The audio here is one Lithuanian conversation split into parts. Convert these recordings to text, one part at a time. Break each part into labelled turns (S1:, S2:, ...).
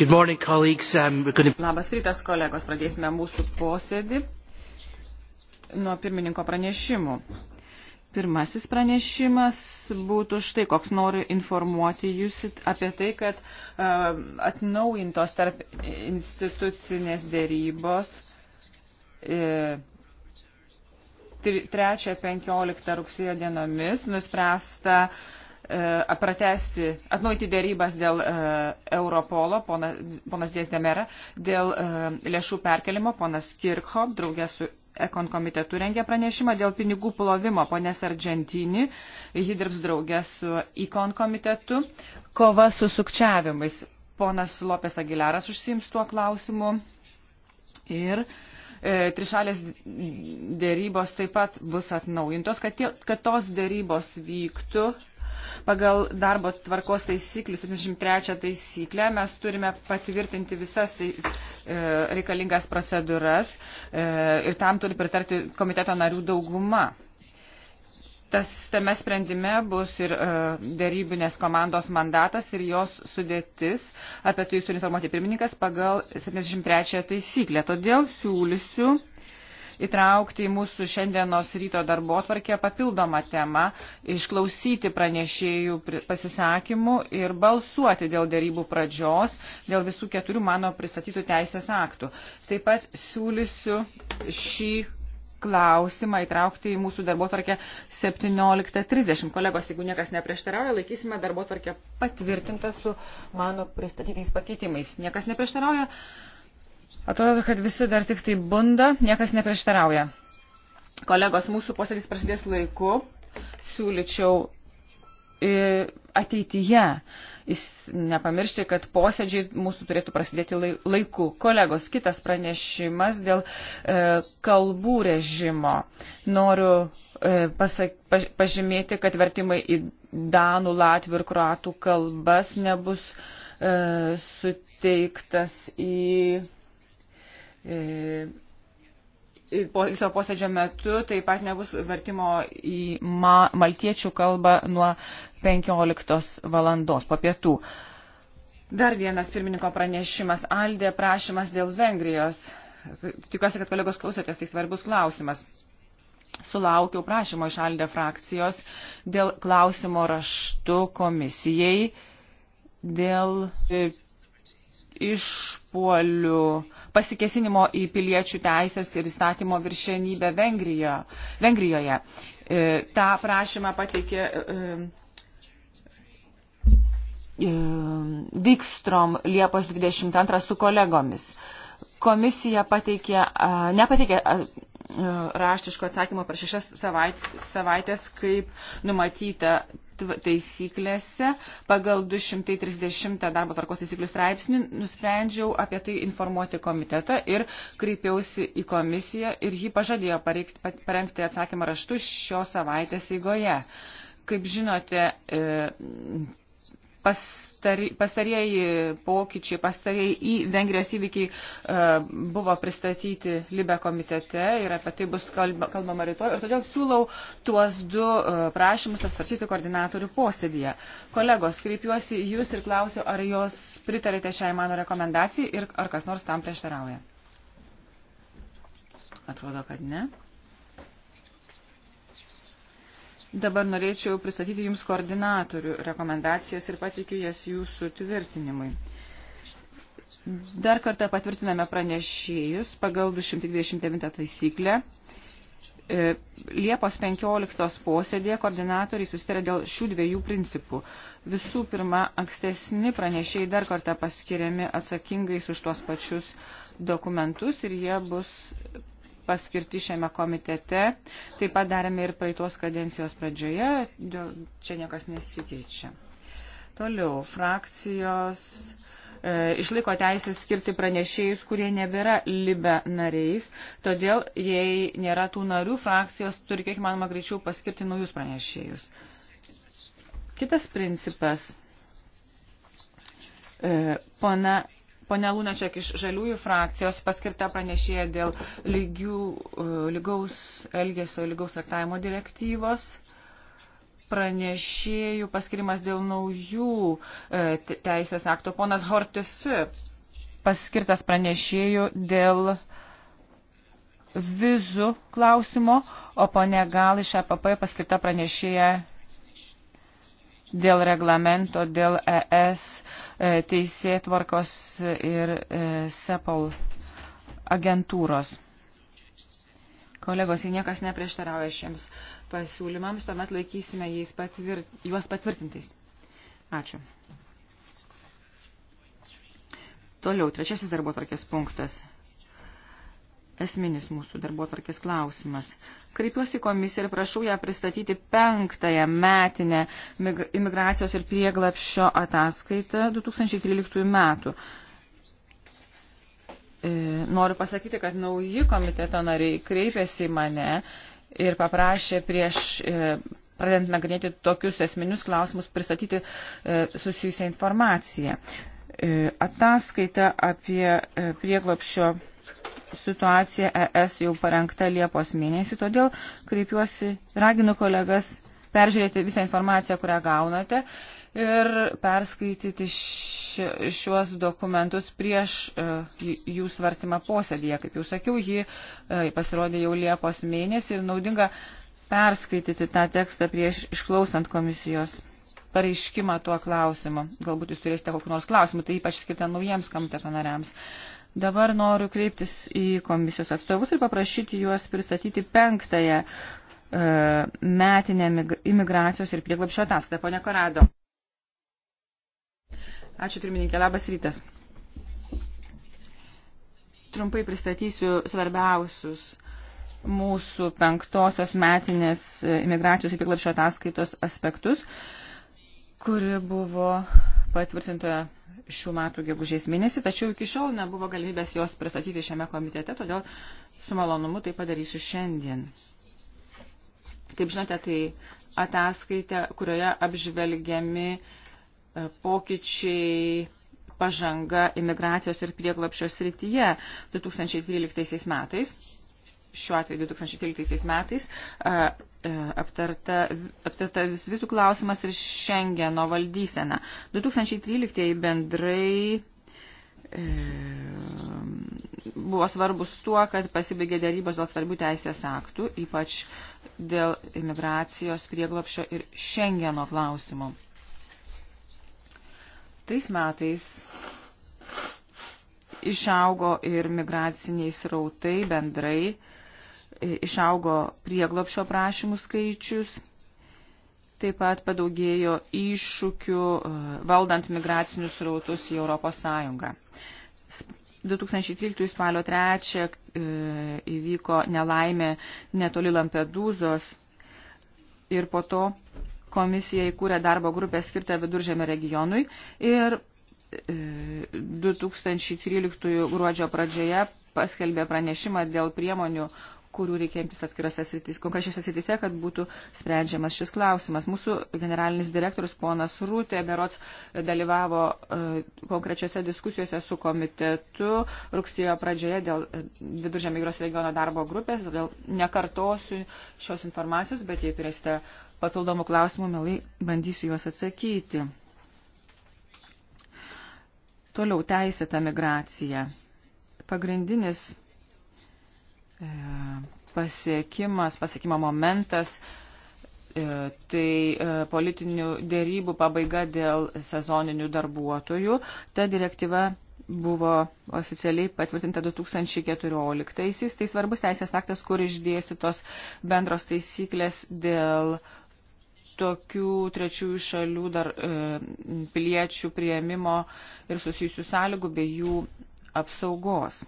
S1: Good morning, colleagues. Um, we're going to... Labas rytas, kolegos. Pradėsime mūsų posėdį nuo pirmininko pranešimų. Pirmasis pranešimas būtų štai, koks noriu informuoti jūs apie tai, kad uh, atnaujintos tarp institucinės dėrybos uh, e, 3-15 rugsėjo dienomis nuspręsta uh, E, pratesti, atnaujinti dėrybas dėl e, Europolo, ponas, ponas Dėsdemera, dėl e, lėšų perkelimo, ponas Kirchhoff, draugė su Ekon komitetu rengia pranešimą dėl pinigų plovimo, ponės Argentini, ji dirbs draugė su Ekon komitetu, kova su sukčiavimais, ponas Lopės Agiliaras užsiims tuo klausimu ir e, trišalės dėrybos taip pat bus atnaujintos, kad, tie, kad tos dėrybos vyktų Pagal darbo tvarkos taisyklių 73 taisyklę mes turime patvirtinti visas tai, e, reikalingas procedūras e, ir tam turi pritarti komiteto narių dauguma. Tas tame sprendime bus ir e, dėrybinės komandos mandatas ir jos sudėtis, apie tai jūs turi informuoti pirmininkas pagal 73 taisyklę. Todėl siūlysiu įtraukti į mūsų šiandienos ryto darbo atvarkę papildomą temą, išklausyti pranešėjų pasisakymų ir balsuoti dėl dėrybų pradžios, dėl visų keturių mano pristatytų teisės aktų. Taip pat siūlysiu šį klausimą įtraukti į mūsų darbo tvarkę 17.30. Kolegos, jeigu niekas neprieštarauja, laikysime darbo tvarkę patvirtintą su mano pristatytais pakeitimais. Niekas neprieštarauja, Atrodo, kad visi dar tik tai bunda, niekas neprieštarauja. Kolegos, mūsų posėdis prasidės laiku. Siūlyčiau e, ateityje nepamiršti, kad posėdžiai mūsų turėtų prasidėti laiku. Kolegos, kitas pranešimas dėl e, kalbų režimo. Noriu e, pasak, paž, pažymėti, kad vertimai į Danų, Latvių ir Kroatų kalbas nebus e, suteiktas į E, Poilsio posėdžio metu taip pat nebus vertimo į ma, maltiečių kalbą nuo 15 valandos po pietų. Dar vienas pirmininko pranešimas. Aldė prašymas dėl Vengrijos. Tikiuosi, kad kolegos klausotės, tai svarbus klausimas. Sulaukiau prašymo iš Aldė frakcijos dėl klausimo raštu komisijai dėl e, išpuolių pasikesinimo į piliečių teisės ir įstatymo viršienybę Vengrijo, Vengrijoje. E, tą prašymą pateikė e, Vikstrom e, Liepos 22 su kolegomis. Komisija pateikė, nepateikė raštiško atsakymo per šešias savaitės, kaip numatyta taisyklėse. Pagal 230 darbo tvarkos taisyklių straipsnį nusprendžiau apie tai informuoti komitetą ir kreipiausi į komisiją ir ji pažadėjo pareikti, parengti atsakymą raštu šios savaitės eigoje. Kaip žinote, e, pastarieji pokyčiai, pastarieji į Vengrijos įvykiai e, buvo pristatyti Libe komitete ir apie tai bus kalbama rytoj. Ir todėl siūlau tuos du e, prašymus apsvarstyti koordinatorių posėdėje. Kolegos, kreipiuosi į Jūs ir klausiu, ar jos pritarėte šiai mano rekomendacijai ir ar kas nors tam prieštarauja. Atrodo, kad ne. Dabar norėčiau pristatyti Jums koordinatorių rekomendacijas ir patikiu jas Jūsų tvirtinimui. Dar kartą patvirtiname pranešėjus pagal 229 taisyklę. E, Liepos 15 posėdėje koordinatoriai susitarė dėl šių dviejų principų. Visų pirma, ankstesni pranešėjai dar kartą paskiriami atsakingais už tuos pačius dokumentus ir jie bus paskirti šiame komitete. Taip pat darėme ir praeitos kadencijos pradžioje, čia niekas nesikeičia. Toliau, frakcijos e, išliko teisę skirti pranešėjus, kurie nebėra libe nariais, todėl jei nėra tų narių, frakcijos turi kiek manoma greičiau paskirti naujus pranešėjus. Kitas principas. E, pana Pone Lunačiak iš Žaliųjų frakcijos paskirta pranešėja dėl lygių, e, lygaus elgesio, lygaus traktavimo direktyvos pranešėjų paskirimas dėl naujų e, teisės akto. Ponas Hortifi paskirtas pranešėjų dėl vizų klausimo, o ponė Gal iš APP paskirta pranešėja dėl reglamento, dėl ES e, teisėtvarkos ir e, SEPAL agentūros. Kolegos, jei niekas neprieštarauja šiems pasiūlymams, tuomet laikysime patvirt, juos patvirtintais. Ačiū. Toliau, trečiasis darbo tvarkės punktas esminis mūsų darbo tvarkės klausimas. Kreipiuosi į komisiją ir prašau ją pristatyti penktąją metinę imigracijos ir prieglapščio ataskaitą 2013 metų. E, noriu pasakyti, kad nauji komiteto nariai kreipėsi į mane ir paprašė prieš e, pradedant nagrinėti tokius esminius klausimus pristatyti e, susijusią informaciją. Ataskaita apie prieglapščio situacija ES jau parengta Liepos mėnesį, todėl kreipiuosi, raginu kolegas peržiūrėti visą informaciją, kurią gaunate ir perskaityti šiuos dokumentus prieš e, jų svarstymą posėdėje. Kaip jau sakiau, ji e, pasirodė jau Liepos mėnesį ir naudinga perskaityti tą tekstą prieš išklausant komisijos pareiškimą tuo klausimu. Galbūt jūs turėsite kokių nors klausimų, tai ypač skirta naujiems komiteto nariams. Dabar noriu kreiptis į komisijos atstovus ir paprašyti juos pristatyti penktąją e, metinę imigracijos ir prieglapšio ataskaitą. Pone Korado. Ačiū pirmininkė, labas rytas. Trumpai pristatysiu svarbiausius mūsų penktosios metinės e, imigracijos ir prieglapšio ataskaitos aspektus, kuri buvo patvirtintoje šių metų gegužės mėnesį, tačiau iki šiol nebuvo galimybės jos pristatyti šiame komitete, todėl su malonumu tai padarysiu šiandien. Kaip žinote, tai ataskaitė, kurioje apžvelgiami e, pokyčiai pažanga imigracijos ir prieglapšio srityje 2013 metais šiuo atveju 2013 metais aptarta, aptarta vis, visų klausimas ir Šengeno valdysena. 2013 bendrai e, buvo svarbus tuo, kad pasibaigė dėrybos dėl svarbių teisės aktų, ypač dėl imigracijos prieglopšio ir Šengeno klausimų. Tais metais išaugo ir migraciniai srautai bendrai išaugo prieglopšio prašymų skaičius, taip pat padaugėjo iššūkių e, valdant migracinius rautus į Europos Sąjungą. 2013 spalio 3 e, įvyko nelaimė netoli Lampedūzos ir po to komisija įkūrė darbo grupę skirtą viduržėme regionui ir 2013 e, gruodžio pradžioje paskelbė pranešimą dėl priemonių, kurių reikia imtis atskirose sritys, konkrečiose srityse, kad būtų sprendžiamas šis klausimas. Mūsų generalinis direktorius ponas Rūtė Berots dalyvavo e, konkrečiose diskusijose su komitetu rugsėjo pradžioje dėl e, Viduržėmio jūros regiono darbo grupės, todėl nekartosiu šios informacijos, bet jei turėsite papildomų klausimų, mielai bandysiu juos atsakyti. Toliau teisėta migracija. Pagrindinis E, pasiekimas, pasiekimo momentas, e, tai e, politinių dėrybų pabaiga dėl sezoninių darbuotojų. Ta direktyva buvo oficialiai patvirtinta 2014-aisiais. Tai svarbus teisės aktas, kur išdėstytos bendros taisyklės dėl tokių trečiųjų šalių dar, e, piliečių prieimimo ir susijusių sąlygų bei jų apsaugos.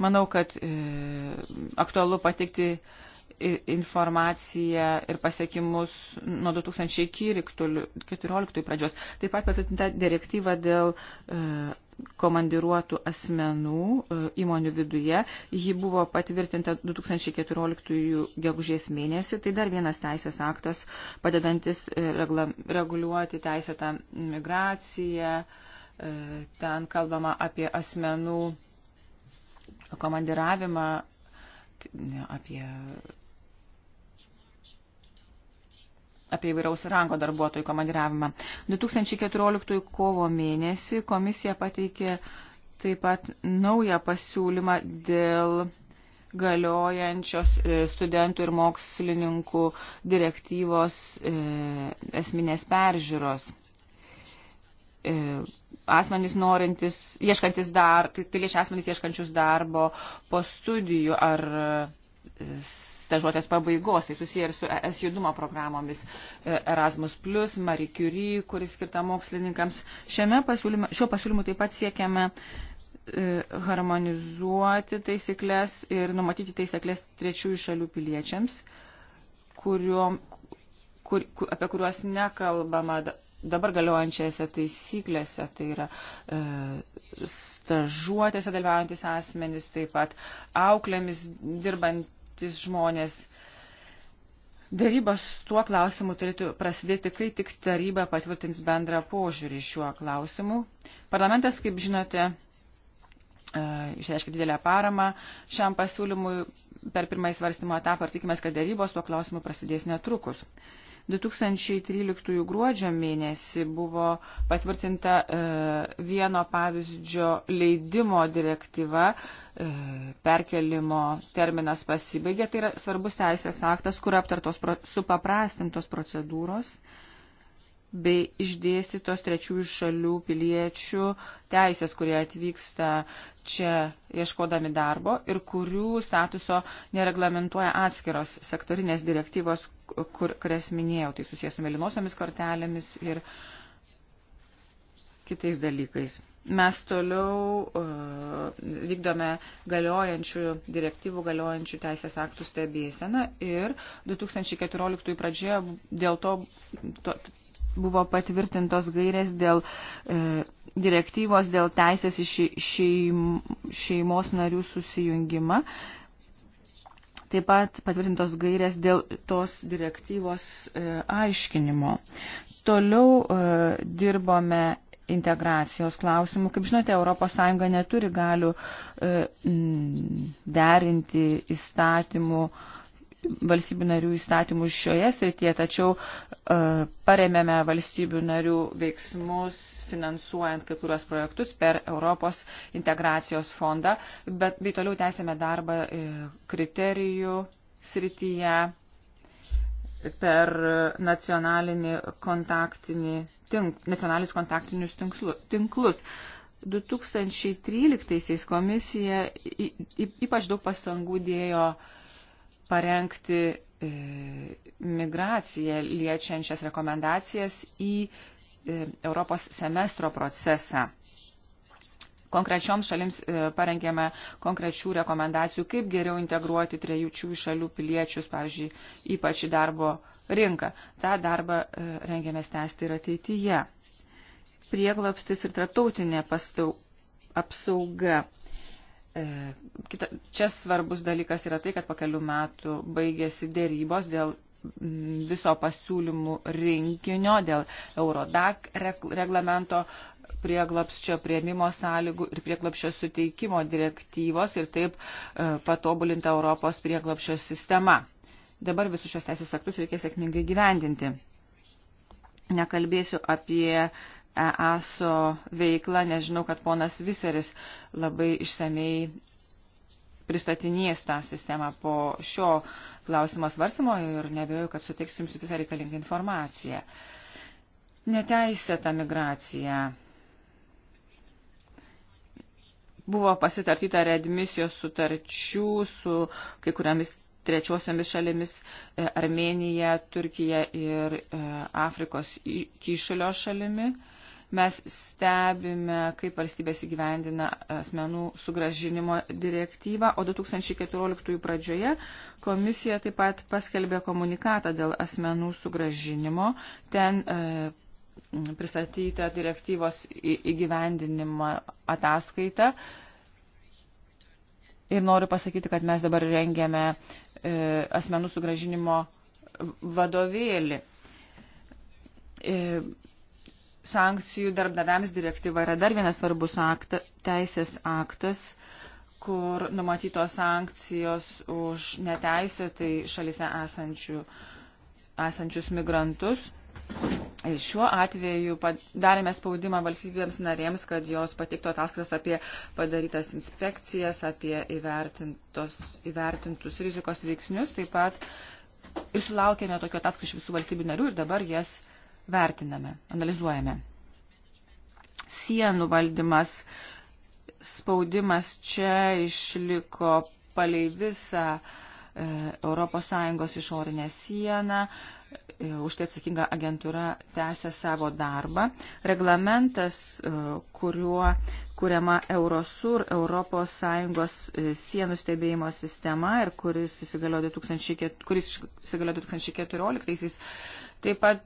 S1: Manau, kad e, aktualu patikti informaciją ir pasiekimus nuo 2014 pradžios. Taip pat patvirtinta direktyva dėl e, komandiruotų asmenų e, įmonių viduje. Ji buvo patvirtinta 2014 gegužės mėnesį. Tai dar vienas teisės aktas, padedantis e, regla, reguliuoti teisėtą migraciją. E, ten kalbama apie asmenų komandiravimą, apie, apie įvairaus rango darbuotojų komandiravimą. 2014 kovo mėnesį komisija pateikė taip pat naują pasiūlymą dėl galiojančios e, studentų ir mokslininkų direktyvos e, esminės peržiūros. E, asmenys norintis, ieškantis dar, tai piliečiai asmenys ieškančius darbo po studijų ar e, stažuotės pabaigos, tai susiję ir su ES judumo programomis e, Erasmus, Marie Curie, kuris skirta mokslininkams. Šiame pasiūlyme, šiuo pasiūlymu taip pat siekiame harmonizuoti taisyklės ir numatyti taisyklės trečiųjų šalių piliečiams, kuriuo, kur, kur, apie kuriuos nekalbama dabar galiojančiose taisyklėse, tai yra e, stažuotėse dalyvaujantis asmenys, taip pat auklėmis dirbantis žmonės. Darybos tuo klausimu turėtų prasidėti, kai tik taryba patvirtins bendrą požiūrį šiuo klausimu. Parlamentas, kaip žinote, e, išreiškia didelę paramą šiam pasiūlymui per pirmąjį svarstymo etapą ir tikimės, kad darybos tuo klausimu prasidės netrukus. 2013 gruodžio mėnesį buvo patvirtinta e, vieno pavyzdžio leidimo direktyva, e, perkelimo terminas pasibaigė, tai yra svarbus teisės aktas, kur aptartos pro, supaprastintos procedūros. E, bei išdėstytos trečiųjų šalių piliečių teisės, kurie atvyksta čia ieškodami darbo ir kurių statuso nereglamentuoja atskiros sektorinės direktyvos, kur, kurias minėjau, tai susijęs su mėlynosiomis kortelėmis ir uh, kitais dalykais. Mes toliau uh, vykdome galiojančių direktyvų, galiojančių teisės aktų stebėseną ir 2014 pradžioje dėl to, to buvo patvirtintos gairės dėl e, direktyvos, dėl teisės į šeim, šeimos narių susijungimą. Taip pat patvirtintos gairės dėl tos direktyvos e, aiškinimo. Toliau e, dirbome integracijos klausimų. Kaip žinote, ES neturi galių e, derinti įstatymų valstybių narių įstatymų šioje srityje, tačiau e, paremėme valstybių narių veiksmus finansuojant kai kuriuos projektus per Europos integracijos fondą, bet bei toliau tęsėme darbą e, kriterijų srityje per nacionalinį kontaktinį tink, nacionalinius kontaktinius tinklus. 2013 komisija ypač daug pastangų dėjo parengti e, migraciją liečiančias rekomendacijas į e, Europos semestro procesą konkrečioms šalims e, parengėme konkrečių rekomendacijų, kaip geriau integruoti trejučių šalių piliečius, pavyzdžiui, ypač į darbo rinką. Ta darbą e, rengėmės tęsti ir ateityje. Prieglapstis ir tarptautinė pastau, apsauga. E, kita, čia svarbus dalykas yra tai, kad po kelių metų baigėsi dėrybos dėl viso pasiūlymų rinkinio, dėl Eurodac reglamento, prieglapščio prieimimo sąlygų ir prieglapščio suteikimo direktyvos ir taip e, patobulinta Europos prieglapščio sistema. Dabar visus šios teisės aktus reikia sėkmingai gyvendinti. Nekalbėsiu apie EASO veiklą, nes žinau, kad ponas Viseris labai išsamei pristatinės tą sistemą po šio klausimo svarstymo ir nebejoju, kad suteiksiu jums visą reikalingą informaciją. Neteisėta migracija. Buvo pasitartyta readmisijos sutarčių su kai kuriamis trečiosiomis šalimis e, - Armenija, Turkija ir e, Afrikos kyšulio šalimi. Mes stebime, kaip valstybės įgyvendina asmenų sugražinimo direktyvą, o 2014 pradžioje komisija taip pat paskelbė komunikatą dėl asmenų sugražinimo. Ten e, pristatytą direktyvos įgyvendinimą ataskaitą. Ir noriu pasakyti, kad mes dabar rengiame e, asmenų sugražinimo vadovėlį. E, sankcijų darbdaviams direktyva yra dar vienas svarbus akta, teisės aktas, kur numatytos sankcijos už neteisėtai šalise esančių, esančius migrantus. Šiuo atveju darėme spaudimą valstybėms narėms, kad jos pateiktų ataskaitas apie padarytas inspekcijas, apie įvertintus rizikos veiksnius, taip pat ir sulaukėme tokio ataskaitų iš visų valstybių narių ir dabar jas vertiname, analizuojame. Sienų valdymas, spaudimas čia išliko palei visą e, Europos Sąjungos išorinę sieną. E, E, už tai atsakinga agentūra tęsia savo darbą. Reglamentas, e, kuriuo kuriama Eurosur, ES e, sienų stebėjimo sistema ir kuris įsigaliojo 2014, taip pat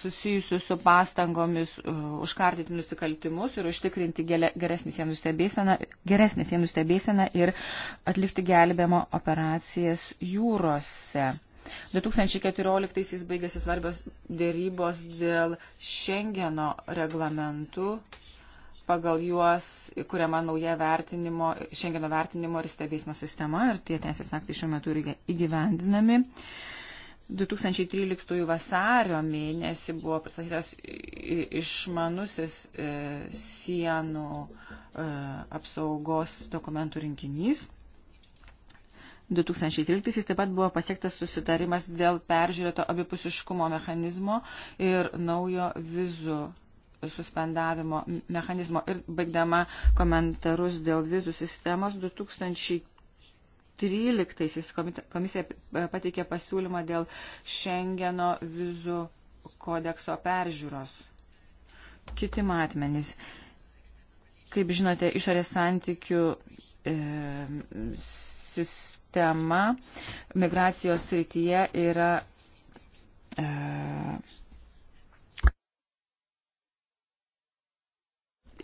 S1: susijusiu su pastangomis užkardyti nusikaltimus ir užtikrinti geresnį sienų stebėseną, geresnį sienų stebėseną ir atlikti gelbėjimo operacijas jūrose. 2014-aisiais baigėsi svarbios dėrybos dėl Schengeno reglamentų, pagal juos kuriama nauja vertinimo, Schengeno vertinimo ir stebėsino sistema ir tie teisės aktai šiuo metu yra įgyvendinami. 2013 vasario mėnesį buvo pristatytas išmanusis e, sienų e, apsaugos dokumentų rinkinys. 2013 taip pat buvo pasiektas susitarimas dėl peržiūrėto abipusiškumo mechanizmo ir naujo vizų suspendavimo mechanizmo. Ir baigdama komentarus dėl vizų sistemos 2013 komisija pateikė pasiūlymą dėl Schengeno vizų kodekso peržiūros. Kiti matmenys. Kaip žinote, išorės santykių e, sistema sistema migracijos srityje yra.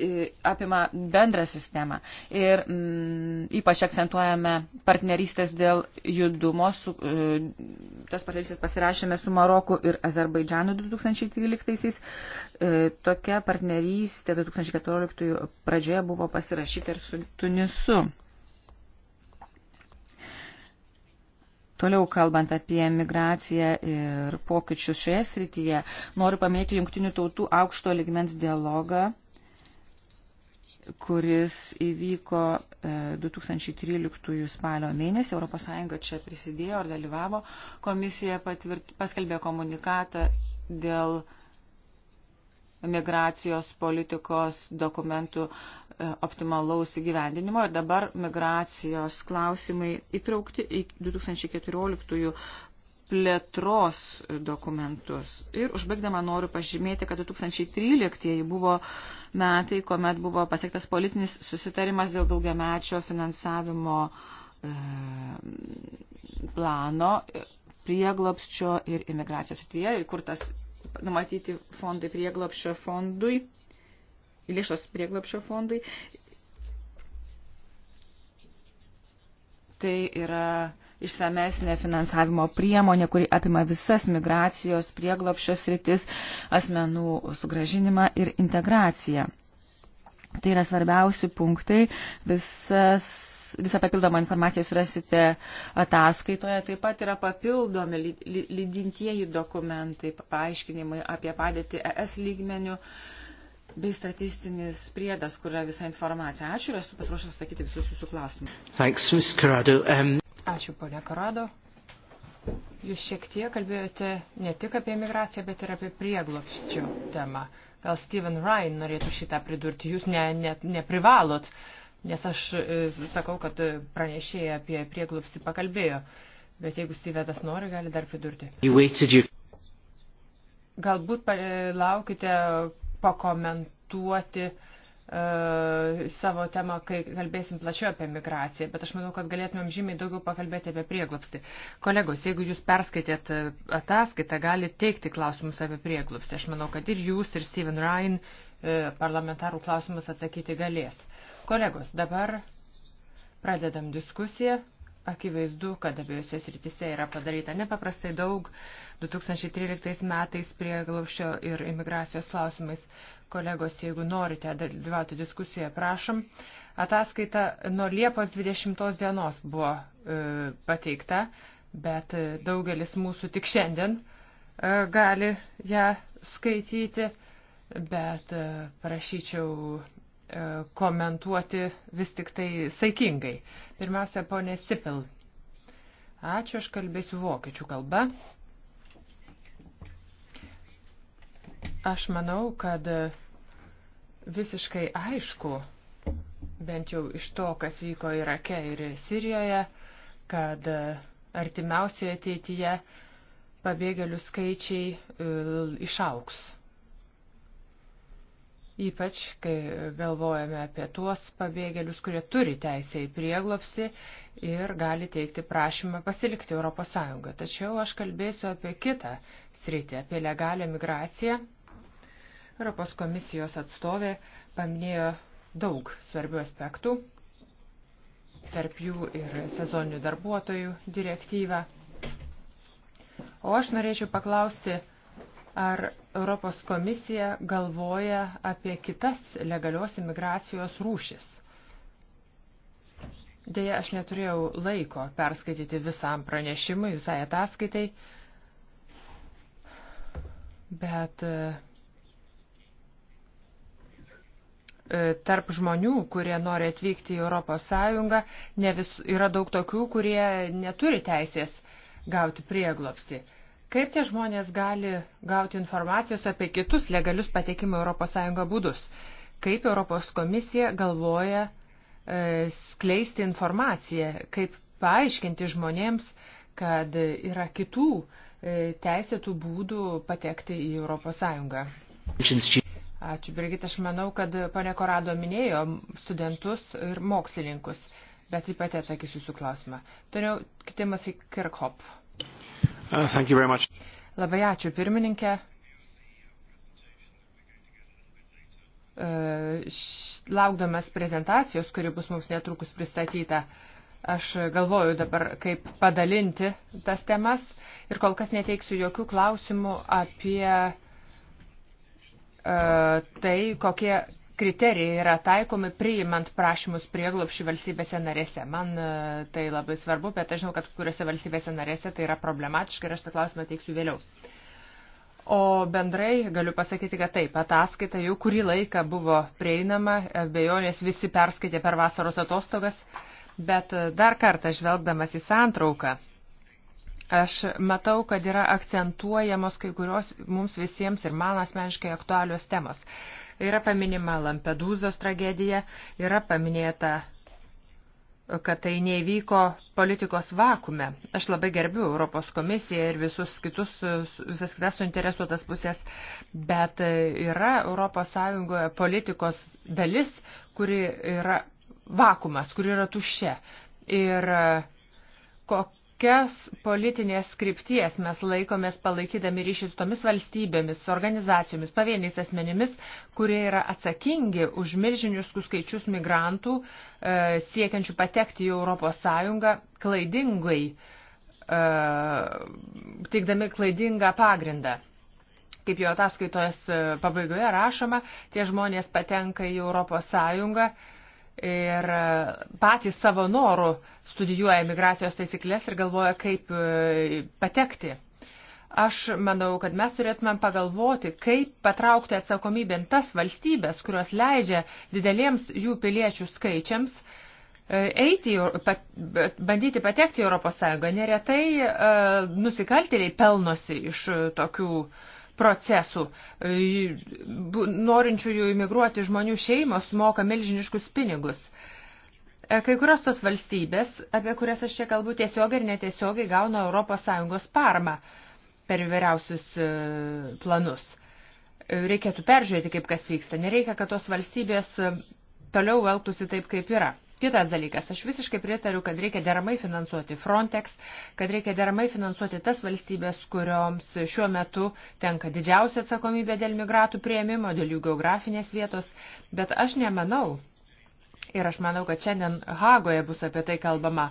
S1: E, apima bendrą sistemą. Ir mm, ypač akcentuojame partnerystės dėl judumo. Su, e, tas partnerystės pasirašėme su Maroku ir Azerbaidžanu 2013-aisiais. E, tokia partnerystė 2014 pradžioje buvo pasirašyta ir su Tunisu. Toliau kalbant apie migraciją ir pokyčius šioje srityje, noriu paminėti Junktinių tautų aukšto ligmens dialogą, kuris įvyko 2013 e, spalio mėnesį. ES čia prisidėjo ir dalyvavo. Komisija patvirt, paskelbė komunikatą dėl migracijos politikos dokumentų e, optimalaus įgyvendinimo ir dabar migracijos klausimai įtraukti į 2014 plėtros dokumentus. Ir užbaigdama noriu pažymėti, kad 2013 buvo metai, kuomet buvo pasiektas politinis susitarimas dėl daugiamečio finansavimo e, plano prieglopščio ir imigracijos srityje, įkurtas numatyti fondai prieglapščio fondui, lėšos prieglapščio fondai. Tai yra išsamesnė finansavimo priemonė, kuri apima visas migracijos prieglopščio sritis, asmenų sugražinimą ir integraciją. Tai yra svarbiausi punktai visas visą papildomą informaciją surasite ataskaitoje. Taip pat yra papildomi lydintieji dokumentai, paaiškinimai apie padėtį ES lygmenių bei statistinis priedas, kur yra visa informacija. Ačiū ir esu pasiruošęs atsakyti visus jūsų
S2: klausimus.
S3: Thanks, Ms. Carado. Um...
S2: Ačiū, ponia Karado. Jūs šiek tiek kalbėjote ne tik apie migraciją, bet ir apie prieglopščių temą. Gal Steven Ryan norėtų šitą pridurti, jūs ne, ne, neprivalot Nes aš e, sakau, kad pranešėjai apie prieglupsį pakalbėjo, bet jeigu Stevetas nori, gali dar pridurti. Galbūt e, laukite pakomentuoti e, savo temą, kai kalbėsim plačiau apie migraciją, bet aš manau, kad galėtumėm žymiai daugiau pakalbėti apie prieglobstį. Kolegos, jeigu jūs perskaitėt ataskaitą, galite teikti klausimus apie prieglobstį. Aš manau, kad ir jūs, ir Steven Ryan parlamentarų klausimus atsakyti galės. Kolegos, dabar pradedam diskusiją. Akivaizdu, kad abiejose srityse yra padaryta nepaprastai daug. 2013 metais prie glaušio ir imigracijos klausimais kolegos, jeigu norite dalyvauti diskusijoje, prašom. Ataskaita nuo Liepos 20 dienos buvo e, pateikta, bet e, daugelis mūsų tik šiandien e, gali ją skaityti, bet e, prašyčiau E, komentuoti vis tik tai saikingai. Pirmiausia, ponė Sipil. Ačiū, aš kalbėsiu vokiečių kalba. Aš manau, kad visiškai aišku, bent jau iš to, kas vyko Irake ir Sirijoje, kad artimiausioje ateityje pabėgėlių skaičiai e, išauks. Ypač, kai galvojame apie tuos pabėgėlius, kurie turi teisę į prieglopsį ir gali teikti prašymą pasilikti ES. Tačiau aš kalbėsiu apie kitą sritį, apie legalią migraciją. Europos komisijos atstovė paminėjo daug svarbių aspektų, tarp jų ir sezoninių darbuotojų direktyvą. O aš norėčiau paklausti, ar Europos komisija galvoja apie kitas legalios imigracijos rūšis. Deja, aš neturėjau laiko perskaityti visam pranešimui, visai ataskaitai, bet e, e, tarp žmonių, kurie nori atvykti į Europos Sąjungą, ne vis, yra daug tokių, kurie neturi teisės gauti prieglopstį. Kaip tie žmonės gali gauti informacijos apie kitus legalius patekimo ES būdus? Kaip Europos komisija galvoja e, skleisti informaciją? Kaip paaiškinti žmonėms, kad yra kitų e, teisėtų būdų patekti į ES? Ačiū, Brigita. Aš manau, kad pane Korado minėjo studentus ir mokslininkus, bet taip pat atsakysiu jūsų klausimą. Toliau kitimas į Kirkhop. Uh, Labai ačiū pirmininkė. Uh, laukdamas prezentacijos, kuri bus mums netrukus pristatyta, aš galvoju dabar, kaip padalinti tas temas ir kol kas neteiksiu jokių klausimų apie uh, tai, kokie kriterijai yra taikomi priimant prašymus prieglopšių valstybėse narėse. Man e, tai labai svarbu, bet aš žinau, kad kuriuose valstybėse narėse tai yra problematiška ir aš tą klausimą teiksiu vėliau. O bendrai galiu pasakyti, kad taip, ataskaita jau kurį laiką buvo prieinama, bejonės visi perskaitė per vasaros atostogas, bet e, dar kartą žvelgdamas į santrauką, aš matau, kad yra akcentuojamos kai kurios mums visiems ir man asmeniškai aktualios temos. Yra paminima Lampedūzos tragedija, yra paminėta kad tai nevyko politikos vakume. Aš labai gerbiu Europos komisiją ir visus kitus, visas kitas suinteresuotas pusės, bet yra Europos Sąjungoje politikos dalis, kuri yra vakumas, kuri yra tuščia. Ir kok kokias politinės skripties mes laikomės palaikydami ryšį su tomis valstybėmis, organizacijomis, pavieniais asmenimis, kurie yra atsakingi už milžiniškus skaičius migrantų e, siekiančių patekti į Europos Sąjungą klaidingai, e, teikdami klaidingą pagrindą kaip jo ataskaitos e, pabaigoje rašoma, tie žmonės patenka į Europos Sąjungą ir e, patys savo norų studijuoja migracijos taisyklės ir galvoja, kaip e, patekti. Aš manau, kad mes turėtumėm pagalvoti, kaip patraukti atsakomybėn tas valstybės, kurios leidžia dideliems jų piliečių skaičiams e, eiti, bandyti patekti į ES. Neretai nusikaltėliai pelnosi iš tokių uh, procesų. Norinčiųjų imigruoti žmonių šeimos moka milžiniškus pinigus. E, kai kurios tos valstybės, apie kurias aš čia kalbu, tiesiogiai ir netiesiogiai gauna ES parmą per įvairiausius e, planus. E, reikėtų peržiūrėti, kaip kas vyksta. Nereikia, kad tos valstybės toliau elgtųsi taip, kaip yra. Kitas dalykas, aš visiškai pritariu, kad reikia deramai finansuoti Frontex, kad reikia deramai finansuoti tas valstybės, kurioms šiuo metu tenka didžiausia atsakomybė dėl migratų prieimimo, dėl jų geografinės vietos, bet aš nemanau, ir aš manau, kad šiandien Hagoje bus apie tai kalbama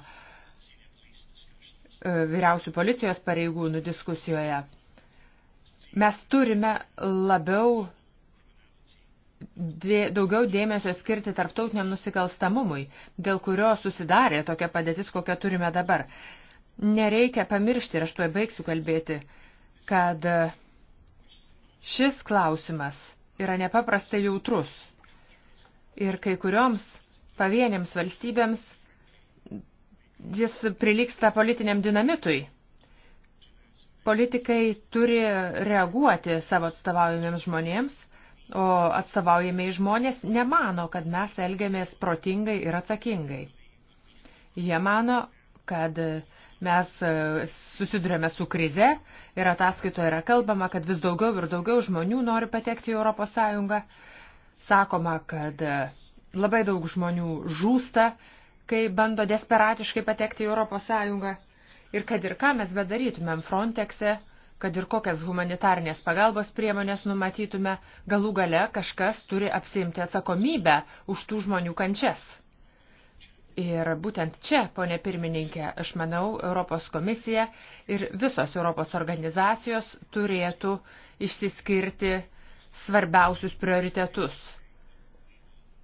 S2: e, vyriausių policijos pareigūnų diskusijoje, mes turime labiau dė, daugiau dėmesio skirti tarptautiniam nusikalstamumui, dėl kurio susidarė tokia padėtis, kokią turime dabar. Nereikia pamiršti, ir aš tuoj baigsiu kalbėti, kad e, šis klausimas yra nepaprastai jautrus. Ir kai kurioms pavieniams valstybėms jis priliksta politiniam dinamitui. Politikai turi reaguoti savo atstovaujamiems žmonėms o atstovaujamiai žmonės nemano, kad mes elgiamės protingai ir atsakingai. Jie mano, kad mes e, susidurėme su krize ir ataskaitoje yra kalbama, kad vis daugiau ir daugiau žmonių nori patekti į Europos Sąjungą. Sakoma, kad e, labai daug žmonių žūsta, kai bando desperatiškai patekti į Europos Sąjungą. Ir kad ir ką mes bedarytumėm Frontexe, kad ir kokias humanitarnės pagalbos priemonės numatytume, galų gale kažkas turi apsimti atsakomybę už tų žmonių kančias. Ir būtent čia, ponė pirmininkė, aš manau, Europos komisija ir visos Europos organizacijos turėtų išsiskirti svarbiausius prioritetus.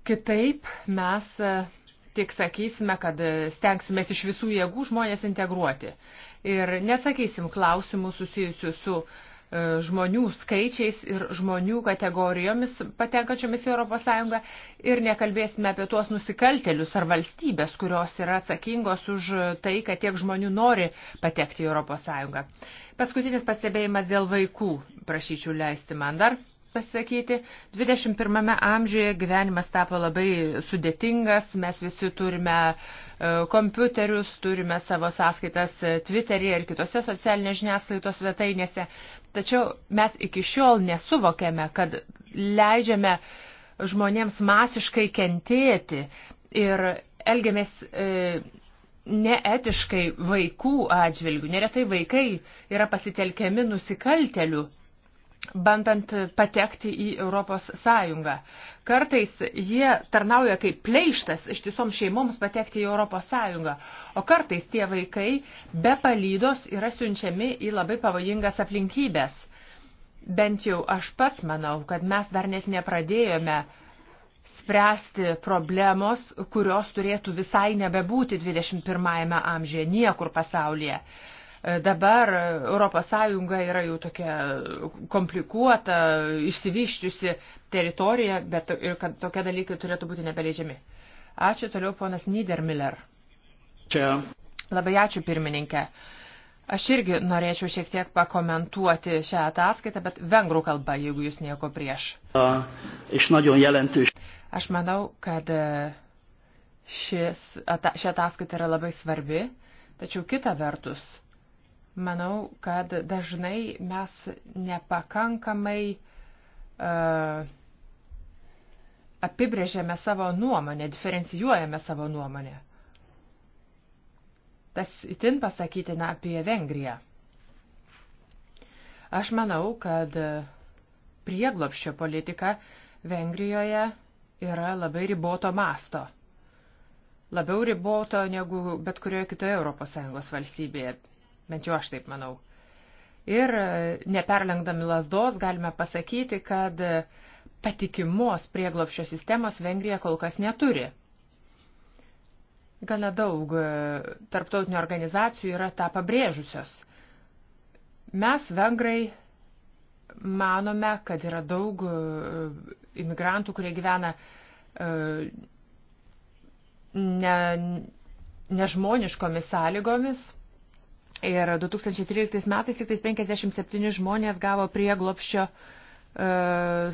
S2: Kitaip mes e, tik sakysime, kad stengsimės iš visų jėgų žmonės integruoti ir neatsakysim klausimus susijusius su e, žmonių skaičiais ir žmonių kategorijomis patenkačiomis į ES ir nekalbėsime apie tuos nusikaltelius ar valstybės, kurios yra atsakingos už tai, kad tiek žmonių nori patekti į ES. Paskutinis pastebėjimas dėl vaikų, prašyčiau leisti man dar pasakyti. 21 amžiuje gyvenimas tapo labai sudėtingas, mes visi turime e, kompiuterius, turime savo sąskaitas e, Twitter'yje ir kitose socialinės žiniasklaidos svetainėse. Tačiau mes iki šiol nesuvokėme, kad leidžiame žmonėms masiškai kentėti ir elgiamės e, neetiškai vaikų atžvilgių. Neretai vaikai yra pasitelkiami nusikaltelių bandant patekti į Europos Sąjungą. Kartais jie tarnauja kaip pleištas iš tiesoms šeimoms patekti į Europos Sąjungą, o kartais tie vaikai be palydos yra siunčiami į labai pavojingas aplinkybės. Bent jau aš pats manau, kad mes dar net nepradėjome spręsti problemos, kurios turėtų visai nebebūti 21 amžiuje niekur pasaulyje. Dabar ES yra jau tokia komplikuota, išsivyščiusi teritorija, bet ir kad tokie dalykai turėtų būti nebeleidžiami. Ačiū toliau ponas Niedermiller. Čia. Labai ačiū pirmininkė. Aš irgi norėčiau šiek tiek pakomentuoti šią ataskaitą, bet vengrų kalba, jeigu jūs nieko prieš. Aš manau, kad e, šis, ata, ši ataskaita yra labai svarbi, tačiau kita vertus manau, kad dažnai mes nepakankamai uh, apibrėžiame savo nuomonę, diferencijuojame savo nuomonę. Tas itin pasakytina apie Vengriją. Aš manau, kad prieglopščio politika Vengrijoje yra labai riboto masto. Labiau riboto negu bet kurioje kitoje ES valstybėje bent jau aš taip manau. Ir e, neperlengdami lasdos galime pasakyti, kad e, patikimos prieglopščio sistemos Vengrija kol kas neturi. Gana daug e, tarptautinių organizacijų yra tą pabrėžusios. Mes, vengrai, manome, kad yra daug imigrantų, kurie gyvena ne, nežmoniškomis sąlygomis Ir 2013 metais tik 57 žmonės gavo prieglopščio e,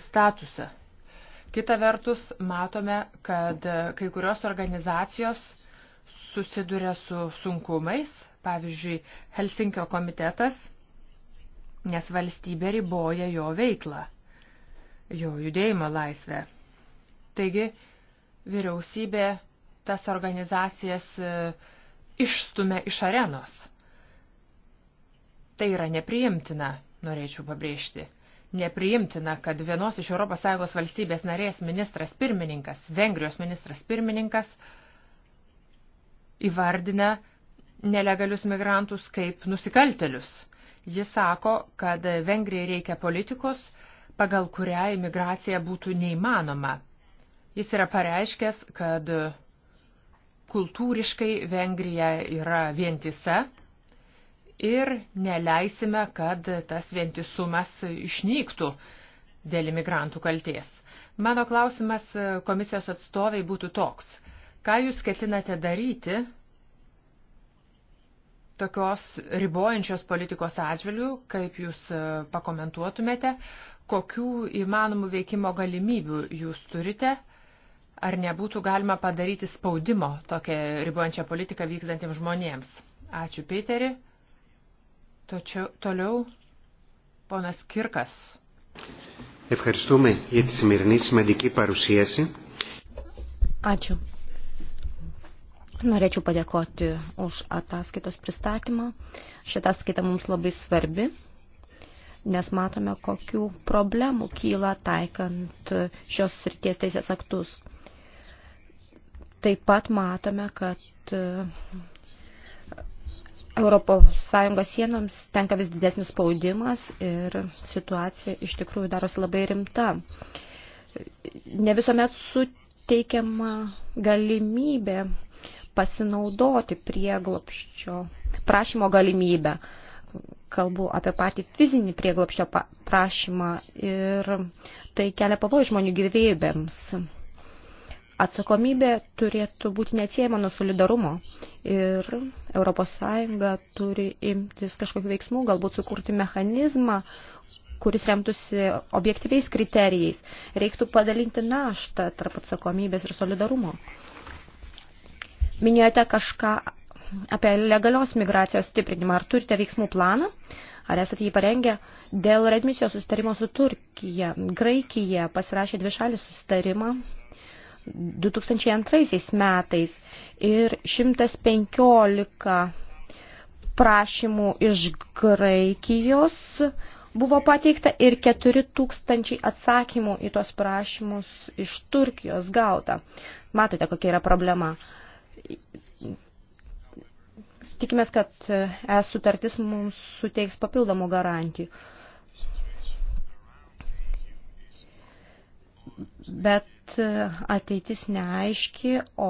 S2: statusą. Kita vertus, matome, kad kai kurios organizacijos susiduria su sunkumais, pavyzdžiui, Helsinkio komitetas, nes valstybė riboja jo veiklą, jo judėjimo laisvę. Taigi, vyriausybė tas organizacijas e, išstumia iš arenos. Tai yra nepriimtina, norėčiau pabrėžti. Nepriimtina, kad vienos iš ES valstybės narės ministras pirmininkas, Vengrijos ministras pirmininkas, įvardina nelegalius migrantus kaip nusikaltelius. Jis sako, kad Vengrijai reikia politikos, pagal kurią imigracija būtų neįmanoma. Jis yra pareiškęs, kad kultūriškai Vengrija yra vientisa ir neleisime, kad tas vientisumas išnyktų dėl imigrantų kalties. Mano klausimas komisijos atstoviai būtų toks. Ką jūs ketinate daryti tokios ribojančios politikos atžvilgių, kaip jūs pakomentuotumėte, kokių įmanomų veikimo galimybių jūs turite, ar nebūtų galima padaryti spaudimo tokią ribojančią politiką vykdantiems žmonėms. Ačiū, Peteri. Tačiau toliau ponas Kirkas.
S3: Ευχαριστούμε για τη σημερινή σημαντική παρουσίαση. Ačiū. Norėčiau padėkoti už ataskaitos pristatymą. Šitą skaitą mums labai svarbi, nes matome, kokių problemų kyla taikant šios srities teisės aktus. Taip pat matome, kad ES sienoms tenka vis didesnis spaudimas ir situacija iš tikrųjų darosi labai rimta. Ne visuomet suteikiama galimybė pasinaudoti prieglopščio prašymo galimybę. Kalbu apie patį fizinį prieglopščio prašymą ir tai kelia pavojų žmonių gyvybėms atsakomybė turėtų būti neatsiejama nuo solidarumo ir ES turi imtis kažkokių veiksmų, galbūt sukurti mechanizmą, kuris remtųsi objektyviais kriterijais. Reiktų padalinti naštą tarp atsakomybės ir solidarumo. Minėjote kažką apie legalios migracijos stiprinimą. Ar turite veiksmų planą? Ar esate jį parengę dėl redmisijos sustarimo su Turkija? Graikija pasirašė dvišalį sustarimą 2002 metais ir 115 prašymų iš Graikijos buvo pateikta ir 4000 atsakymų į tuos prašymus iš Turkijos gauta. Matote, kokia yra problema. Tikimės, kad es sutartis mums suteiks papildomų garantijų. Bet E, ateitis neaiški, o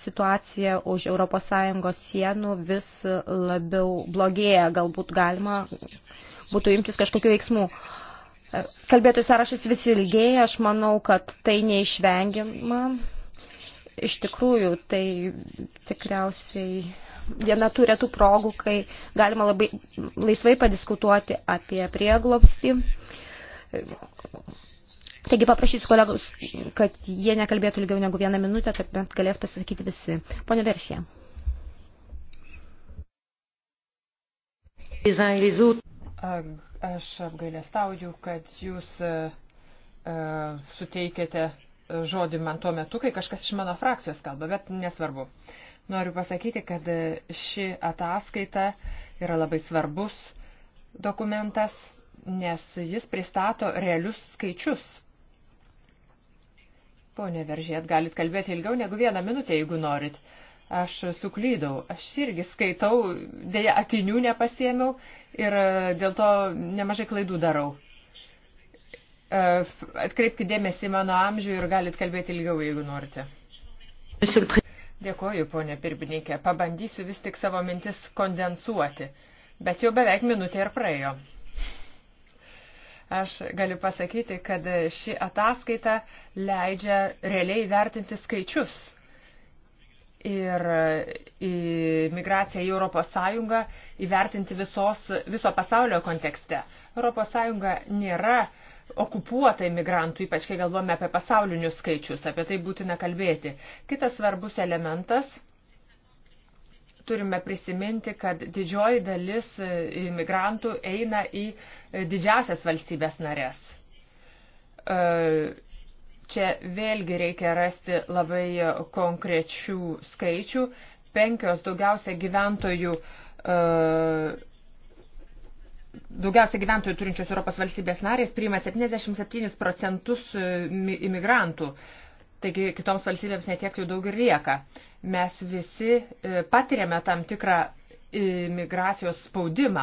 S3: situacija už ES sienų vis labiau blogėja. Galbūt galima būtų imtis kažkokiu veiksmu. E, kalbėtojų sąrašas vis ilgėja, aš manau, kad tai neišvengiama. Iš tikrųjų, tai tikriausiai viena tų retų progų, kai galima labai laisvai padiskutuoti apie prieglobstį Taigi paprašysiu kolegos, kad jie nekalbėtų ilgiau negu vieną minutę, kad bent galės pasakyti visi. Pone Versija.
S2: Aš apgailestauju, kad jūs uh, suteikėte žodį man tuo metu, kai kažkas iš mano frakcijos kalba, bet nesvarbu. Noriu pasakyti, kad ši ataskaita yra labai svarbus dokumentas, nes jis pristato realius skaičius Pone Veržėt, galit kalbėti ilgiau negu vieną minutę, jeigu norit. Aš suklydau, aš irgi skaitau, dėja akinių nepasiemiau ir e, dėl to nemažai klaidų darau. E, Atkreipkite dėmesį mano amžių ir galit kalbėti ilgiau, jeigu norite. Dėkoju, ponė pirmininkė. Pabandysiu vis tik savo mintis kondensuoti, bet jau beveik minutė ir praėjo. Aš galiu pasakyti, kad ši ataskaita leidžia realiai vertinti skaičius. Ir migraciją į Europos Sąjungą įvertinti visos, viso pasaulio kontekste. Europos Sąjunga nėra okupuota imigrantų, ypač kai galvome apie pasaulinius skaičius, apie tai būtina kalbėti. Kitas svarbus elementas turime prisiminti, kad didžioji dalis imigrantų eina į didžiasias valstybės narės. E, čia vėlgi reikia rasti labai konkrečių skaičių. Penkios daugiausia gyventojų e, daugiausia gyventojų turinčios Europos valstybės narės priima 77 procentus imigrantų. Uh, Taigi kitoms valstybėms netiek jų daug ir lieka. Mes visi e, patiriame tam tikrą migracijos spaudimą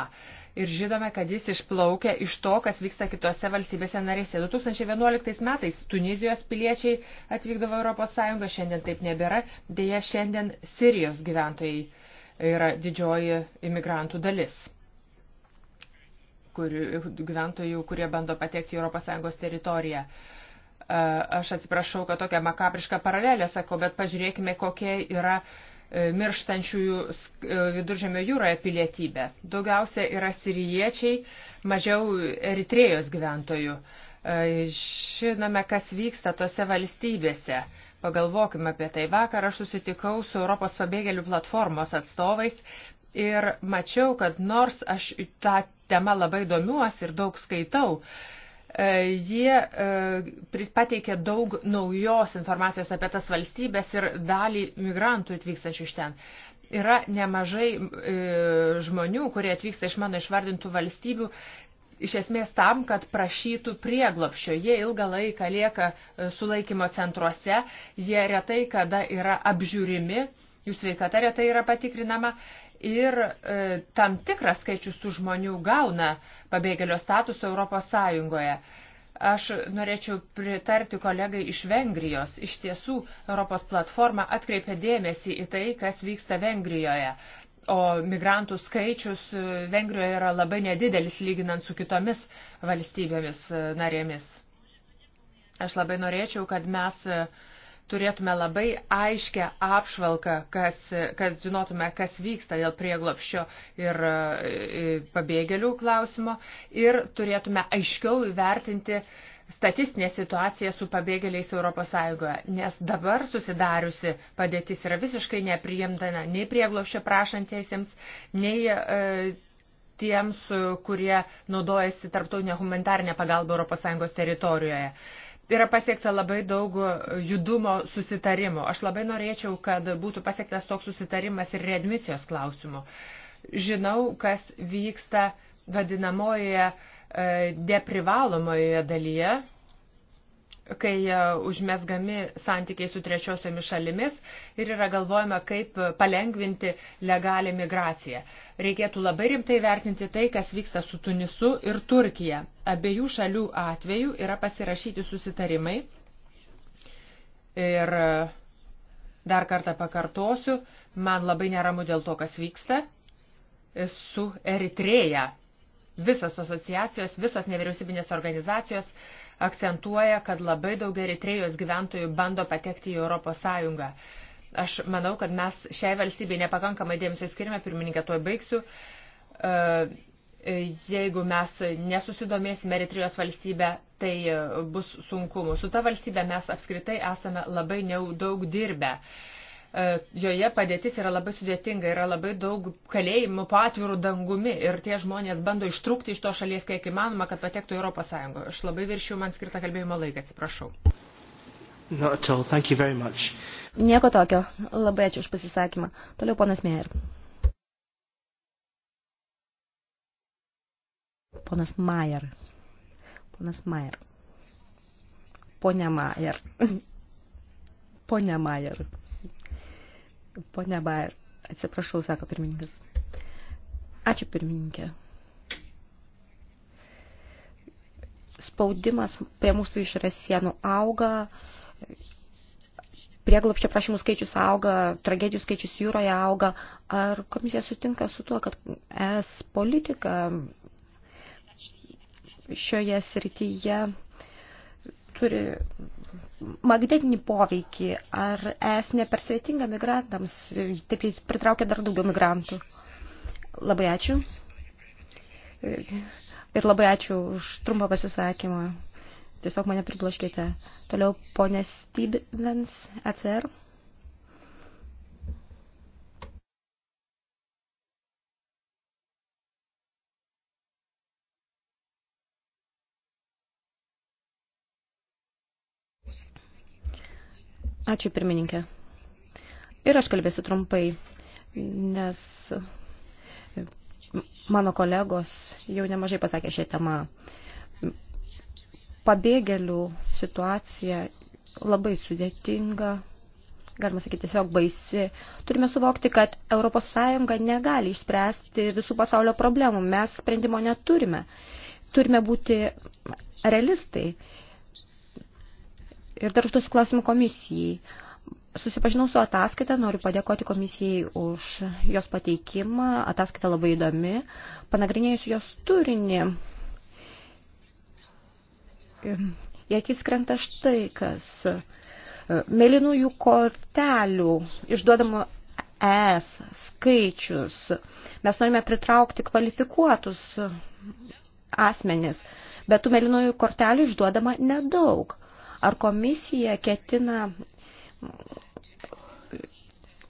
S2: ir žinome, kad jis išplaukia iš to, kas vyksta kitose valstybėse narėse. 2011 metais Tunizijos piliečiai atvykdavo Europos Sąjungą, šiandien taip nebėra, dėja šiandien Sirijos gyventojai yra didžioji imigrantų dalis kur, gyventojų, kurie bando patekti į ES teritoriją. Uh, Aš atsiprašau, kad tokia makabriška paralelė sakau, bet pažiūrėkime, kokia yra e, mirštančiųjų e, viduržėmio jūroje pilietybė. Daugiausia yra siriečiai, mažiau Eritrėjos gyventojų. E, žinome, kas vyksta tose valstybėse. Pagalvokime apie tai. Vakar aš susitikau su Europos pabėgėlių platformos atstovais ir mačiau, kad nors aš tą temą labai domiuosi ir daug skaitau, uh, E, jie e, pateikė daug naujos informacijos apie tas valstybės ir dalį migrantų atvykstančių iš ten yra nemažai e, žmonių, kurie atvyksta iš mano išvardintų valstybių. Iš esmės tam, kad prašytų prieglopščio. Jie ilgą laiką lieka e, sulaikymo centruose, jie retai kada yra apžiūrimi, jų sveikata retai yra patikrinama ir e, tam tikras skaičius tų žmonių gauna pabėgėlio statusą Europos Sąjungoje. Aš norėčiau pritarti kolegai iš Vengrijos. Iš tiesų, Europos platforma atkreipia dėmesį į tai, kas vyksta Vengrijoje. O migrantų skaičius e, Vengrijoje yra labai nedidelis lyginant su kitomis valstybėmis e, narėmis. Aš labai norėčiau, kad mes uh, turėtume labai aiškę apšvalką, kas, kad žinotume, kas vyksta dėl prieglopščio ir e, pabėgėlių klausimo ir turėtume aiškiau įvertinti statistinė situacija su pabėgėliais ES, nes dabar susidariusi padėtis yra visiškai nepriimtana nei prieglopščio prašantiesiems, nei e, tiems, kurie naudojasi tarptautinę humanitarinę pagalbą ES teritorijoje. E, yra pasiekta labai daug e, judumo susitarimo. Aš labai norėčiau, kad būtų pasiektas toks susitarimas ir readmisijos klausimu. Žinau, kas vyksta vadinamoje deprivalomoje dalyje, kai e, užmesgami santykiai su trečiosiomis šalimis ir yra galvojama, kaip palengvinti legalią migraciją. Reikėtų labai rimtai vertinti tai, kas vyksta su Tunisu ir Turkija. Abiejų šalių atveju yra pasirašyti susitarimai. Ir e, dar kartą pakartosiu, man labai neramu dėl to, kas vyksta su Eritreja visos asociacijos, visos nevyriausybinės organizacijos akcentuoja, kad labai daug Eritrejos gyventojų bando patekti į Europos Sąjungą. Aš manau, kad mes šiai valstybei nepakankamai dėmesio skirime, pirmininkė, tuo baigsiu. E, jeigu mes nesusidomėsime Eritrijos valstybę, tai bus sunkumų. Su ta valstybė mes apskritai esame labai nedaug dirbę. Uh, E, joje padėtis yra labai sudėtinga, yra labai daug kalėjimų po atvirų dangumi ir tie žmonės bando ištrūkti iš to šalies kiek įmanoma, kad patektų į Europos Sąjungą. Aš labai viršiu man skirtą kalbėjimo laiką, atsiprašau.
S3: Nieko tokio. Labai ačiū už pasisakymą. Toliau ponas Meijer. Ponas Maier. Ponas Maier. Ponia Maier. Ponia Maier. Pone Bair, atsiprašau, sako pirmininkas. Ačiū pirmininkė. Spaudimas prie mūsų išorės sienų auga, prieglopščio prašymų skaičius auga, tragedijų skaičius jūroje auga. Ar komisija sutinka su tuo, kad es politika šioje srityje turi magnetinį poveikį, ar es nepersveitinga migrantams, taip pritraukia dar daugiau migrantų. Labai ačiū. Ir labai ačiū už trumpą pasisakymą. Tiesiog mane priblaškėte. Toliau ponė Stevens, ACR. Ačiū pirmininkė. Ir aš kalbėsiu trumpai, nes mano kolegos jau nemažai pasakė šią temą. Pabėgėlių situacija labai sudėtinga, galima sakyti, tiesiog baisi. Turime suvokti, kad ES negali išspręsti visų pasaulio problemų. Mes sprendimo neturime. Turime būti realistai Ir dar užduosiu klausimų komisijai. Susipažinau su ataskaita, noriu padėkoti komisijai už jos pateikimą. Ataskaita labai įdomi. Panagrinėjus jos turinį, į akis krenta štai kas. Mėlynųjų kortelių išduodamo ES skaičius. Mes norime pritraukti kvalifikuotus asmenis, bet tų mėlynųjų kortelių išduodama nedaug. Ar komisija ketina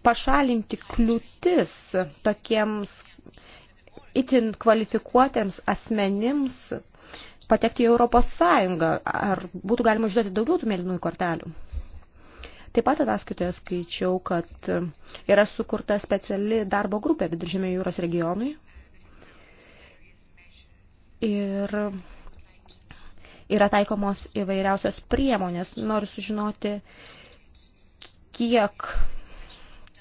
S3: pašalinti kliūtis tokiems itin kvalifikuotiems asmenims patekti į Europos Sąjungą? Ar būtų galima užduoti daugiau tų mėlynųjų kortelių? Taip pat ataskaitoje skaičiau, kad yra sukurta speciali darbo grupė Viduržėmio jūros regionui. Ir yra taikomos įvairiausios priemonės. Noriu sužinoti, kiek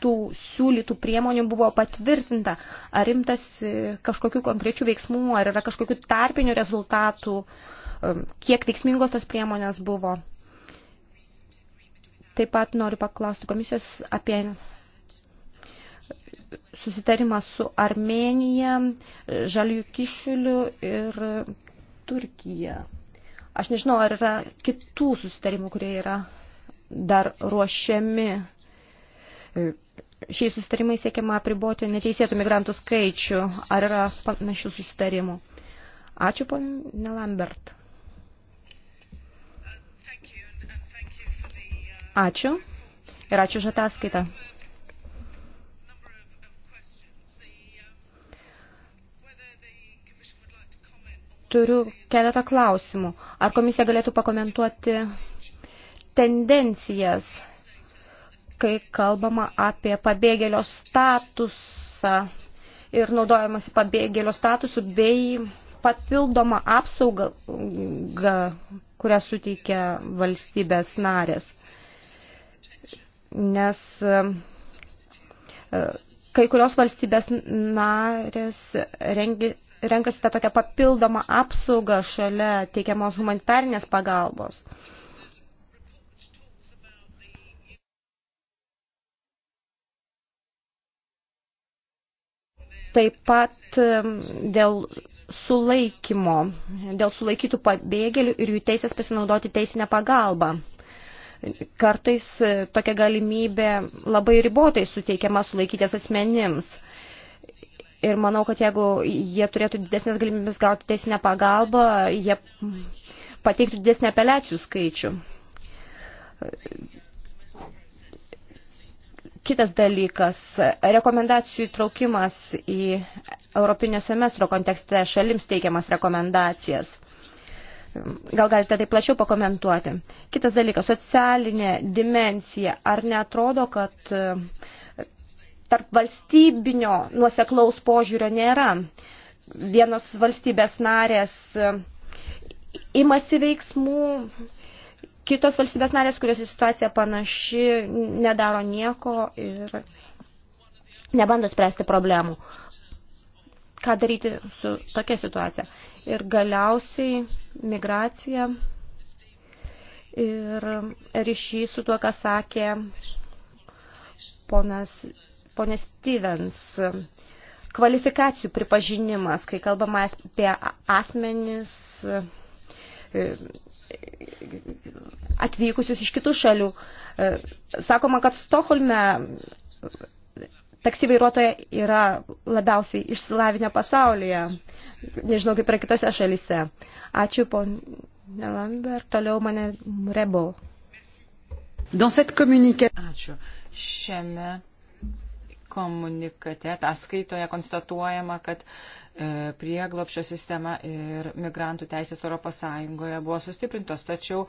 S3: tų siūlytų priemonių buvo patvirtinta, ar imtas e, kažkokių konkrečių veiksmų, ar yra kažkokių tarpinių rezultatų, e, kiek veiksmingos tos priemonės buvo. Taip pat noriu paklausti komisijos apie susitarimą su Armenija, Žaliu Kišuliu ir Turkija. Aš nežinau, ar yra kitų susitarimų, kurie yra dar ruošiami. Šiais susitarimai siekiama apriboti neteisėtų migrantų skaičių. Ar yra panašių susitarimų? Ačiū, ponė Lambert. Ačiū ir ačiū už ataskaitą. Turiu keletą klausimų. Ar komisija galėtų pakomentuoti tendencijas, kai kalbama apie pabėgėlio statusą ir naudojamasi pabėgėlio statusu bei papildomą apsaugą, kurią suteikia valstybės narės. Nes e, kai kurios valstybės narės rengia renkasi tą tokią papildomą apsaugą šalia teikiamos humanitarinės pagalbos. Taip pat dėl sulaikymo, dėl sulaikytų pabėgėlių ir jų teisės pasinaudoti teisinę pagalbą. Kartais e, tokia galimybė labai ribotai suteikiama sulaikytės asmenims – Ir manau, kad jeigu jie turėtų didesnės galimybės gauti teisinę pagalbą, jie pateiktų didesnį apeliacijų skaičių. Kitas dalykas – rekomendacijų įtraukimas į Europinio semestro kontekste šalims teikiamas rekomendacijas. Gal galite tai plačiau pakomentuoti. Kitas dalykas – socialinė dimensija. Ar netrodo, kad tarp valstybinio nuoseklaus požiūrio nėra. Vienos valstybės narės e, imasi veiksmų, kitos valstybės narės, kurios situacija panaši, nedaro nieko ir nebando spręsti problemų. Ką daryti su tokia situacija? Ir galiausiai migracija ir ryšys su tuo, ką sakė ponas Pone Stevens, kvalifikacijų pripažinimas, kai kalbama apie asmenis e, atvykusius iš kitų šalių. E, sakoma, kad Stoholme taksi vairuotojai yra labiausiai išsilavinę pasaulyje. Nežinau, kaip yra kitose šalyse. Ačiū, ponė Lambert. Toliau mane rebo.
S1: Ačiū. Šiame komunikate, ataskaitoje konstatuojama, kad e, prieglopšio sistema ir migrantų teisės ES buvo sustiprintos, tačiau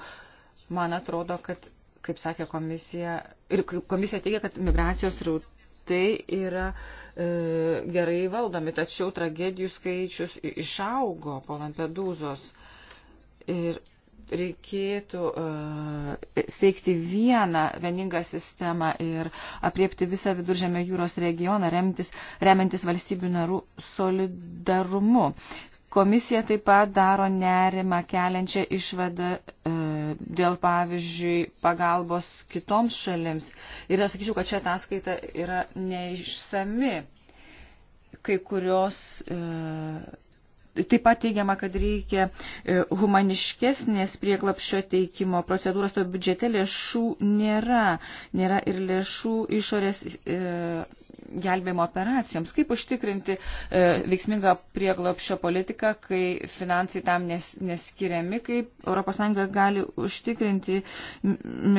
S1: man atrodo, kad, kaip sakė komisija, ir komisija teigia, kad migracijos rautai yra e, gerai valdomi, tačiau tragedijų skaičius išaugo po Lampedūzos. Ir reikėtų uh, steigti vieną vieningą sistemą ir apriepti visą viduržėmio jūros regioną, remtis, remiantis valstybių narų solidarumu. Komisija taip pat daro nerimą keliančią išvadą uh, dėl, pavyzdžiui, pagalbos kitoms šalims. Ir aš sakyčiau, kad čia ataskaita yra neišsami. Kai kurios uh, Taip pat teigiama, kad reikia e, humaniškesnės prieklapšio teikimo procedūros, to biudžete lėšų nėra. Nėra ir lėšų išorės e, gelbėjimo operacijoms. Kaip užtikrinti e, veiksmingą prieglopšio politiką, kai finansai tam nes, neskiriami, kaip ES gali užtikrinti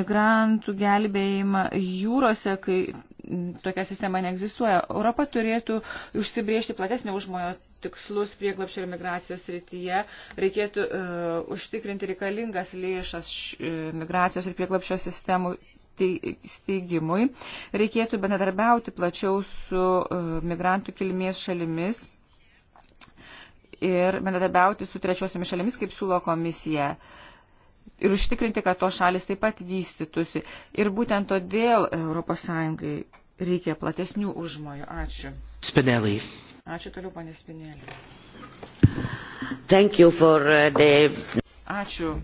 S1: migrantų gelbėjimą jūrose, kai tokia sistema neegzistuoja. Europa turėtų užsibriežti platesnio užmojo tikslus prieglopšio ir migracijos rytyje, reikėtų uh, užtikrinti reikalingas lėšas š, e, uh, migracijos ir prieglapšio sistemų steigimui. Reikėtų bendradarbiauti plačiau su uh, migrantų kilmės šalimis ir bendradarbiauti su trečiosiomis šalimis, kaip siūlo komisija. Uh, ir užtikrinti, kad to šalis taip pat vystytųsi. Ir būtent todėl ES reikia platesnių užmojų. Ačiū. Spinelį. Ačiū toliau, panė Spinelį.
S3: Uh,
S1: the... Ačiū.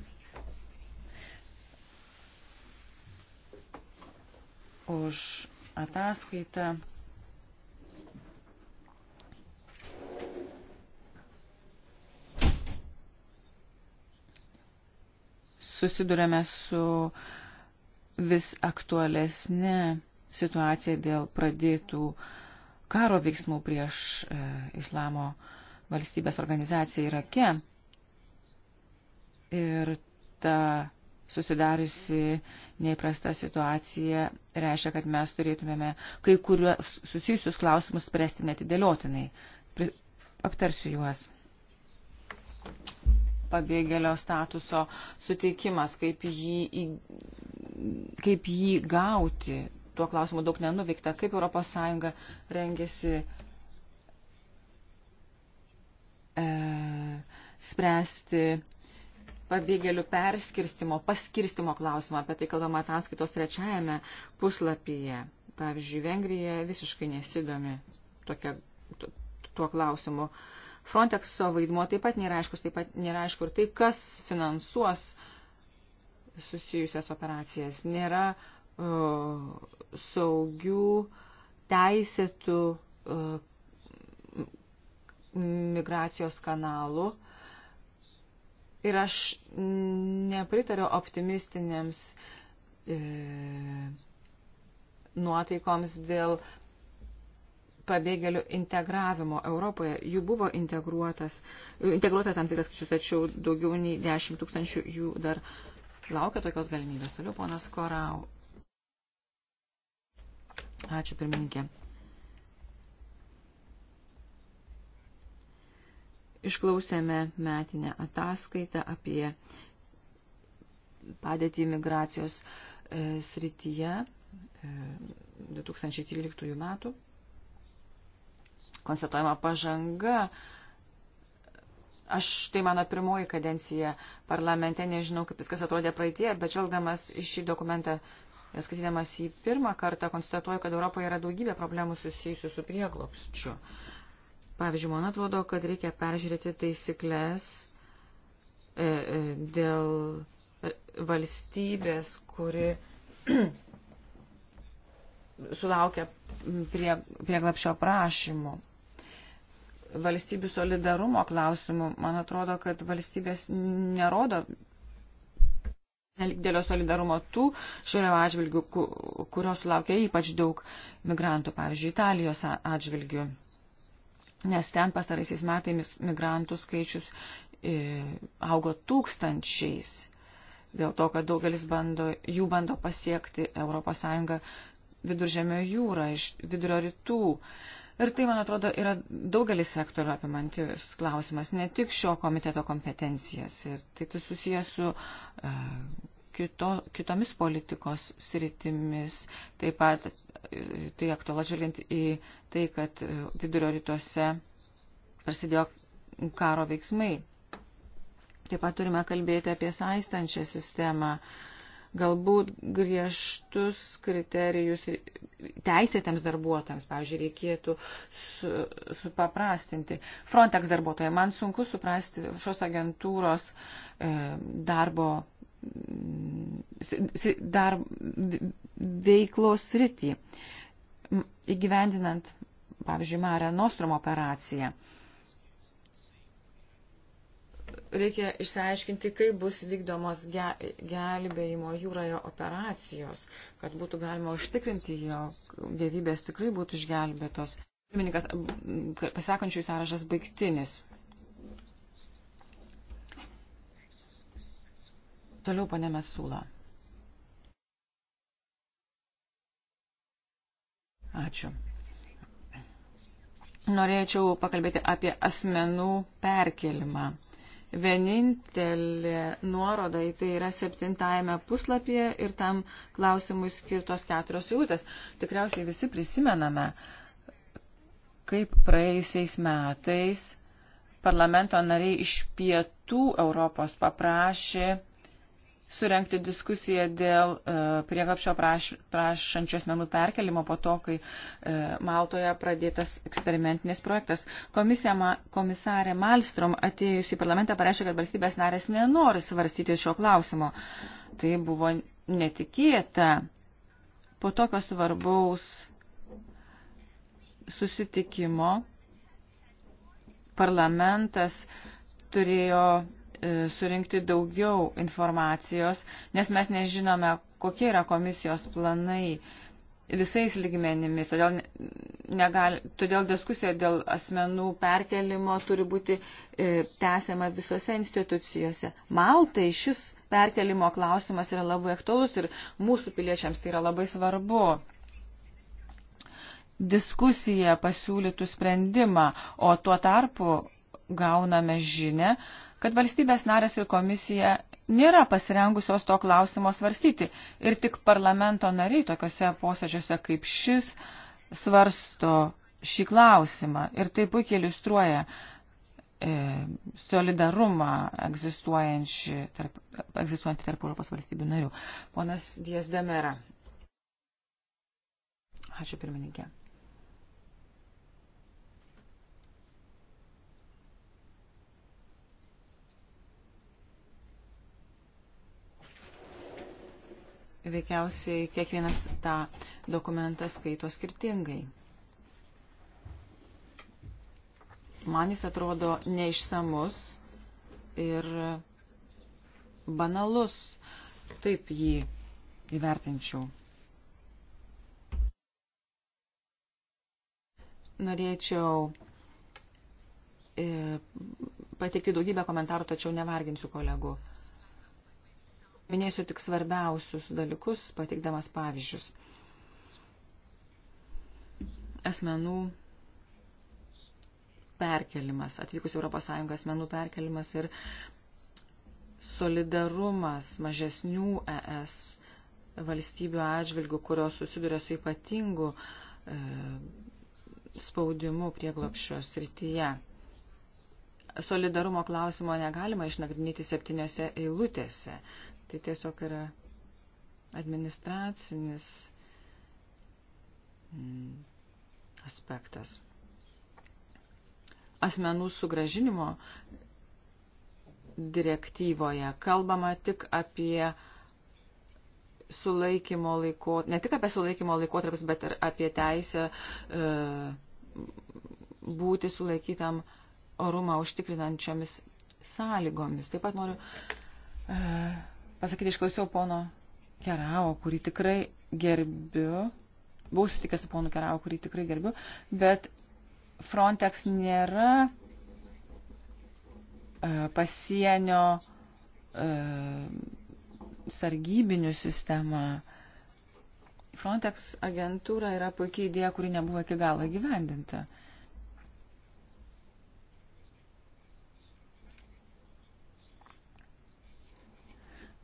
S1: Už ataskaitą. Susidurėme su vis aktualesnė situacija dėl pradėtų karo veiksmų prieš e, islamo e, valstybės organizacija Irake. Ir ta susidariusi neįprasta situacija reiškia, kad mes turėtumėme kai kuriuos susijusius klausimus spręsti netidėliotinai. Aptarsiu juos. Pabėgėlio statuso suteikimas, kaip jį, kaip jį gauti. Tuo klausimu daug nenuveikta, kaip ES rengėsi e, spręsti pabėgėlių perskirstimo, paskirstimo klausimą, apie tai kalbama ataskaitos trečiajame puslapyje. Pavyzdžiui, Vengrija visiškai nesidomi tokia, tuo klausimu. Frontexo vaidmuo taip pat nėra aiškus, taip pat nėra aišku ir tai, kas finansuos susijusias operacijas. Nėra uh, saugių, teisėtų uh, migracijos kanalų. Ir aš nepritariu optimistinėms e, nuotaikoms dėl pabėgėlių integravimo Europoje. Jų buvo integruotas, integruota tam tikras skaičius, tačiau daugiau nei 10 tūkstančių jų dar laukia tokios galimybės. Toliau ponas Korau. Ačiū pirmininkė. Išklausėme metinę ataskaitą apie padėtį imigracijos e, srityje e, 2013 metų. Konstatuojama pažanga. Aš tai mano pirmoji kadencija parlamente, nežinau, kaip viskas atrodė praeitie, bet žvelgdamas į šį dokumentą, skaitydamas jį pirmą kartą, konstatuoju, kad Europoje yra daugybė problemų susijusių su prieglopščiu. E, Pavyzdžiui, man atrodo, kad reikia peržiūrėti taisyklės e, e, dėl e, valstybės, kuri sulaukia prie, prieglapšio prašymų. Valstybių solidarumo klausimų, man atrodo, kad valstybės nerodo dėlio solidarumo tų šalių atžvilgių, kurios sulaukia ypač daug migrantų, pavyzdžiui, Italijos atžvilgių nes ten pastaraisiais metais migrantų skaičius e, augo tūkstančiais dėl to, kad daugelis bando, jų bando pasiekti ES viduržėmio jūrą iš vidurio rytų. Ir tai, man atrodo, yra daugelis sektorių apimantis klausimas, ne tik šio komiteto kompetencijas. Ir tai susijęs su e, kito, kitomis politikos sritimis. Taip pat e, tai aktualas žvelgiant į tai, kad e, vidurio rytuose prasidėjo karo veiksmai. Taip pat turime kalbėti apie saistančią sistemą. Galbūt griežtus kriterijus teisėtams darbuotojams, pavyzdžiui, reikėtų supaprastinti. Su Frontex darbuotojai, man sunku suprasti šios agentūros e, darbo dar veiklos sritį, įgyvendinant, pavyzdžiui, Marę Nostrom operaciją. Reikia išsiaiškinti, kaip bus vykdomos gelbėjimo jūroje operacijos, kad būtų galima užtikrinti, jog gyvybės tikrai būtų išgelbėtos. Pirmininkas, pasakančių sąrašas baigtinis. Toliau ponėme Sūlą. Ačiū. Norėčiau pakalbėti apie asmenų perkelimą. Vienintelė nuoroda į tai yra septintajame puslapyje ir tam klausimui skirtos keturios eilutės. Tikriausiai visi prisimename, kaip praėjusiais metais parlamento nariai iš pietų Europos paprašė surenkti diskusiją dėl e, prieglapšio praš, prašančių asmenų perkelimo po to, kai e, Maltoje pradėtas eksperimentinis projektas. Komisija, ma, komisarė Malstrom atėjus į parlamentą pareiškė, kad valstybės narės nenori svarstyti šio klausimo. Tai buvo netikėta. Po tokio svarbaus susitikimo parlamentas turėjo E, surinkti daugiau informacijos, nes mes nežinome, kokie yra komisijos planai visais lygmenimis. Todėl, negal, todėl diskusija dėl asmenų perkelimo turi būti e, tęsiama visose institucijose. Maltai šis perkelimo klausimas yra labai aktuolus ir mūsų piliečiams tai yra labai svarbu diskusiją pasiūlytų sprendimą, o tuo tarpu gauname žinę, kad valstybės narės ir komisija nėra pasirengusios to klausimo svarstyti ir tik parlamento nariai tokiuose posėdžiuose kaip šis svarsto šį klausimą ir tai puikiai iliustruoja e, solidarumą egzistuojantį tarp, egzistuojantį tarp Europos valstybių narių. Ponas Dies Demera. Ačiū pirmininkė. veikiausiai kiekvienas tą dokumentą skaito skirtingai. Man jis atrodo neišsamus ir banalus. Taip jį įvertinčiau. Norėčiau e, pateikti daugybę komentarų, tačiau nevarginsiu kolegų. Minėsiu tik svarbiausius dalykus, patikdamas pavyzdžius. Asmenų perkelimas, atvykus Europos Sąjungos asmenų perkelimas ir solidarumas mažesnių ES valstybių atžvilgių, kurios susiduria su ypatingu e, spaudimu prieglopščio srityje. Solidarumo klausimo negalima išnagrinėti septyniose eilutėse. Tai tiesiog yra administracinis mm, aspektas. Asmenų sugražinimo direktyvoje kalbama tik apie sulaikymo laiko, ne tik apie sulaikymo laikotarpis, bet ir apie teisę e, būti sulaikytam orumą užtikrinančiomis sąlygomis. Taip pat noriu e, pasakyti, išklausiau pono Kerao, kurį tikrai gerbiu, buvau sutikęs su ponu Kerao, kurį tikrai gerbiu, bet Frontex nėra e, pasienio e, sargybinių sistema. Frontex agentūra yra puikiai idėja, kuri nebuvo iki galo gyvendinta. Uh,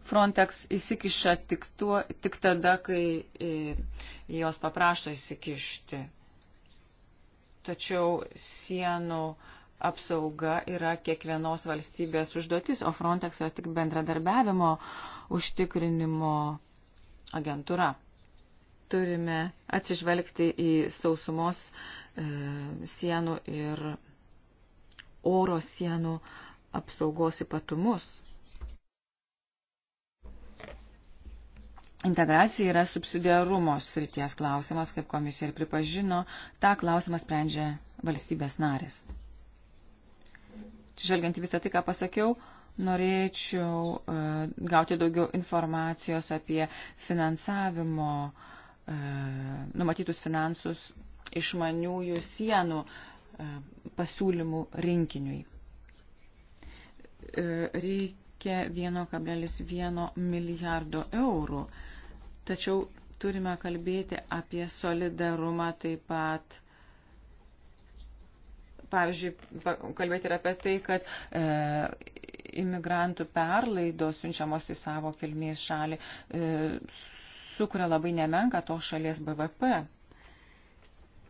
S1: Frontex įsikiša tik, tuo, tik tada, kai e, jos paprašo įsikišti. Tačiau sienų apsauga yra kiekvienos valstybės užduotis, o Frontex yra tik bendradarbiavimo užtikrinimo agentūra. Turime atsižvelgti į sausumos e, sienų ir oro sienų apsaugos ypatumus. Integracija yra subsidiarumo srities klausimas, kaip komisija ir pripažino, tą klausimą sprendžia valstybės narės. Žvelgiant į visą tai, ką pasakiau, norėčiau uh, gauti daugiau informacijos apie finansavimo, uh, numatytus finansus išmaniųjų sienų uh, pasiūlymų rinkiniui. Uh, reikia 1,1 milijardo eurų. Uh, Tačiau turime kalbėti apie solidarumą taip pat. Pavyzdžiui, kalbėti ir apie tai, kad e, imigrantų perlaidos siunčiamos į savo kilmės šalį e, sukuria labai nemenka to šalies BVP.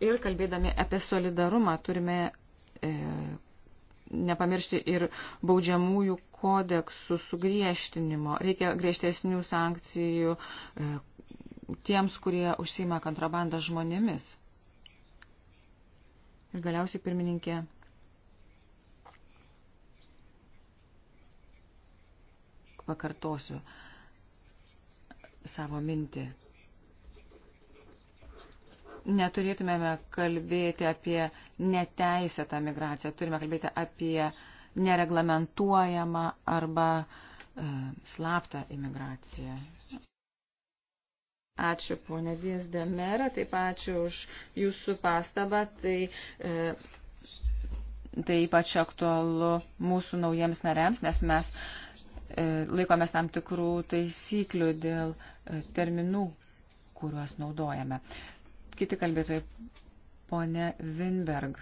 S1: Ir kalbėdami apie solidarumą turime e, nepamiršti ir baudžiamųjų kodeksų sugriežtinimo, reikia griežtesnių sankcijų e, tiems, kurie užsima kontrabandą žmonėmis. Ir galiausiai pirmininkė. Pakartosiu savo mintį. Neturėtumėme kalbėti apie neteisėtą migraciją, turime kalbėti apie uh, nereglamentuojamą arba e, slaptą imigraciją. Ačiū, ponė Diezdemera, taip ačiū už jūsų pastabą. Tai, e, tai ypač aktualu mūsų naujiems nariams, nes mes e, laikomės tam tikrų taisyklių dėl e, terminų, kuriuos naudojame. Kiti kalbėtojai, ponė Winberg.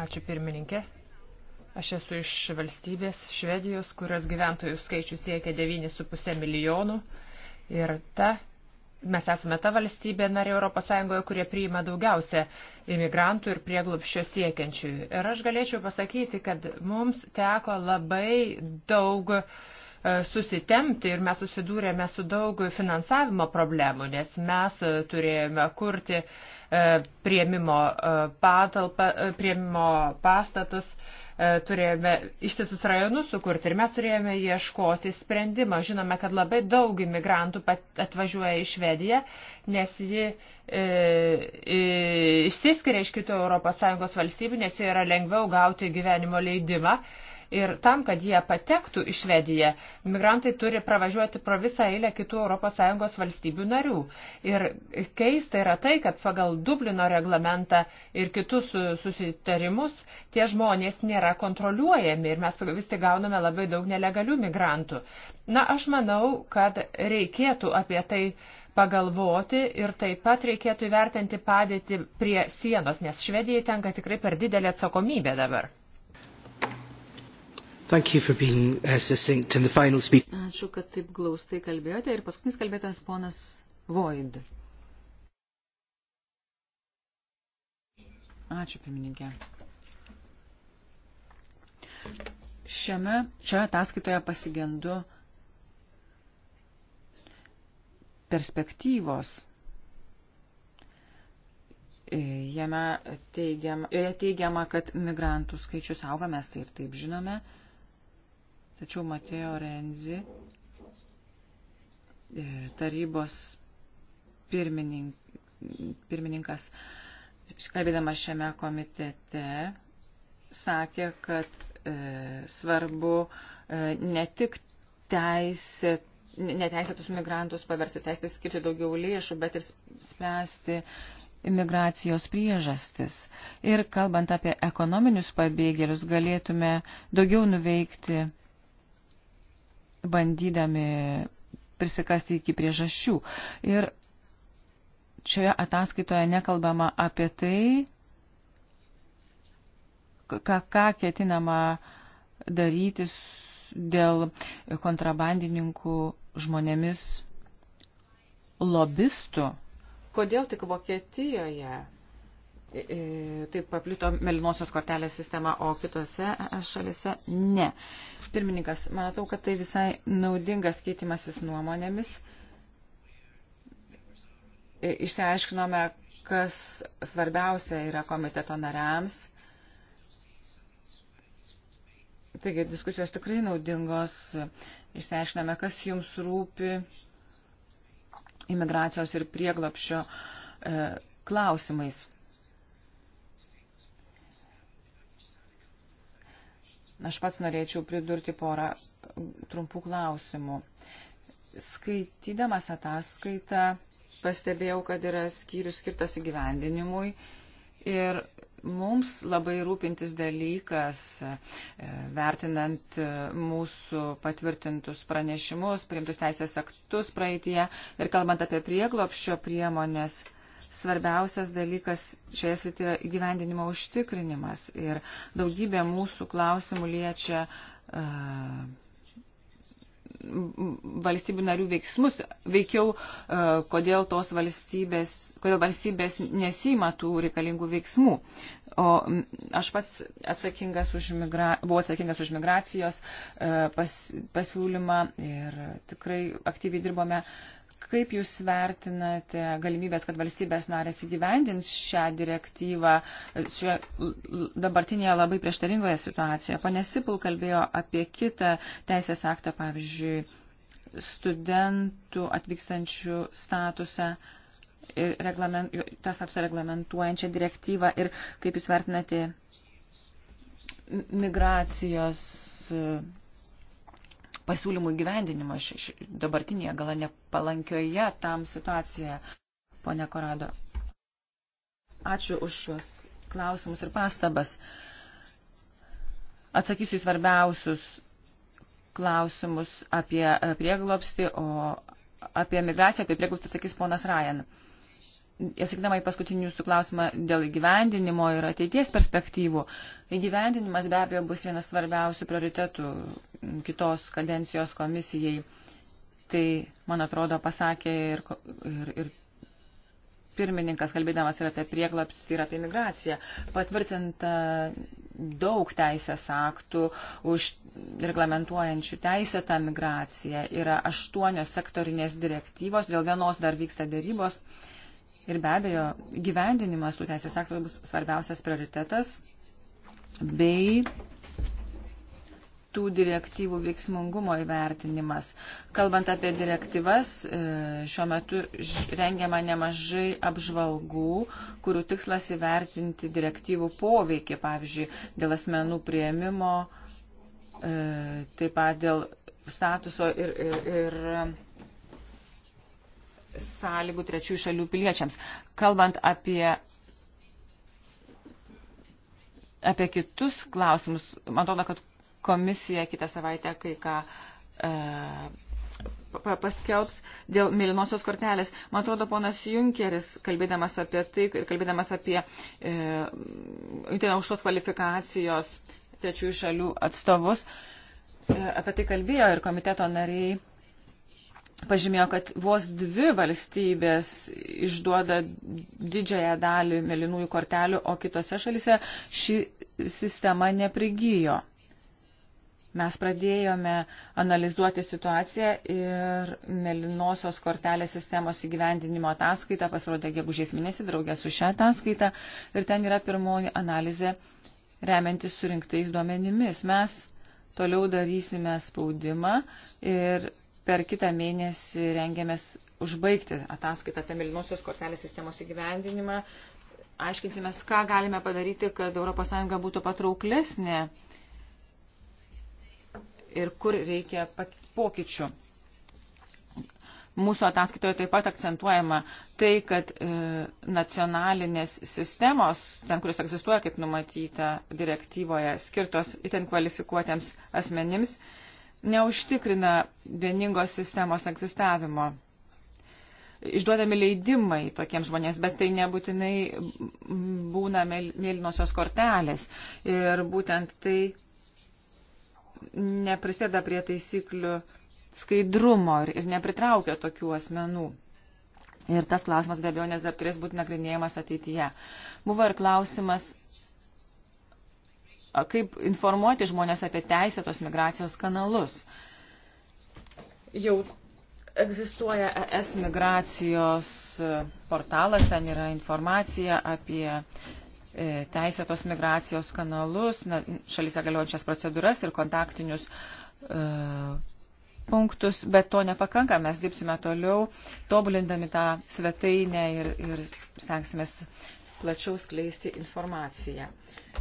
S2: Ačiū pirmininkė. Aš esu iš valstybės Švedijos, kurios gyventojų skaičius siekia 9,5 milijonų. Ir ta, mes esame ta valstybė narė Europos Sąjungoje, kurie priima daugiausia imigrantų ir prieglupščio siekiančių. Ir aš galėčiau pasakyti, kad mums teko labai daug e, susitemti ir mes susidūrėme su daug finansavimo problemų, nes mes e, turėjome kurti uh, E, prieimimo, e, patalpa, e, prieimimo pastatus, turėjome ištisus rajonus sukurti ir mes turėjome ieškoti sprendimą. Žinome, kad labai daug imigrantų atvažiuoja į Švediją, nes ji e, e, išsiskiria iš kitų ES valstybių, nes joje yra lengviau gauti gyvenimo leidimą. E, Ir tam, kad jie patektų į Švediją, migrantai turi pravažiuoti pro visą eilę kitų ES valstybių narių. Ir keista yra tai, kad pagal Dublino reglamentą ir kitus susitarimus tie žmonės nėra kontroliuojami ir mes vis tik gauname labai daug nelegalių migrantų. Na, aš manau, kad reikėtų apie tai pagalvoti ir taip pat reikėtų įvertinti padėtį prie sienos, nes Švedijai tenka tikrai per didelį atsakomybę dabar.
S3: Thank you for being uh, succinct in the final speech.
S2: Ačiū, kad taip glaustai kalbėjote. Ir paskutinis
S1: kalbėtas ponas Void. Ačiū, pirmininkė. Šiame, šioje ataskaitoje pasigendu perspektyvos. Jame teigiama, joje teigiama, kad migrantų skaičius auga, mes tai ir taip žinome. Tačiau Mateo Renzi, e, tarybos pirminink, pirmininkas, kalbėdamas šiame komitete, sakė, kad e, svarbu e, ne tik teisė, neteisėtus migrantus paversti teisę skirti daugiau lėšų, bet ir spręsti imigracijos priežastis. Ir kalbant apie ekonominius pabėgėlius, galėtume daugiau nuveikti bandydami prisikasti iki priežasčių. Ir šioje ataskaitoje nekalbama apie tai, ką, ką ketinama daryti dėl kontrabandininkų žmonėmis lobistų. Kodėl tik Vokietijoje taip paplito melinosios kortelės sistema, o kitose šalise ne. Pirmininkas, manau, kad tai visai naudingas keitimasis nuomonėmis. E, išsiaiškinome, kas svarbiausia yra komiteto nariams. Taigi diskusijos tikrai naudingos. Išsiaiškiname, kas jums rūpi imigracijos ir prieglapšio e, klausimais. Aš pats norėčiau pridurti porą trumpų klausimų. Skaitydamas ataskaitą pastebėjau, kad yra skyrius skirtas įgyvendinimui ir mums labai rūpintis dalykas, e, vertinant mūsų patvirtintus pranešimus, priimtus teisės aktus praeitie ir kalbant apie prieglopščio priemonės svarbiausias dalykas šioje srityje yra įgyvendinimo užtikrinimas. Ir daugybė mūsų klausimų liečia uh, valstybių narių veiksmus, veikiau, uh, kodėl tos valstybės, kodėl valstybės nesima tų reikalingų veiksmų. O aš pats atsakingas už migra, buvau atsakingas už migracijos uh, pas, pasiūlymą ir tikrai aktyviai dirbome uh, Kaip Jūs vertinate galimybės, kad valstybės narės įgyvendins šią direktyvą šioje dabartinėje labai prieštaringoje situacijoje? Pane Sipul kalbėjo apie kitą teisės aktą, pavyzdžiui, studentų atvykstančių statusą reglament, tą statusą reglamentuojančią direktyvą ir kaip Jūs vertinate migracijos pasiūlymų gyvendinimą ši, ši, dabartinėje gal nepalankioje tam situacijoje, ponė Korado. Ačiū už šios klausimus ir pastabas. Atsakysiu į svarbiausius klausimus apie prieglobstį, o apie migraciją, apie prieglobstį sakys ponas Ryan. Atsakydama į paskutinį jūsų klausimą dėl įgyvendinimo ir ateities perspektyvų, įgyvendinimas be abejo bus vienas svarbiausių prioritetų kitos kadencijos komisijai. Tai, man atrodo, pasakė ir, ir, ir pirmininkas, kalbėdamas ir apie prieglapstus, tai yra apie migraciją, patvirtinta daug teisės aktų už reglamentuojančių teisę tą migraciją. Yra aštuonios sektorinės direktyvos, dėl vienos dar vyksta dėrybos. Uh, Ir be abejo, gyvendinimas tų teisės aktų bus svarbiausias prioritetas bei tų direktyvų veiksmungumo įvertinimas. Kalbant apie direktyvas, e, šiuo metu rengiama nemažai apžvalgų, kurių tikslas įvertinti direktyvų poveikį, pavyzdžiui, dėl asmenų prieimimo, e, taip pat dėl statuso ir, ir, ir sąlygų trečiųjų šalių piliečiams. Kalbant apie, apie kitus klausimus, man atrodo, kad komisija kitą savaitę kai ką e, paskelbs dėl mėlynosios kortelės. Man atrodo, ponas Junkeris, kalbėdamas apie tai, kalbėdamas apie e, aukštos kvalifikacijos trečiųjų šalių atstovus, e, apie tai kalbėjo ir komiteto nariai pažymėjo, kad vos dvi valstybės išduoda didžiąją dalį mėlynųjų kortelių, o kitose šalise ši sistema neprigijo. Mes pradėjome analizuoti situaciją ir mėlynosios kortelės sistemos įgyvendinimo ataskaita pasirodė gegužės mėnesį draugė su šią ataskaitą ir ten yra pirmoji analizė remiantis surinktais duomenimis. Mes toliau darysime spaudimą ir per kitą mėnesį rengiamės užbaigti ataskaitą apie mėlynosios kortelės sistemos įgyvendinimą. Aiškinsimės, ką galime padaryti, kad ES būtų patrauklesnė ir kur reikia pokyčių. Mūsų ataskaitoje taip pat akcentuojama tai, kad e, nacionalinės sistemos, ten, kurios egzistuoja, kaip numatyta direktyvoje, skirtos itin kvalifikuotiems asmenims, e, neužtikrina vieningos sistemos egzistavimo. Išduodami leidimai tokiems žmonės, bet tai nebūtinai būna mėlynosios kortelės. Ir būtent tai neprisėda prie taisyklių skaidrumo ir nepritraukia tokių asmenų. Ir tas klausimas be abejo, nes dar turės būti nagrinėjamas ateityje. Buvo ir klausimas kaip informuoti žmonės apie teisėtos migracijos kanalus. Jau egzistuoja ES migracijos e, portalas, ten yra informacija apie e, teisėtos migracijos kanalus, šalyse galiojančias procedūras ir kontaktinius e, punktus, bet to nepakanka, mes dirbsime toliau, tobulindami tą svetainę ir, ir stengsime plačiau skleisti informaciją.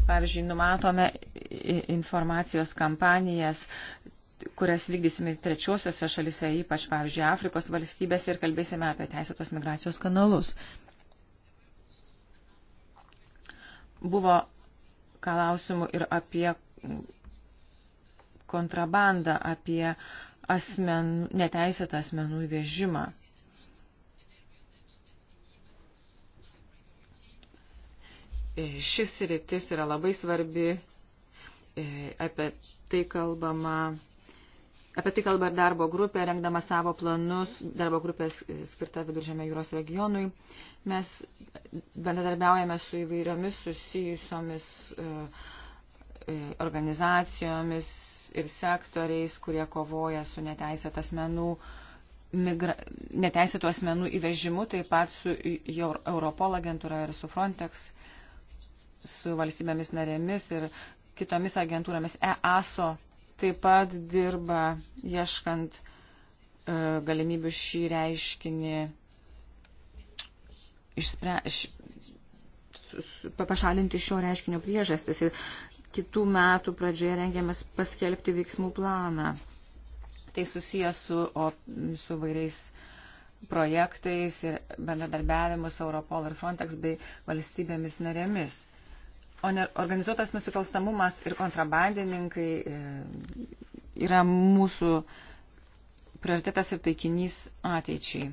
S1: Pavyzdžiui, numatome informacijos kampanijas kurias vykdysime trečiosiuose šalise, ypač, pavyzdžiui, Afrikos valstybės ir kalbėsime apie teisėtos migracijos kanalus. Buvo klausimų ir apie kontrabandą, apie asmen, neteisėtą asmenų įvežimą. E, šis rytis yra labai svarbi, e, apie tai kalbama. Apie tai kalba ir darbo grupė, rengdama savo planus, darbo grupė skirta Viduržėmio jūros regionui. Mes bendradarbiaujame su įvairiomis susijusiomis e, organizacijomis ir sektoriais, kurie kovoja su neteisėtų asmenų, migra... neteisėtų asmenų įvežimu, taip pat su Europol agentūra ir su Frontex su valstybėmis narėmis ir kitomis agentūromis. EASO taip pat dirba ieškant e, galimybių šį reiškinį išspre, š, pašalinti šio reiškinio priežastis ir kitų metų pradžioje rengiamas paskelbti veiksmų planą. Tai susijęs su, o, su vairiais projektais ir bendradarbiavimu su Europol ir Frontex bei valstybėmis narėmis. O ne organizuotas nusikalstamumas ir kontrabandininkai e, yra mūsų prioritetas ir taikinys ateičiai.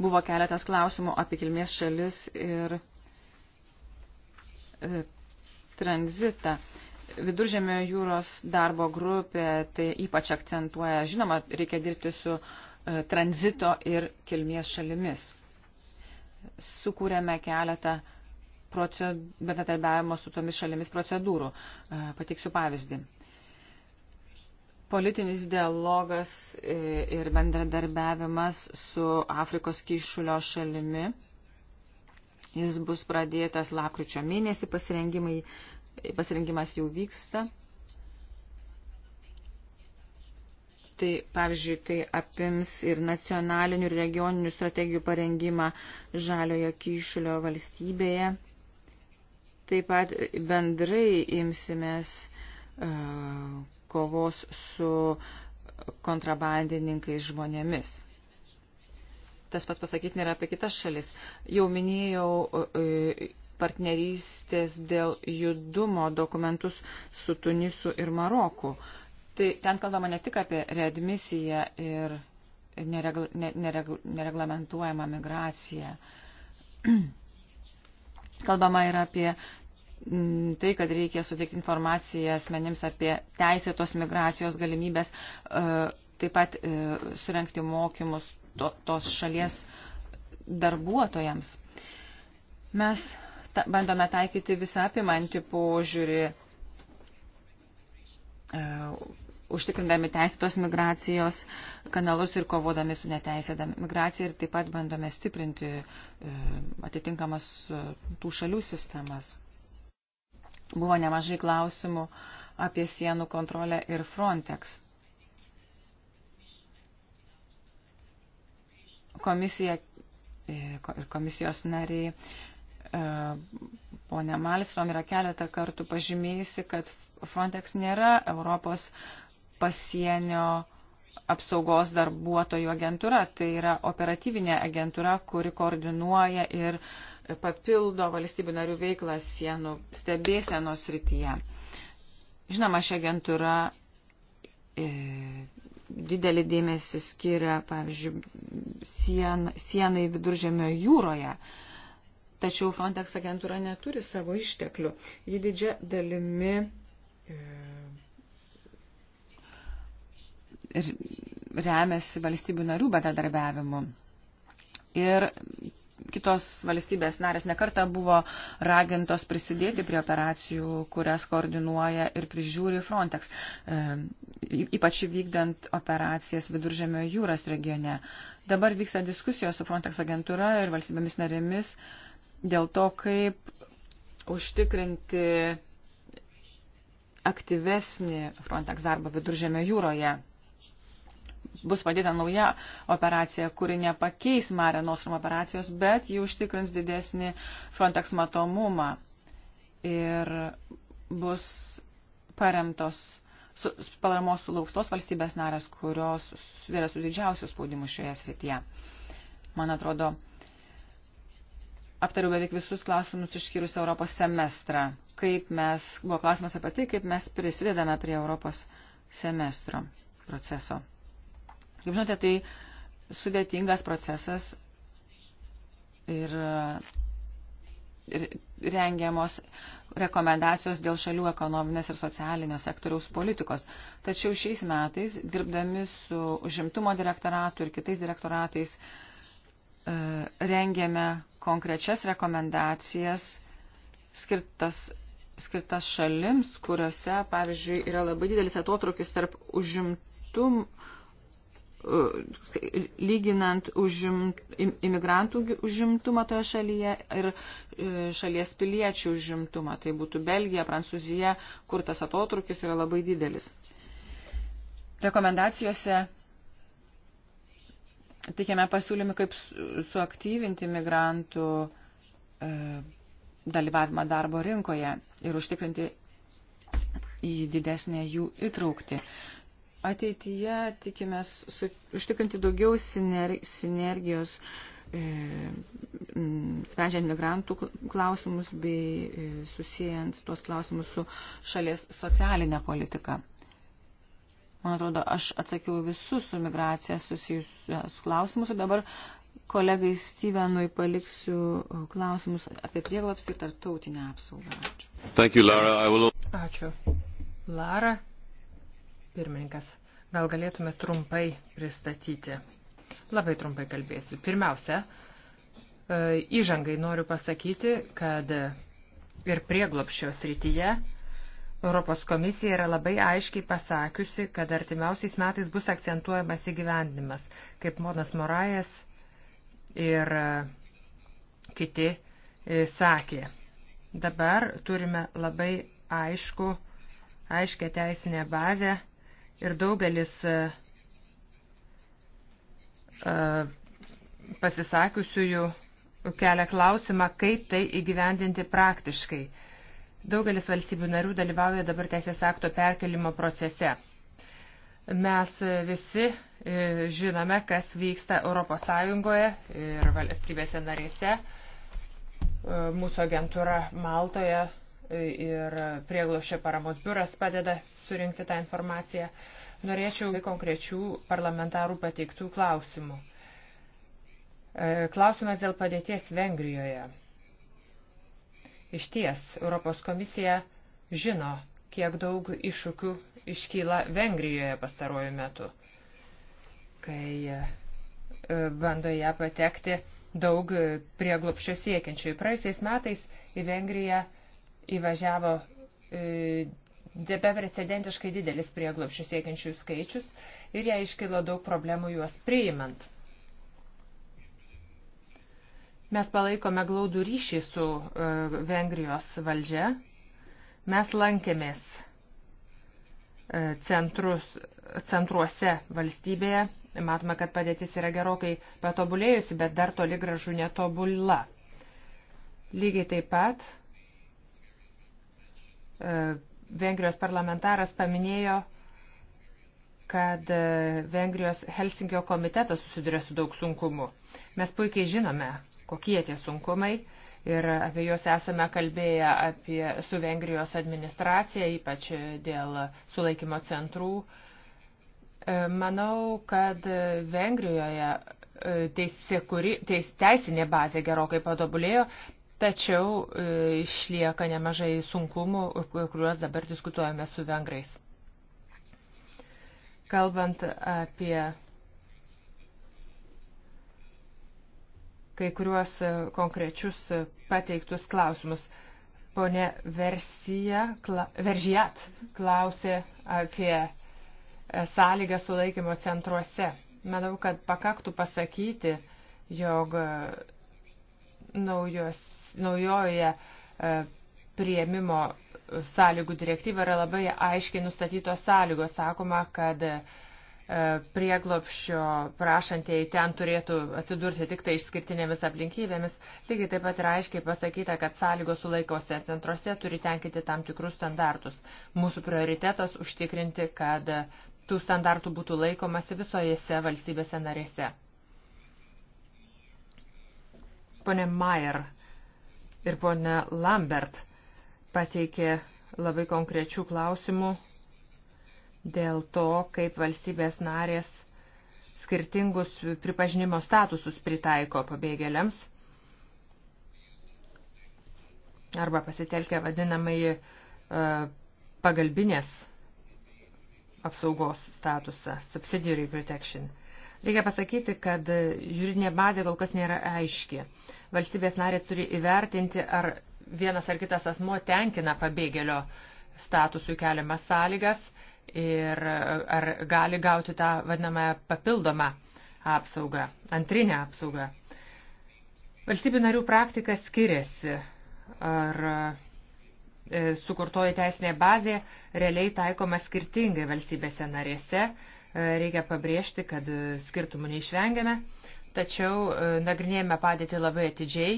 S1: Buvo keletas klausimų apie kilmės šalis ir e, tranzitą. Viduržėmio jūros darbo grupė tai ypač akcentuoja, žinoma, reikia dirbti su e, tranzito ir kilmės šalimis. Sukūrėme keletą uh, bendradarbiavimo su tomis šalimis procedūrų. E, pateiksiu pavyzdį. Politinis dialogas e, ir bendradarbiavimas su Afrikos kyšulio šalimi. Jis bus pradėtas lapkričio mėnesį, pasirengimas jau vyksta. tai, pavyzdžiui, tai apims ir nacionalinių ir regioninių strategijų parengimą žaliojo kyšulio valstybėje. Taip pat bendrai imsimės uh, kovos su kontrabandininkais žmonėmis. Tas pats pasakyti nėra apie kitas šalis. Jau minėjau e, e, partnerystės dėl judumo dokumentus su Tunisu ir Maroku. Tai ten kalbama ne tik apie readmisiją ir neregl, neregl, nereglamentuojamą migraciją. Kalbama ir apie Mm, tai, kad reikia suteikti informaciją asmenims apie teisėtos migracijos galimybės, e, taip pat e, surenkti mokymus tos šalies darbuotojams. Mes ta, bandome taikyti visą apimantį požiūrį, e, užtikrindami teisėtos migracijos kanalus ir kovodami su neteisėta migracija ir taip pat bandome stiprinti atitinkamas tų šalių sistemas. Buvo nemažai klausimų apie sienų kontrolę ir Frontex. Komisija e, ir komisijos nariai e, ponė Malstrom yra keletą kartų pažymėjusi, kad Frontex nėra Europos pasienio apsaugos darbuotojų agentūra. Tai yra operatyvinė agentūra, kuri koordinuoja ir uh, papildo valstybių narių veiklą sienų stebėsenos rytyje. Žinoma, ši agentūra e, didelį dėmesį skiria, pavyzdžiui, sien, sienai viduržėmio jūroje. Tačiau Frontex agentūra neturi savo išteklių. Ji didžia dalimi e, remiasi valstybių narių bendradarbiavimu. Ir kitos valstybės narės nekarta buvo ragintos prisidėti prie operacijų, kurias koordinuoja ir prižiūri Frontex, e, ypač vykdant operacijas Viduržėmio jūros regione. Dabar vyksta diskusijos su Frontex agentūra ir valstybėmis narėmis dėl to, kaip užtikrinti aktyvesnį Frontex darbą Viduržėmio jūroje bus padėta nauja operacija, kuri nepakeis Mare Nostrum operacijos, bet jį užtikrins didesnį Frontex matomumą ir bus paremtos su, paramos sulaukstos valstybės narės, kurios susidėlė su didžiausiu spaudimu šioje srityje. Man atrodo, aptariu beveik visus klausimus išskyrus Europos semestrą. Kaip mes, buvo klausimas apie tai, kaip mes prisidedame prie Europos semestro proceso. Kaip žinote, tai sudėtingas procesas ir, ir rengiamos rekomendacijos dėl šalių ekonominės ir socialinio sektoriaus politikos. Tačiau šiais metais, dirbdami su užimtumo direktoratu ir kitais direktoratais, e, rengėme konkrečias rekomendacijas skirtas, skirtas šalims, kuriuose, pavyzdžiui, yra labai didelis atotrukis tarp užimtum, lyginant užim, imigrantų užimtumą toje šalyje ir e, šalies piliečių užimtumą. Tai būtų Belgija, Prancūzija, kur tas atotrukis yra labai didelis. Rekomendacijose tikėme pasiūlymį, kaip suaktyvinti imigrantų e, dalyvavimą darbo rinkoje ir užtikrinti į didesnę jų įtraukti. Ateityje tikimės su, užtikrinti daugiau siner, sinergijos, e, sprendžiant migrantų klausimus bei e, susijęs tuos klausimus su šalies socialinė politika. Man atrodo, aš atsakiau visus su migracija susijusius klausimus ir dabar kolegai Stevenui paliksiu klausimus
S2: apie prieglapstį ir tarptautinę apsaugą. Ačiū. Thank you, Lara. I will... Ačiū. Lara, Pirmininkas, gal galėtume trumpai pristatyti. Labai trumpai kalbėsiu. Pirmiausia, e, įžangai noriu pasakyti, kad ir prieglopščio srityje Europos komisija yra labai aiškiai pasakiusi, kad artimiausiais metais bus akcentuojamas įgyvendinimas, kaip Monas Morajas ir e, kiti e, sakė. Dabar turime labai aišku, aiškę teisinę bazę ir daugelis e, e, pasisakiusiųjų kelia klausimą, kaip tai įgyvendinti praktiškai. Daugelis valstybių narių dalyvauja dabar teisės akto perkelimo procese. Mes visi e, žinome, kas vyksta ES ir valstybėse narėse. Mūsų agentūra Maltoje ir prieglošio paramos biuras padeda surinkti tą informaciją. Norėčiau konkrečių parlamentarų pateiktų klausimų. E, klausimas dėl padėties Vengrijoje. Iš ties, Europos komisija žino, kiek daug iššūkių iškyla Vengrijoje pastaruoju metu, kai e, bando ją patekti daug prieglopščio siekiančių. Praėjusiais metais į Vengriją įvažiavo e, beprecedentiškai didelis prieglopščių siekiančių skaičius ir jai iškilo daug problemų juos priimant. Mes palaikome glaudų ryšį su uh, Vengrijos valdžia. Mes lankėmės uh, centrus, centruose valstybėje. Matome, kad padėtis yra gerokai patobulėjusi, bet dar toli gražu netobula. Lygiai taip pat uh, Vengrijos parlamentaras paminėjo, kad e, Vengrijos Helsingio komitetas susiduria su daug sunkumu. Mes puikiai žinome, kokie tie sunkumai ir apie juos esame kalbėję apie, su Vengrijos administracija, ypač dėl sulaikymo centrų. E, manau, kad e, Vengrijoje teisė, kuri, teis, teisinė bazė gerokai padobulėjo, tačiau e, išlieka nemažai sunkumų, kuriuos dabar diskutuojame su vengrais. Kalbant apie kai kuriuos konkrečius pateiktus klausimus. Pone Versija, kla, Veržijat klausė apie e, sąlygą sulaikymo centruose. Manau, kad pakaktų pasakyti, jog naujos, naujoje prieimimo sąlygų direktyva yra labai aiškiai nustatytos sąlygos. Sakoma, kad e, prieglopščio prašantieji ten turėtų atsidurti tik tai išskirtinėmis aplinkybėmis. Lygiai taip pat yra aiškiai pasakyta, kad sąlygos sulaikose centruose turi tenkinti tam tikrus standartus. Mūsų prioritetas užtikrinti, kad tų standartų būtų laikomasi visojose valstybėse narėse. Pone Mayer ir pone Lambert pateikė labai konkrečių klausimų dėl to, kaip valstybės narės skirtingus pripažinimo statusus pritaiko pabėgėliams arba pasitelkia vadinamai e, pagalbinės apsaugos statusą, subsidiary protection. Reikia pasakyti, kad žiūrinė bazė kol kas nėra aiški. Valstybės narė turi įvertinti, ar vienas ar kitas asmo tenkina pabėgėlio statusų keliamas sąlygas ir ar gali gauti tą vadinamą papildomą apsaugą, antrinę apsaugą. Valstybių narių praktika skiriasi. Ar e, sukurtoji teisinė bazė realiai taikoma skirtingai valstybėse narėse E, reikia pabrėžti, kad e, skirtumų neišvengiame, tačiau e, nagrinėjame padėtį labai atidžiai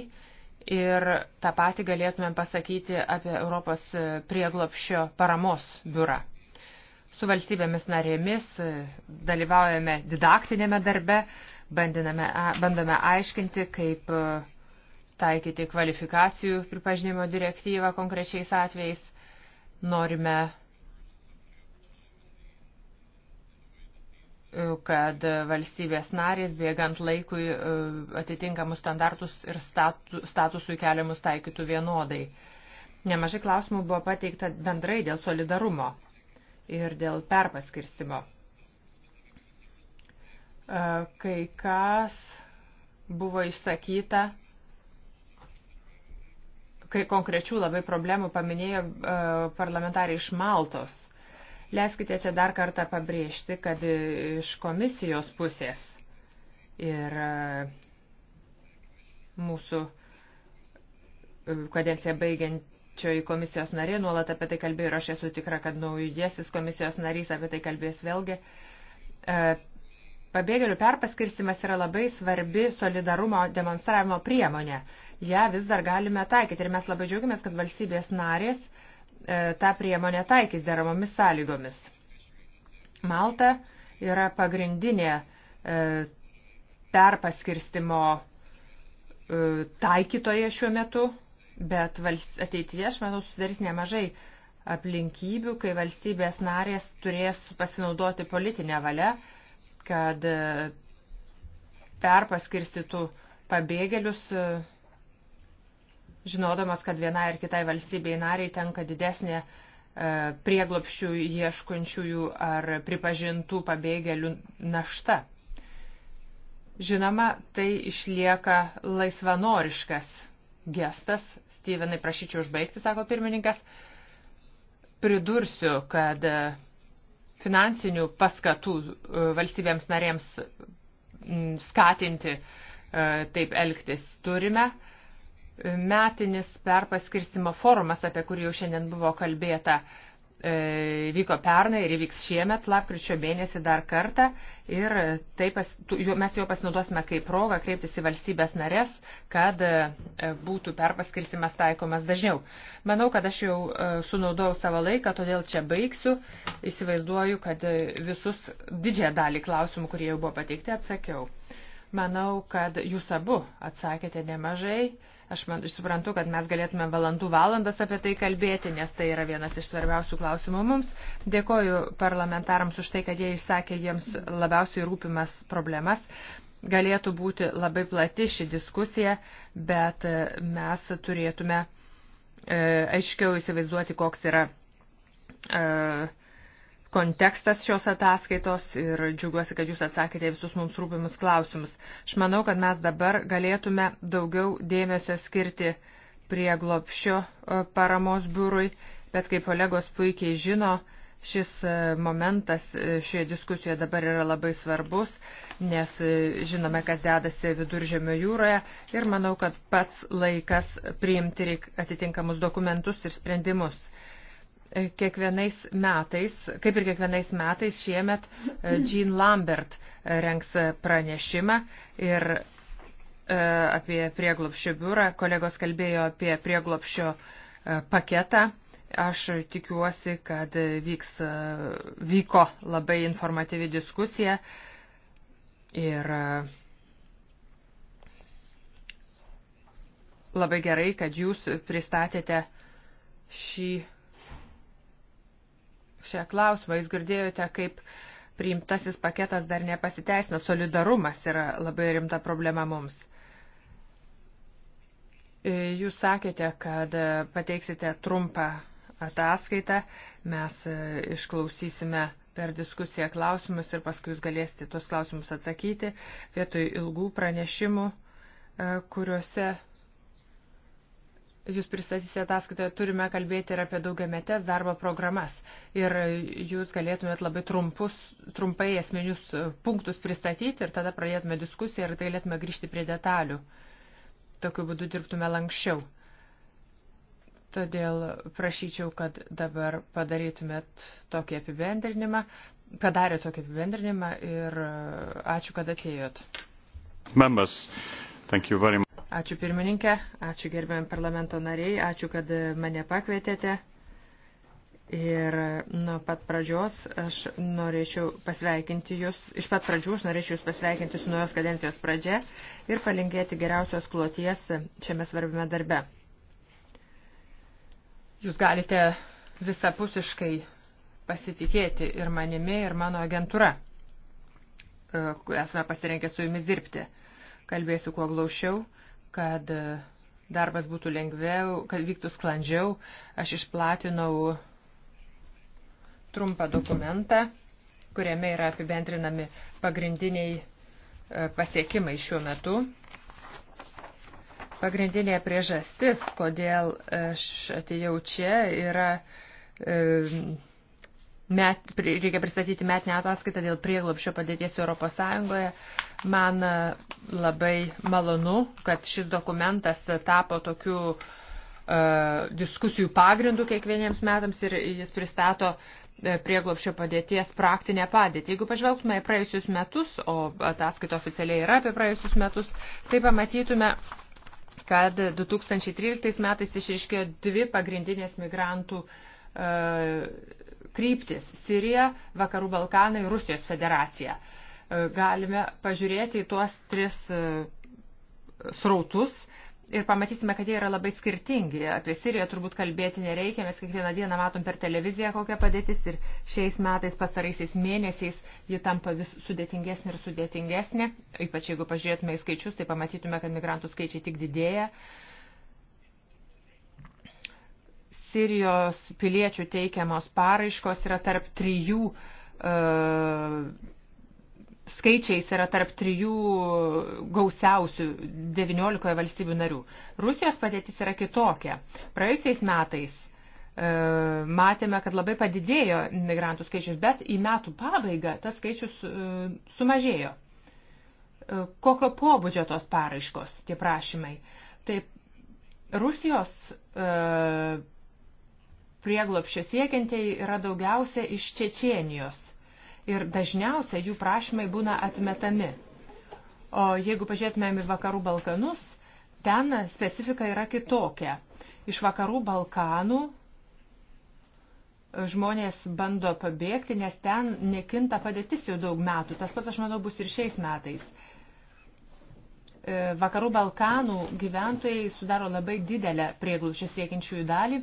S2: ir tą patį galėtumėm pasakyti apie Europos prieglopščio paramos biurą. Su valstybėmis narėmis dalyvaujame didaktinėme darbe, bandiname, bandome aiškinti, kaip taikyti kvalifikacijų pripažinimo direktyvą konkrečiais atvejais. Norime kad valstybės narės bėgant laikui e, atitinkamus standartus ir statusų keliamus taikytų vienodai. Nemažai klausimų buvo pateikta bendrai dėl solidarumo ir dėl perpaskirstimo. E, kai kas buvo išsakyta, kai konkrečių labai problemų paminėjo e, parlamentariai iš Maltos – Leiskite čia dar kartą pabrėžti, kad iš komisijos pusės ir e, mūsų e, kadenciją baigiančioji komisijos narė nuolat apie tai kalbėjo ir aš esu tikra, kad naujasis komisijos narys apie tai kalbės vėlgi. E, pabėgėlių perpaskirstimas yra labai svarbi solidarumo demonstravimo priemonė. Ja vis dar galime taikyti ir mes labai džiaugiamės, kad valstybės narės uh, E, tą priemonę taikys deramomis sąlygomis. Malta yra pagrindinė e, perpaskirstimo e, taikytoje šiuo metu, bet ateityje, aš manau, susidarys nemažai aplinkybių, kai valstybės narės turės pasinaudoti politinę valią, kad perpaskirstytų pabėgėlius žinodamos, kad vienai ar kitai valstybei nariai tenka didesnė e, prieglopščių ieškančiųjų ar pripažintų pabėgėlių našta. Žinoma, tai išlieka laisvanoriškas gestas. Stevenai, prašyčiau užbaigti, sako pirmininkas. Pridursiu, kad e, finansinių paskatų e, valstybėms narėms skatinti taip elgtis turime metinis perpaskirstimo forumas, apie kurį jau šiandien buvo kalbėta, e, vyko pernai ir įvyks šiemet, lapkričio mėnesį dar kartą. Ir taip, mes jo pasinaudosime kaip progą kreiptis į valstybės narės, kad e, būtų perpaskirsimas taikomas dažniau. Manau, kad aš jau e, sunaudojau savo laiką, todėl čia baigsiu. Įsivaizduoju, kad visus didžiąją dalį klausimų, kurie jau buvo pateikti, atsakiau. Manau, kad jūs abu atsakėte nemažai Aš man, suprantu, kad mes galėtume valandų valandas apie tai kalbėti, nes tai yra vienas iš svarbiausių klausimų mums. Dėkoju parlamentarams už tai, kad jie išsakė jiems labiausiai rūpimas problemas. Galėtų būti labai plati ši diskusija, bet e, mes turėtume e, aiškiau įsivaizduoti, koks yra e, kontekstas šios ataskaitos ir džiugiuosi, kad jūs atsakėte visus mums rūpimus klausimus. Aš manau, kad mes dabar galėtume daugiau dėmesio skirti prie glopščio e, paramos biurui, bet kaip kolegos puikiai žino, šis e, momentas e, šioje diskusijoje dabar yra labai svarbus, nes žinome, kas dedasi viduržėmio jūroje ir manau, kad pats laikas priimti atitinkamus dokumentus ir sprendimus kiekvienais metais, kaip ir kiekvienais metais, šiemet e, Jean Lambert e, rengs e, pranešimą ir apie prieglopščio biurą. Kolegos kalbėjo apie prieglopščio paketą. Aš tikiuosi, kad vyks, vyko labai informatyvi diskusija ir labai gerai, kad jūs pristatėte šį šią klausimą. Jūs girdėjote, kaip priimtasis paketas dar nepasiteisina. Solidarumas yra labai rimta problema mums. E, jūs sakėte, kad pateiksite trumpą ataskaitą, mes e, išklausysime per diskusiją klausimus ir paskui jūs galėsite tuos klausimus atsakyti vietoj ilgų pranešimų, e, kuriuose jūs pristatysite ataskaitoje, turime kalbėti ir apie daugiametės darbo programas. Ir jūs galėtumėt labai trumpus, trumpai esminius punktus pristatyti ir tada pradėtume diskusiją ir galėtume grįžti prie detalių. Tokiu būdu dirbtume lankščiau. Todėl prašyčiau, kad dabar padarytumėt tokį apibendrinimą. Padarė tokį apibendrinimą ir e, ačiū, kad atėjot.
S1: Members, thank you very much.
S2: Ačiū pirmininkė, ačiū gerbiam parlamento nariai, ačiū, kad mane pakvietėte. Ir nuo pat pradžios aš norėčiau pasveikinti jūs, iš pat pradžių aš norėčiau jūs pasveikinti su naujos kadencijos pradžia ir palinkėti geriausios kloties šiame svarbiame darbe. Jūs galite visapusiškai pasitikėti ir manimi, ir mano agentūra. E, esame pasirinkę su jumis dirbti. Kalbėsiu kuo glaušiau kad e, darbas būtų lengviau, kad vyktų sklandžiau, aš išplatinau trumpą dokumentą, kuriame yra apibendrinami pagrindiniai e, pasiekimai šiuo metu. Pagrindinė priežastis, kodėl aš atėjau čia, yra e, Met, reikia pristatyti metinę ataskaitą dėl prieglopšio padėties Europos Sąjungoje. Man e, labai malonu, kad šis dokumentas tapo tokiu uh, diskusijų pagrindų kiekvieniems metams ir jis pristato e, prieglopščio padėties praktinę padėtį. Jeigu pažvelgtume į praėjusius metus, o ataskaita oficialiai yra apie praėjusius metus, tai pamatytume, kad 2013 metais išriškėjo dvi pagrindinės migrantų uh, kryptis - Sirija, Vakarų Balkanai, Rusijos federacija. E, galime pažiūrėti į tuos tris e, srautus ir pamatysime, kad jie yra labai skirtingi. Apie Siriją turbūt kalbėti nereikia, mes kiekvieną dieną matom per televiziją kokią padėtis ir šiais metais pastaraisiais mėnesiais ji tampa vis sudėtingesnė ir sudėtingesnė. Ypač jeigu pažiūrėtume į skaičius, tai pamatytume, kad migrantų skaičiai tik didėja. Uh, Sirijos piliečių teikiamos paraiškos yra tarp trijų, e, skaičiais yra tarp trijų gausiausių 19 valstybių narių. Rusijos padėtis yra kitokia. Praėjusiais metais e, matėme, kad labai padidėjo migrantų skaičius, bet į metų pabaigą tas skaičius e, sumažėjo. E, kokio pobūdžio tos paraiškos, tie prašymai? Taip, Rusijos prieglopščio siekiantieji yra daugiausia iš Čečienijos ir dažniausia jų prašymai būna atmetami. O jeigu pažiūrėtumėm į vakarų Balkanus, ten specifika yra kitokia. Iš vakarų Balkanų e, žmonės bando pabėgti, nes ten nekinta padėtis jau daug metų. Tas pats, aš manau, bus ir šiais metais. E, vakarų Balkanų gyventojai sudaro labai didelę prieglūšį siekiančiųjų dalį,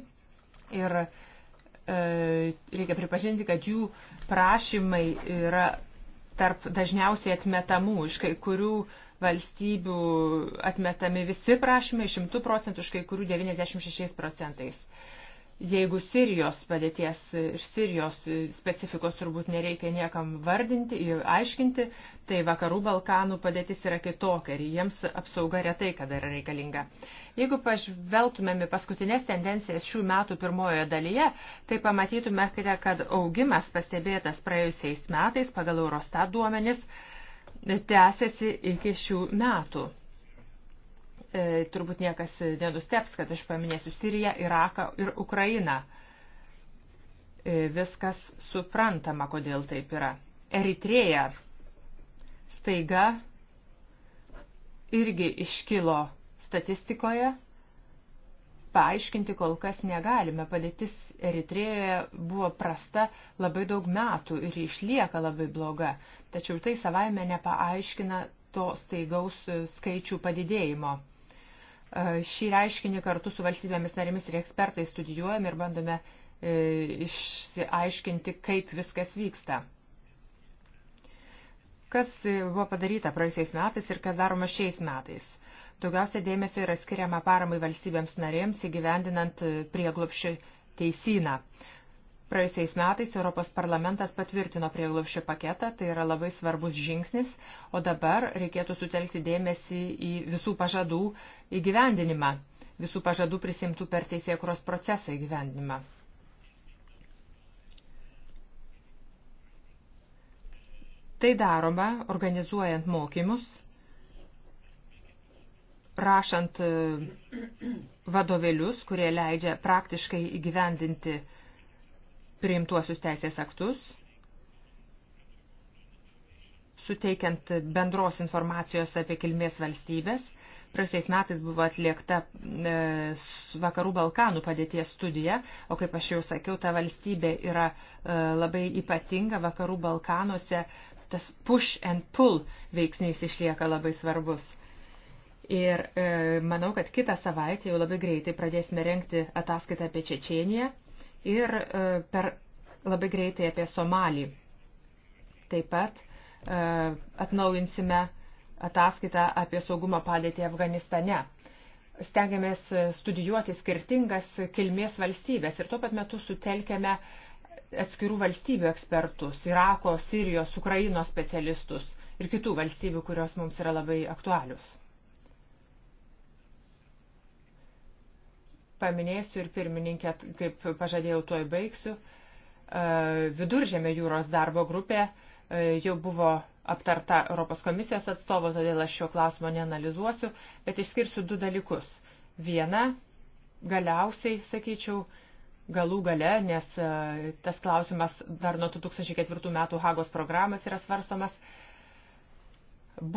S2: ir e, reikia pripažinti, kad jų prašymai yra tarp dažniausiai atmetamų, iš kai kurių valstybių atmetami visi prašymai 100 procentų, iš kai kurių 96 procentais. Jeigu Sirijos padėties e, ir Sirijos e, specifikos turbūt nereikia niekam vardinti ir aiškinti, tai vakarų Balkanų padėtis yra kitokia ir jiems apsauga retai, kada yra reikalinga. Jeigu pažvelgtumėme paskutinės tendencijas šių metų pirmojoje dalyje, tai pamatytume, kad augimas pastebėtas praėjusiais metais pagal Eurostat duomenis tęsiasi iki šių metų. E, turbūt niekas nenusteps, kad aš paminėsiu Siriją, Iraką ir Ukrainą. E, viskas suprantama, kodėl taip yra. Eritrėja staiga irgi iškilo statistikoje paaiškinti kol kas negalime. Padėtis Eritrėjoje buvo prasta labai daug metų ir išlieka labai bloga. Tačiau tai savaime nepaaiškina to staigaus skaičių padidėjimo. E, šį reiškinį kartu su valstybėmis narėmis ir ekspertai studijuojame ir bandome e, išsiaiškinti, kaip viskas vyksta. Kas e, buvo padaryta praeisiais metais ir kas daroma šiais metais? Daugiausia dėmesio yra skiriama paramai valstybėms narėms įgyvendinant prieglopšį teisyną. Praėjusiais metais Europos parlamentas patvirtino prieglaušio paketą, tai yra labai svarbus žingsnis, o dabar reikėtų sutelkti dėmesį į visų pažadų įgyvendinimą, visų pažadų prisimtų per teisėkuros procesą įgyvendinimą. Tai daroma organizuojant mokymus, rašant vadovėlius, kurie leidžia praktiškai įgyvendinti uh, priimtuosius teisės aktus, suteikiant bendros informacijos apie kilmės valstybės. Praėjusiais metais buvo atliekta e, Vakarų Balkanų padėties studija, o kaip aš jau sakiau, ta valstybė yra e, labai ypatinga. Vakarų Balkanuose tas push and pull veiksnys išlieka labai svarbus. Ir e, manau, kad kitą savaitę jau labai greitai pradėsime renkti ataskaitą apie Čečieniją ir e, per labai greitai apie Somalį. Taip pat e, atnaujinsime ataskaitą apie saugumo padėtį Afganistane. Stengiamės studijuoti skirtingas kilmės valstybės ir tuo pat metu sutelkėme atskirų valstybių ekspertus, Irako, Sirijos, Ukrainos specialistus ir kitų valstybių, kurios mums yra labai aktualius. Paminėsiu ir pirmininkę, kaip pažadėjau, tuoj baigsiu. E, Viduržėmė jūros darbo grupė e, jau buvo aptarta Europos komisijos atstovo, todėl aš šio klausimo neanalizuosiu, bet išskirsiu du dalykus. Viena, galiausiai, sakyčiau, galų gale, nes e, tas klausimas dar nuo 2004 metų Hagos programos yra svarstomas,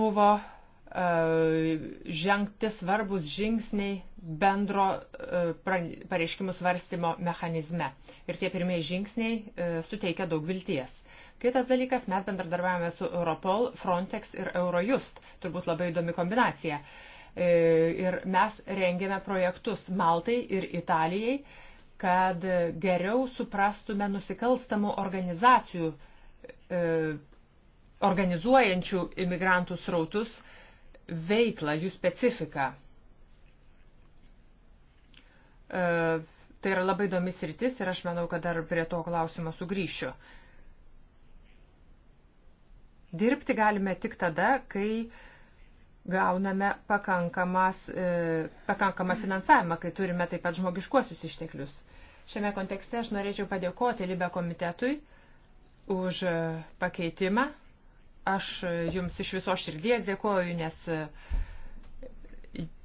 S2: buvo E, žengti svarbus žingsniai bendro e, pareiškimų svarstymo mechanizme. Ir tie pirmieji žingsniai e, suteikia daug vilties. Kitas dalykas, mes bendradarbiavame su Europol, Frontex ir Eurojust. Turbūt labai įdomi kombinacija. Ir mes rengėme projektus Maltai ir Italijai, kad geriau suprastume nusikalstamų organizacijų organizuojančių imigrantų srautus veiklą, jų specifiką. E, tai yra labai įdomis rytis ir aš manau, kad dar prie to klausimo sugrįšiu. Dirbti galime tik tada, kai gauname pakankamas, e, pakankamą finansavimą, kai turime taip pat žmogiškuosius išteklius. Šiame kontekste aš norėčiau padėkoti Libe komitetui už pakeitimą Aš jums iš viso širdies dėkoju, nes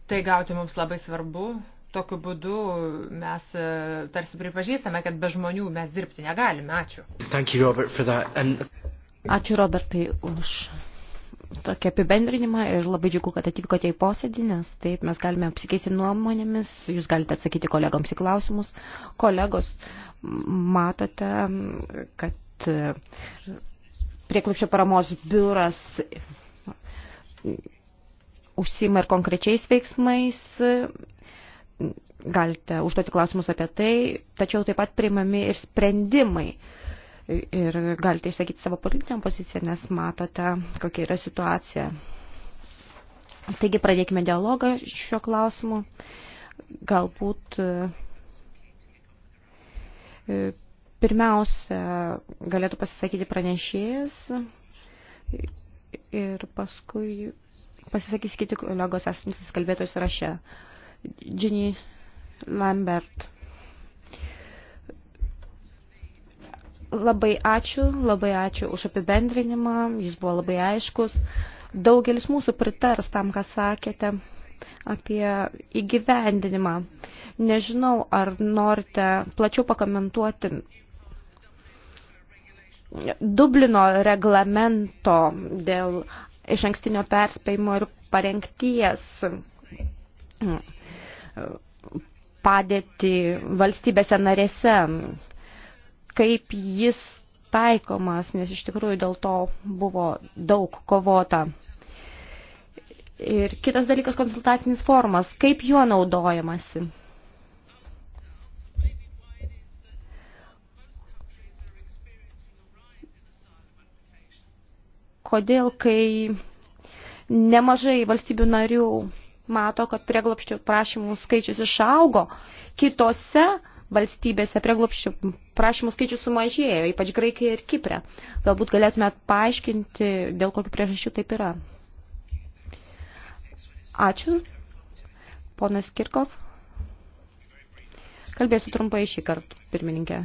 S2: tai gauti mums labai svarbu. Tokiu būdu mes e, tarsi pripažįstame, kad be žmonių mes dirbti negalime. Ačiū.
S3: Thank you, Robert, for that. And... Ačiū, Robertai, už tokį apibendrinimą ir labai džiugu, kad atvykote į posėdį, nes taip mes galime apsikeisti nuomonėmis, jūs galite atsakyti kolegoms į klausimus. Kolegos, matote, kad prieklupščio paramos biuras užsima ir konkrečiais veiksmais, galite užduoti klausimus apie tai, tačiau taip pat priimami ir sprendimai. Ir galite išsakyti savo politinę poziciją, nes matote, kokia yra situacija. Taigi pradėkime dialogą šiuo klausimu. Galbūt Pirmiausia, galėtų pasisakyti pranešėjas ir paskui pasisakys kiti kolegos esantis kalbėtojus raše. Ginny Lambert. Labai ačiū, labai ačiū už apibendrinimą, jis buvo labai aiškus. Daugelis mūsų pritars tam, ką sakėte apie įgyvendinimą. Nežinau, ar norite plačiau pakomentuoti Dublino reglamento dėl iš ankstinio perspėjimo ir parengties mm, padėti valstybėse narėse, kaip jis taikomas, nes iš tikrųjų dėl to buvo daug kovota. Ir kitas dalykas konsultacinis formas, kaip juo naudojamasi. kodėl, kai nemažai valstybių narių mato, kad prieglopščių prašymų skaičius išaugo, kitose valstybėse prieglopščių prašymų skaičius sumažėjo, ypač Graikijoje ir Kiprė. Galbūt galėtumėt paaiškinti, dėl kokių priežasčių taip yra. Ačiū. Ponas Kirkov. Kalbėsiu trumpai šį kartą, pirmininkė.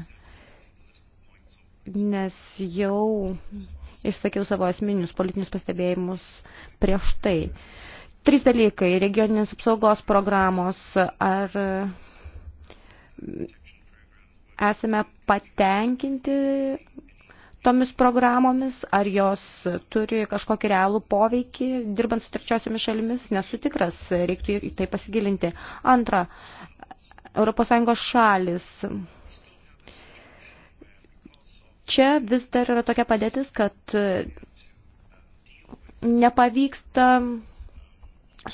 S3: Nes jau išsakiau savo asmeninius politinius pastebėjimus prieš tai. Trys dalykai – regioninės apsaugos programos, ar esame patenkinti tomis programomis, ar jos turi kažkokį realų poveikį, dirbant su trečiosiomis šalimis, nesu tikras, reiktų į tai pasigilinti. Antra, ES šalis – čia vis dar yra tokia padėtis, kad e, nepavyksta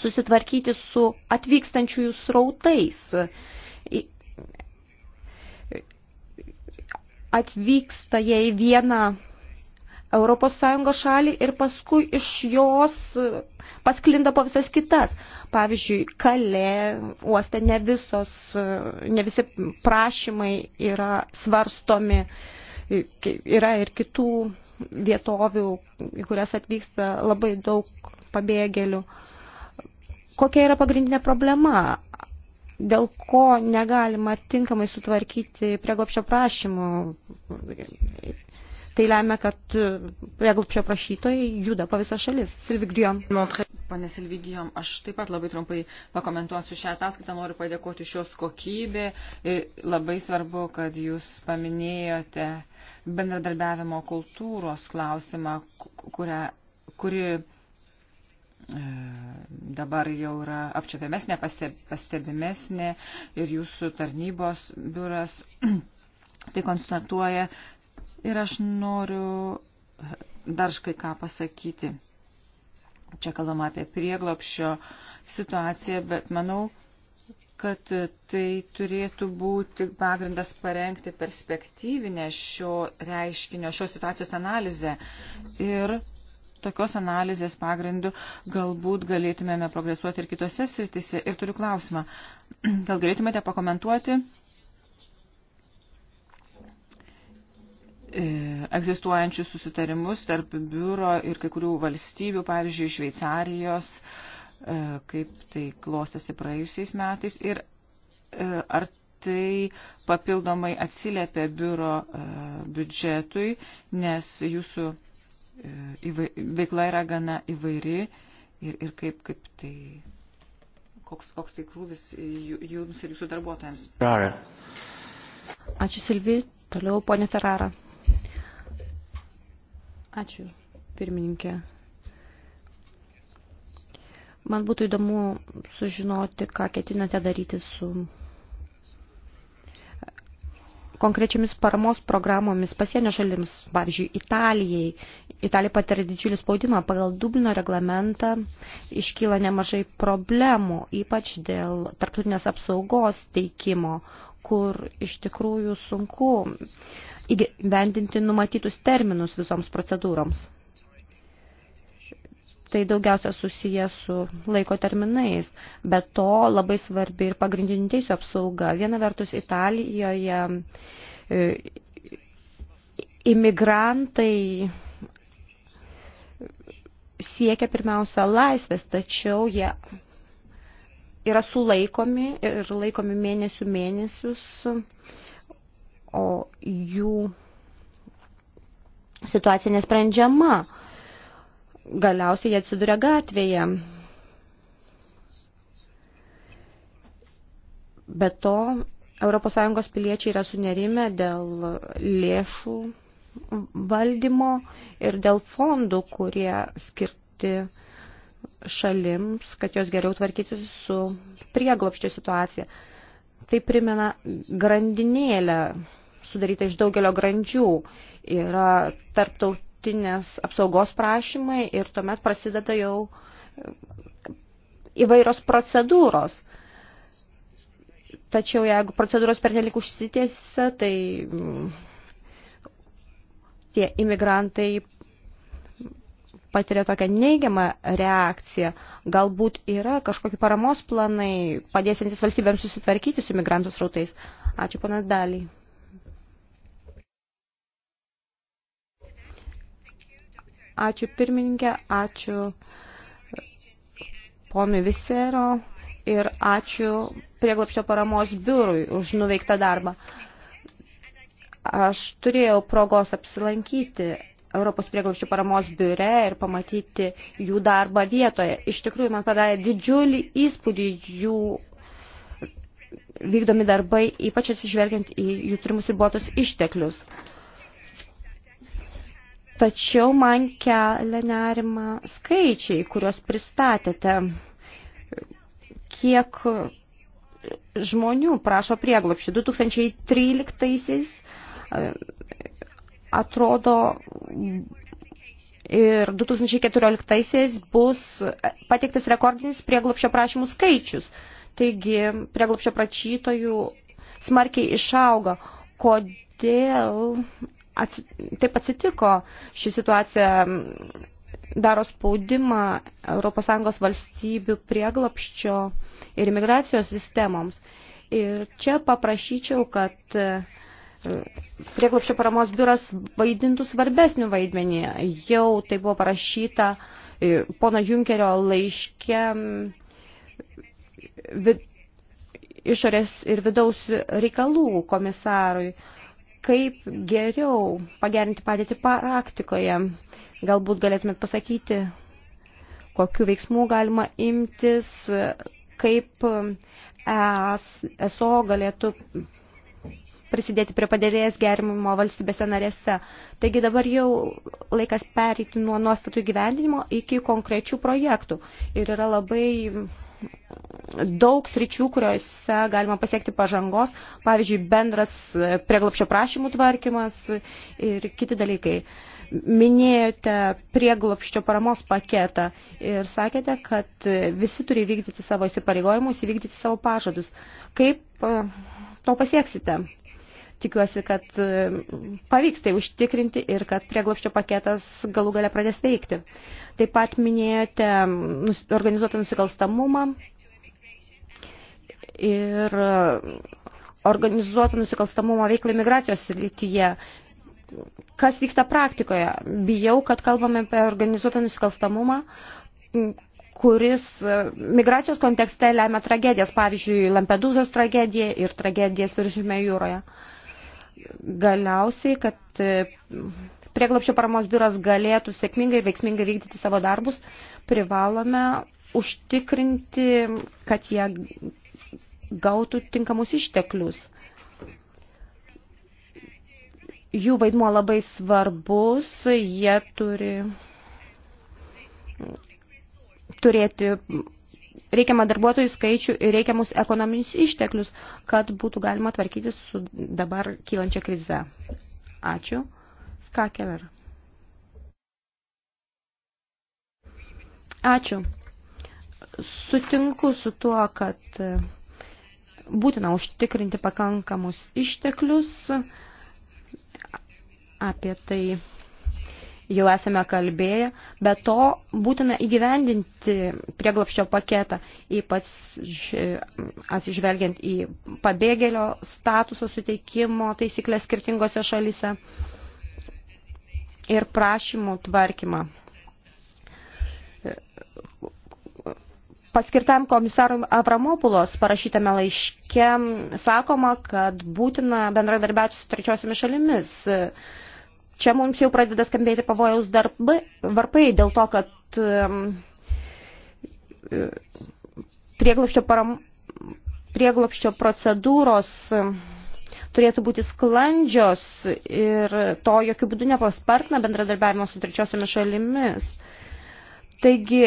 S3: susitvarkyti su atvykstančiųjų srautais. Atvyksta jie į vieną Europos Sąjungos šalį ir paskui iš jos pasklinda po visas kitas. Pavyzdžiui, Kalė uoste ne, visos, e, ne visi prašymai yra svarstomi uh, Yra ir kitų vietovių, į kurias atvyksta labai daug pabėgėlių. Kokia yra pagrindinė problema? Dėl ko negalima tinkamai sutvarkyti prieglopščio prašymų Tai lemia, kad e, prieglupščio prašytojai juda po visą šalis. Silvigrijom.
S1: Pane Silvigijom, aš taip pat labai trumpai pakomentuosiu šią ataskaitą. Noriu padėkoti šios kokybė. E, labai svarbu, kad jūs paminėjote bendradarbiavimo kultūros klausimą, kurią, kuri e, dabar jau yra apčiopiamesnė, pastebimesnė ir jūsų tarnybos biuras tai konstatuoja, Ir aš noriu dar škai ką pasakyti. Čia kalbama apie prieglopšio situaciją, bet manau, kad tai turėtų būti pagrindas parengti perspektyvinę šio reiškinio, šios situacijos analizę. Ir tokios analizės pagrindu galbūt galėtumėme progresuoti ir kitose sritise. Ir turiu klausimą. Gal galėtumėte pakomentuoti E, egzistuojančius susitarimus tarp biuro ir kai kurių valstybių, pavyzdžiui, Šveicarijos, e, kaip tai klostėsi praėjusiais metais ir e, ar tai papildomai atsiliepia biuro biudžetui, nes jūsų veikla yra gana įvairi ir, ir kaip, kaip tai, koks, koks tai krūvis jums ir jūsų darbuotojams.
S3: Ačiū Silvi, toliau ponė Ferrara. Ačiū, pirmininkė. Man būtų įdomu sužinoti, ką ketinate daryti su konkrečiomis paramos programomis pasienio šalims, pavyzdžiui, Italijai. Italija patiria didžiulį spaudimą. Pagal Dublino reglamentą iškyla nemažai problemų, ypač dėl tarptautinės apsaugos teikimo, kur iš tikrųjų sunku uh, įgyvendinti numatytus terminus visoms procedūroms. Tai daugiausia susiję su laiko terminais, bet to labai svarbi ir pagrindinių teisų apsauga. Viena vertus Italijoje e, imigrantai siekia pirmiausia laisvės, tačiau jie yra sulaikomi ir laikomi mėnesių mėnesius. mėnesius o jų situacija nesprendžiama. Galiausiai jie atsiduria gatvėje. Be to, ES piliečiai yra sunerime dėl lėšų valdymo ir dėl fondų, kurie skirti šalims, kad jos geriau tvarkyti su prieglopščio situacija. Tai primena grandinėlę sudaryta iš daugelio grandžių. Yra tarptautinės apsaugos prašymai ir tuomet prasideda jau e, įvairios procedūros. Tačiau jeigu procedūros pernelik užsitėsia, tai mm, tie imigrantai patiria tokią neigiamą reakciją. Galbūt yra kažkokie paramos planai, padėsiantis valstybėms susitvarkyti su migrantų srautais. Ačiū, pana Daliai. Ačiū pirmininkė, ačiū ponui Visero ir ačiū prieglapščio paramos biurui už nuveiktą darbą. Aš turėjau progos apsilankyti Europos prieglapščio paramos biure ir pamatyti jų darbą vietoje. Iš tikrųjų, man padarė didžiulį įspūdį jų vykdomi darbai, ypač atsižvelgiant į jų turimus ribotus išteklius. Uh, Tačiau man kelia nerima skaičiai, kuriuos pristatėte. Kiek žmonių prašo prieglopšį 2013-aisiais e, atrodo ir 2014-aisiais bus pateiktas rekordinis prieglopšio prašymų skaičius. Taigi prieglopšio prašytojų smarkiai išauga. Kodėl ats, taip atsitiko. Ši situacija daro spaudimą ES valstybių prieglapščio ir imigracijos sistemoms. Ir čia paprašyčiau, kad e, prieglapščio paramos biuras vaidintų svarbesnių vaidmenį. Jau tai buvo parašyta e, pono Junkerio laiške vid, išorės ir vidaus reikalų komisarui kaip geriau pagerinti padėtį praktikoje. Galbūt galėtumėt pasakyti, kokiu veiksmu galima imtis, kaip ESO galėtų prisidėti prie padėrėjęs gerimimo valstybėse narėse. Taigi dabar jau laikas pereiti nuo nuostatų gyvendinimo iki konkrečių projektų. Ir yra labai daug sričių, kuriuose galima pasiekti pažangos, pavyzdžiui, bendras e, prieglapšio prašymų tvarkymas ir kiti dalykai. Minėjote prieglapščio paramos paketą ir sakėte, kad visi turi vykdyti savo įsipareigojimus, įvykdyti savo pažadus. Kaip e, to pasieksite? Tikiuosi, kad e, pavyks tai užtikrinti ir kad prieglopščio paketas galų gale pradės veikti. Taip pat minėjote organizuotą nusikalstamumą ir e, organizuotą nusikalstamumo veiklą imigracijos srityje. Kas vyksta praktikoje? Bijau, kad kalbame apie organizuotą nusikalstamumą, kuris e, migracijos kontekste lemia tragedijas, pavyzdžiui, Lampedūzos tragediją ir tragedijas viržymė jūroje. Uh, galiausiai, kad e, prieglapščio paramos biuras galėtų sėkmingai, veiksmingai vykdyti savo darbus, privalome užtikrinti, kad jie gautų tinkamus išteklius. Jų vaidmuo labai svarbus, jie turi turėti reikiamą darbuotojų skaičių ir reikiamus ekonominius išteklius, kad būtų galima tvarkyti su dabar kylančia krize. Ačiū. Skakeler. Ačiū. Sutinku su tuo, kad būtina užtikrinti pakankamus išteklius apie tai jau esame kalbėję, bet to būtina įgyvendinti prieglopščio paketą, ypač e, atsižvelgiant į pabėgėlio statuso suteikimo taisyklės skirtingose šalyse ir prašymų tvarkymą. E, paskirtam komisarui Avramopulos parašytame laiške sakoma, kad būtina bendradarbiauti su trečiosiomis šalimis čia mums jau pradeda skambėti pavojaus darbai, varpai dėl to, kad prieglopščio, param, prieglopščio procedūros turėtų būti sklandžios ir to jokių būdų nepaspartina bendradarbiavimo su trečiosiomis šalimis. Taigi,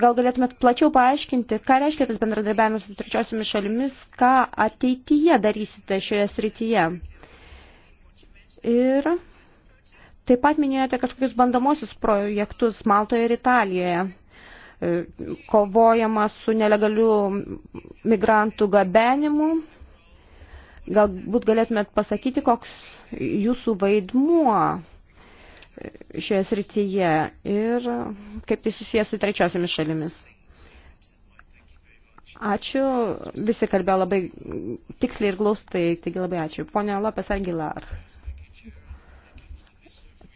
S3: gal galėtumėt plačiau paaiškinti, ką reiškia tas bendradarbiavimas su trečiosiomis šalimis, ką ateityje darysite šioje srityje. Ir Taip pat minėjote kažkokius bandomosius projektus Maltoje ir Italijoje. E, kovojama su nelegaliu migrantų gabenimu. Galbūt galėtumėt pasakyti, koks jūsų vaidmuo e, šioje srityje ir kaip tai susijęs su trečiosiomis šalimis. Ačiū, visi kalbėjo labai tiksliai ir glaustai, taigi labai ačiū. Pone Lopes Aguilar.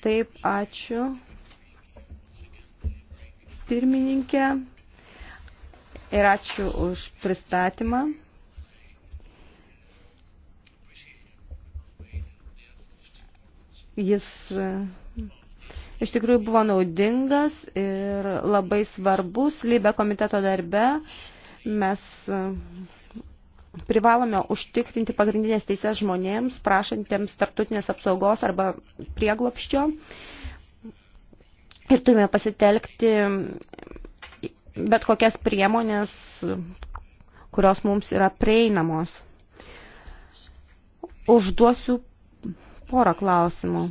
S3: Taip, ačiū. Pirmininkė. Ir ačiū už pristatymą. Jis e, iš tikrųjų buvo naudingas ir labai svarbus lybė komiteto darbe. Mes e, privalome užtikrinti pagrindinės teises žmonėms, prašantiems tarptautinės apsaugos arba prieglopščio. Ir turime pasitelkti bet kokias priemonės, kurios mums yra prieinamos. Užduosiu porą klausimų.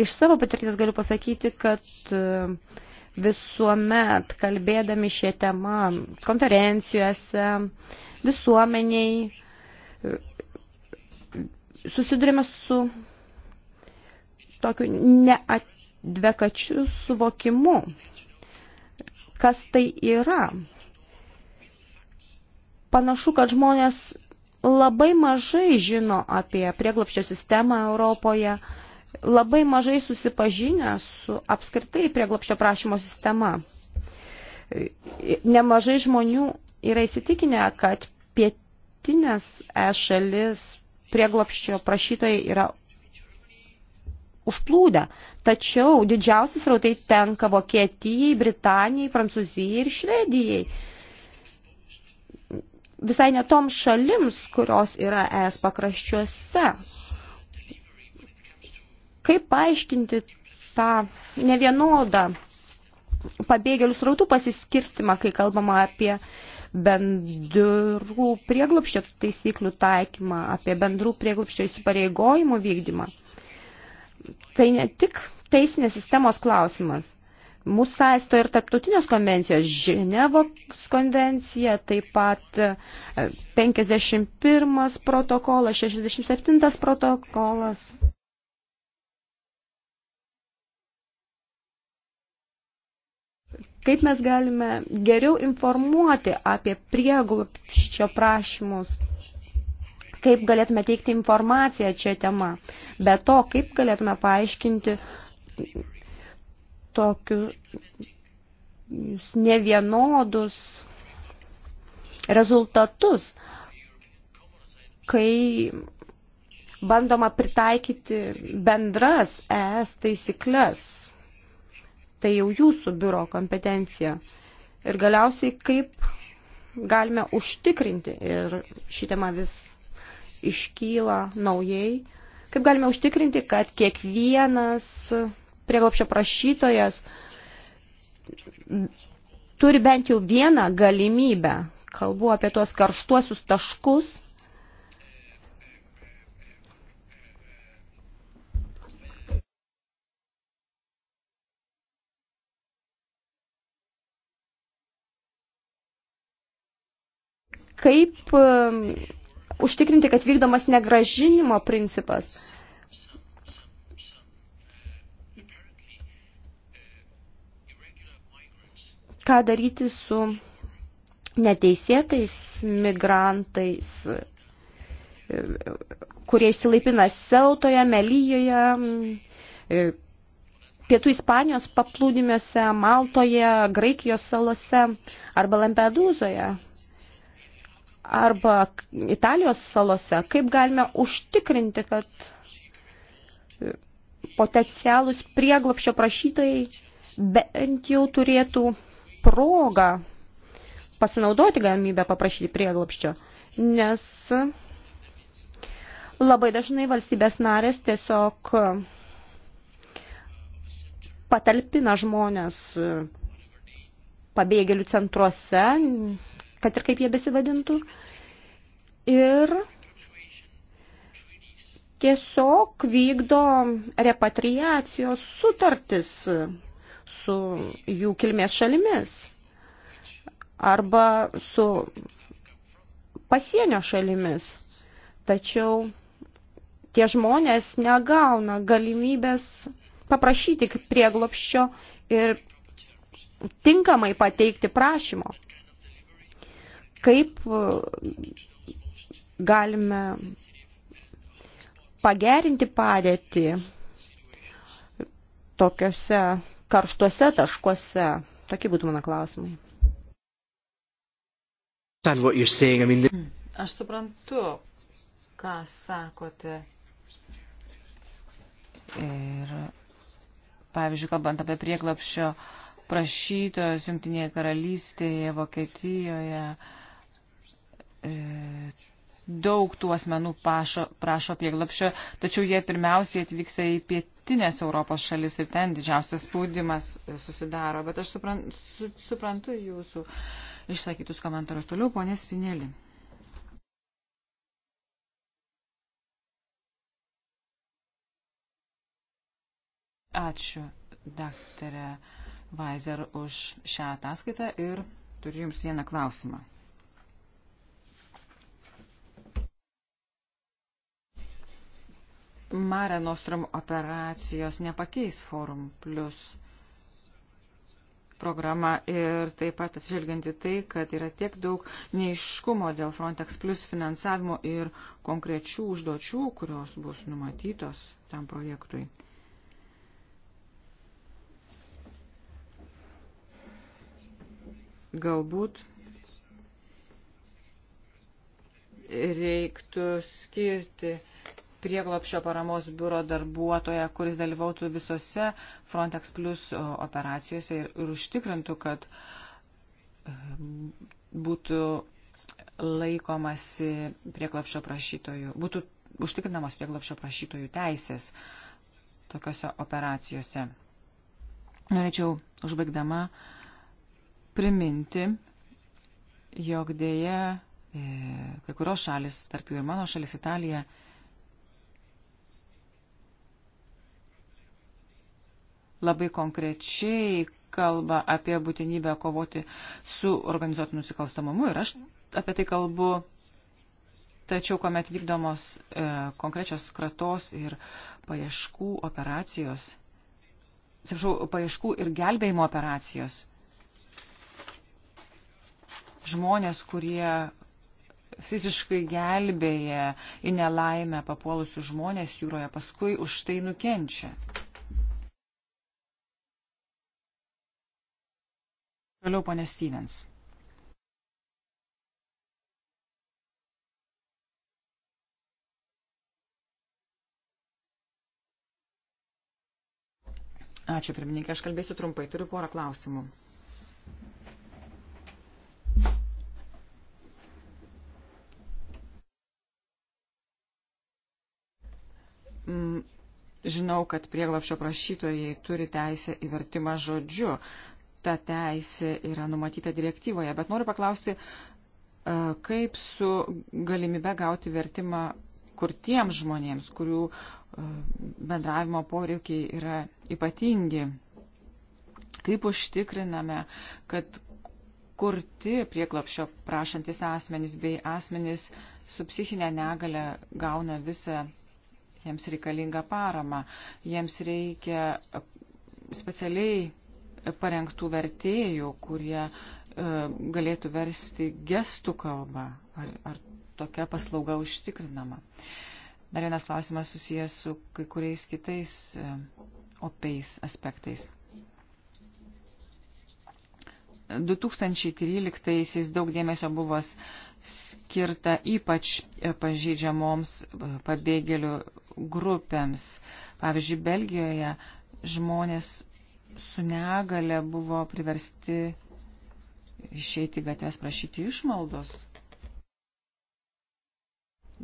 S3: Iš savo patirties galiu pasakyti, kad uh, visuomet kalbėdami šią temą konferencijose, visuomeniai susidurime su tokiu neadvekačiu suvokimu, kas tai yra. Panašu, kad žmonės labai mažai žino apie prieglopščio sistemą Europoje, uh, labai mažai susipažinę su apskritai prieglopščio prašymo sistema. Nemažai žmonių yra įsitikinę, kad pietinės e šalis prieglopščio prašytojai yra užplūdę. Tačiau didžiausias rautai tenka Vokietijai, Britanijai, Prancūzijai ir Švedijai. Visai netom šalims, kurios yra ES pakraščiuose. Kaip paaiškinti tą nevienodą pabėgėlių srautų pasiskirstimą, kai kalbama apie bendrų prieglopščio taisyklių taikymą, apie bendrų prieglopščio įsipareigojimų vykdymą. Tai ne tik teisinės sistemos klausimas. Mūsų saisto ir tarptautinės konvencijos, Ženevos konvencija, taip pat 51 e, protokolas, 67 protokolas. Kaip mes galime geriau informuoti apie prieglopščio prašymus, kaip galėtume teikti informaciją čia tema. Be to, kaip galėtume paaiškinti tokius nevienodus rezultatus, kai bandoma pritaikyti bendras ES taisyklės tai jau jūsų biuro kompetencija. Ir galiausiai, kaip galime užtikrinti, ir ši tema vis iškyla naujai, kaip galime užtikrinti, kad kiekvienas prieglopščio prašytojas turi bent jau vieną galimybę, kalbu apie tuos karštuosius taškus, kaip um, užtikrinti, kad vykdomas negražinimo principas. Ką daryti su neteisėtais migrantais, kurie išsilaipina Seutoje, Melyjoje, Pietų Ispanijos paplūdimiuose, Maltoje, Graikijos salose arba Lampedūzoje arba Italijos salose, kaip galime užtikrinti, kad potencialus prieglopščio prašytojai bent jau turėtų progą pasinaudoti galimybę paprašyti prieglopščio, nes labai dažnai valstybės narės tiesiog patalpina žmonės pabėgėlių centruose, kad ir kaip jie besivadintų. Ir tiesiog vykdo repatriacijos sutartis su jų kilmės šalimis arba su pasienio šalimis. Tačiau tie žmonės negauna galimybės paprašyti prieglopščio ir tinkamai pateikti prašymo kaip e, galime pagerinti padėtį tokiuose karštuose taškuose. Tokie būtų mano klausimai. Hmm.
S1: Aš suprantu, ką sakote. Ir, pavyzdžiui, kalbant apie prieglapščio prašytojos Junktinėje karalystėje, Vokietijoje, uh, E, daug tų asmenų pašo, prašo prieglapščio, tačiau jie pirmiausiai atvyksta į pietinės Europos šalis ir ten didžiausias spaudimas e, susidaro. Bet aš suprantu, su, suprantu jūsų išsakytus komentarus. Toliau, ponė Spinėlį. Ačiū, daktarė Vaizer, už šią ataskaitą ir turiu Jums vieną klausimą. Mare Nostrum operacijos nepakeis Forum Plus programą ir taip pat atsižvelgianti tai, kad yra tiek daug neiškumo dėl Frontex Plus finansavimo ir konkrečių užduočių, kurios bus numatytos tam projektui. Galbūt reiktų skirti prieglopšio paramos biuro darbuotoją, kuris dalyvautų visose Frontex Plus operacijose ir, ir užtikrintų, kad e, būtų laikomasi prieglopšio prašytojų, būtų užtikrinamos prieglopšio prašytojų teisės tokiuose operacijose. Norėčiau užbaigdama priminti, jog dėja e, kai kurios šalis, tarp jų ir mano šalis Italija, labai konkrečiai kalba apie būtinybę kovoti su organizuotų nusikalstamumu ir aš apie tai kalbu. Tačiau, kuomet vykdomos e, konkrečios kratos ir paieškų operacijos, atsiprašau, paieškų ir gelbėjimo operacijos, žmonės, kurie fiziškai gelbėja į nelaimę papuolusius žmonės jūroje, paskui už tai nukenčia. Toliau, ponė Stevens. Ačiū, pirmininkė, aš kalbėsiu trumpai, turiu porą klausimų. Mm, žinau, kad prieglapšio prašytojai turi teisę į vertimą žodžiu, ta teisė yra numatyta direktyvoje, bet noriu paklausti, e, kaip su galimybe gauti vertimą kurtiems žmonėms, kurių e, bendravimo poreikiai yra ypatingi. Kaip užtikriname, kad kurti prieklapšio prašantis asmenys bei asmenys su psichinė negale gauna visą jiems reikalingą paramą. Jiems reikia specialiai parengtų vertėjų, kurie e, galėtų versti gestų kalbą. Ar, ar tokia paslauga užtikrinama? Dar vienas klausimas susijęs su kai kuriais kitais e, opiais aspektais. 2013-aisiais daug dėmesio buvo skirta ypač e, pažydžiamoms e, pabėgėlių grupėms. Pavyzdžiui, Belgijoje žmonės su negale buvo priversti išeiti gatves prašyti išmaldos.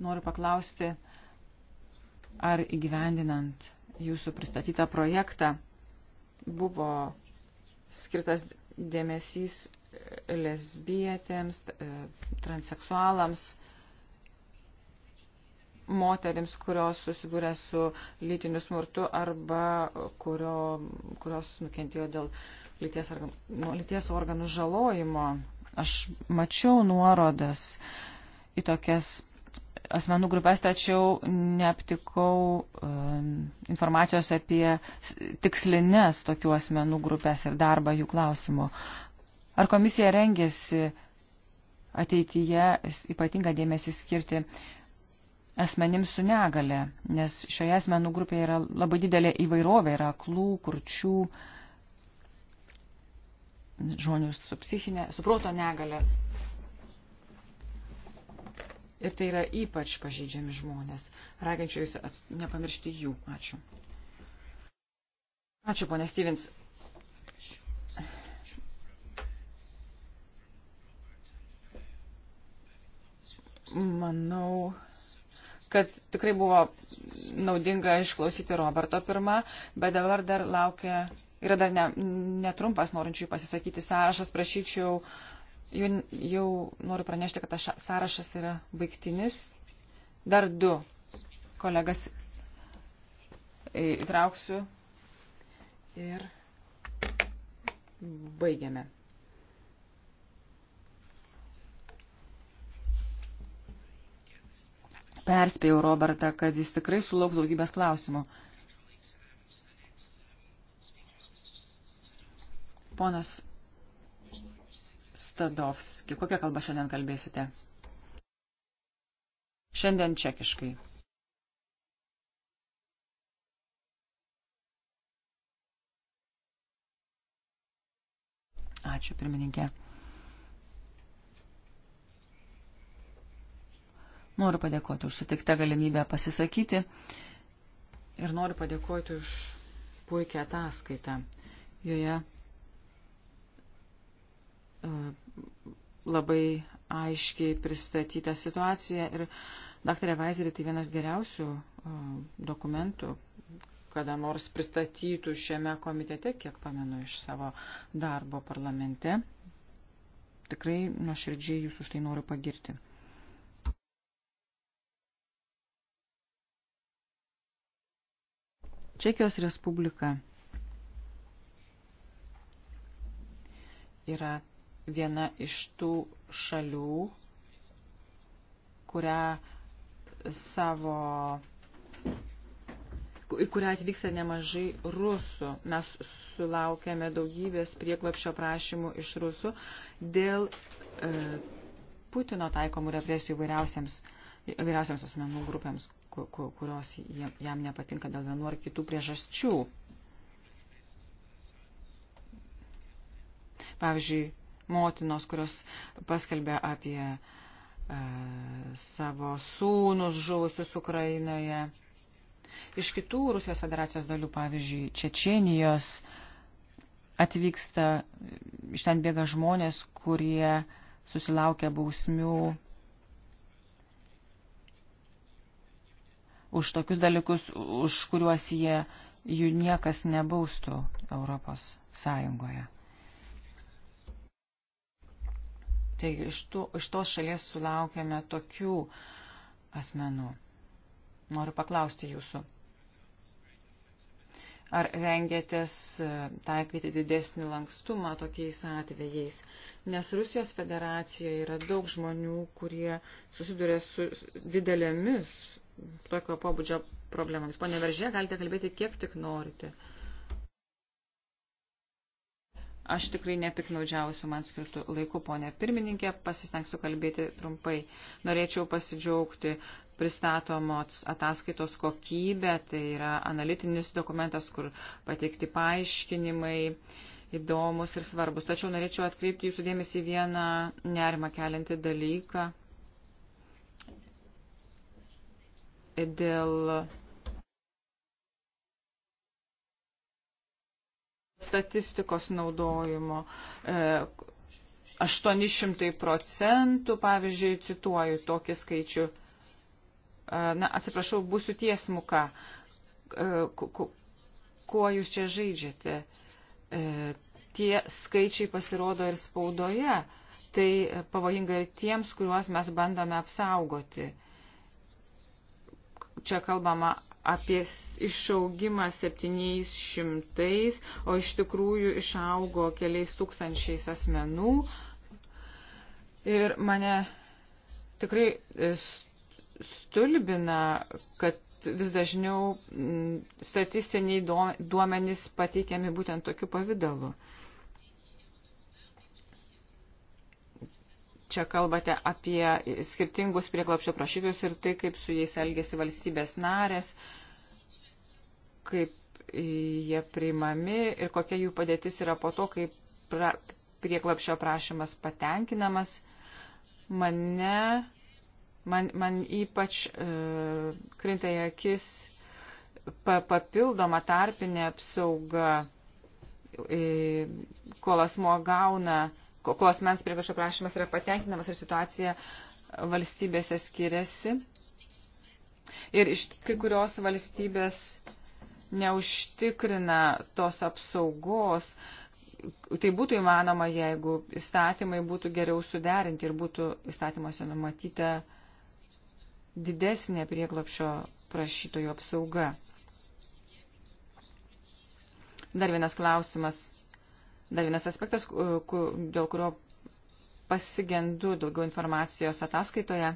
S1: Noriu paklausti, ar įgyvendinant jūsų pristatytą projektą buvo skirtas dėmesys lesbietėms, transseksualams, moterims, kurios susidūrė su lytiniu smurtu arba kurio, kurios nukentėjo dėl lyties, nu, lyties organų žalojimo. Aš mačiau nuorodas į tokias asmenų grupės, tačiau neaptikau um, informacijos apie tikslinės tokių asmenų grupės ir darbą jų klausimų. Ar komisija rengėsi ateityje ypatingą dėmesį skirti uh, asmenims su negale, nes šioje asmenų grupėje yra labai didelė įvairovė, yra aklų, kurčių, žmonių su psichinė, su proto negale. Ir tai yra ypač pažeidžiami žmonės. Raginčiau jūs at... nepamiršti jų. Ačiū. Ačiū, ponė Stevens. Manau, kad tikrai buvo naudinga išklausyti Roberto pirmą, bet dabar dar laukia, yra dar ne, netrumpas norinčių pasisakyti sąrašas, prašyčiau, jau, jau noriu pranešti, kad tas sąrašas yra baigtinis. Dar du kolegas įtrauksiu ir baigiame. perspėjau Robertą, kad jis tikrai sulauks daugybės klausimų. Ponas Stadovski, kokią kalbą šiandien kalbėsite? Šiandien čekiškai. Ačiū, pirmininkė. Noriu padėkoti už sutiktą galimybę pasisakyti ir noriu padėkoti už puikią ataskaitą. Joje e, labai aiškiai pristatyta situacija ir daktarė Vaizerį tai vienas geriausių e, dokumentų, kada nors pristatytų šiame komitete, kiek pamenu iš savo darbo parlamente. Tikrai nuoširdžiai jūs už tai noriu pagirti. Čekijos Respublika yra viena iš tų šalių, kurią savo į kurią atvyksta nemažai rusų. Mes sulaukėme daugybės prieklapšio prašymų iš rusų dėl e, Putino taikomų represijų įvairiausiams, įvairiausiams asmenų grupėms kurios jam nepatinka dėl vienu ar kitų priežasčių. Pavyzdžiui, motinos, kurios paskelbė apie e, savo sūnus žuvusius Ukrainoje. Iš kitų Rusijos federacijos dalių, pavyzdžiui, Čečenijos atvyksta, iš ten bėga žmonės, kurie susilaukia bausmių už tokius dalykus, už kuriuos jie jų niekas nebaustų Europos Sąjungoje. Tai iš, tų, iš tos šalies sulaukėme tokių asmenų. Noriu paklausti jūsų. Ar rengėtės e, taikyti didesnį lankstumą tokiais atvejais? Nes Rusijos federacijoje yra daug žmonių, kurie susiduria su didelėmis tokio pobūdžio problemams. Pone Veržė, galite kalbėti kiek tik norite. Aš tikrai nepiknaudžiausiu man skirtų laikų, ponė pirmininkė, pasistengsiu kalbėti trumpai. Norėčiau pasidžiaugti pristatomos ataskaitos kokybę, tai yra analitinis dokumentas, kur pateikti paaiškinimai įdomus ir svarbus. Tačiau norėčiau atkreipti jūsų dėmesį vieną nerimą keliantį dalyką, dėl statistikos naudojimo. 800 e, procentų, pavyzdžiui, cituoju tokį skaičių. E, na, atsiprašau, būsiu tiesmuka. E, kuo jūs čia žaidžiate? Tie skaičiai pasirodo ir spaudoje. Tai pavojinga ir tiems, kuriuos mes bandome apsaugoti čia kalbama apie išaugimą 700, o iš tikrųjų išaugo keliais tūkstančiais asmenų. Ir mane tikrai e, stulbina, kad vis dažniau statistiniai duomenys pateikiami būtent tokiu pavydalu. Čia kalbate apie skirtingus prieklapšio prašytojus ir tai, kaip su jais elgėsi valstybės narės, kaip jie priimami ir kokia jų padėtis yra po to, kai pra, prieklapšio prašymas patenkinamas. Mane, man, man ypač e, krinta į akis pa, papildoma tarpinė apsauga, e, kol asmo gauna kokos mens prieglobščio prašymas yra patenkinamas ir situacija valstybėse skiriasi. Ir iš kai kurios valstybės neužtikrina tos apsaugos. Tai būtų įmanoma, jeigu įstatymai būtų geriau suderinti ir būtų įstatymuose numatyta didesnė prieglopšio prašytojų apsauga. Dar vienas klausimas Dar vienas aspektas, dėl kurio pasigendu daugiau informacijos ataskaitoje,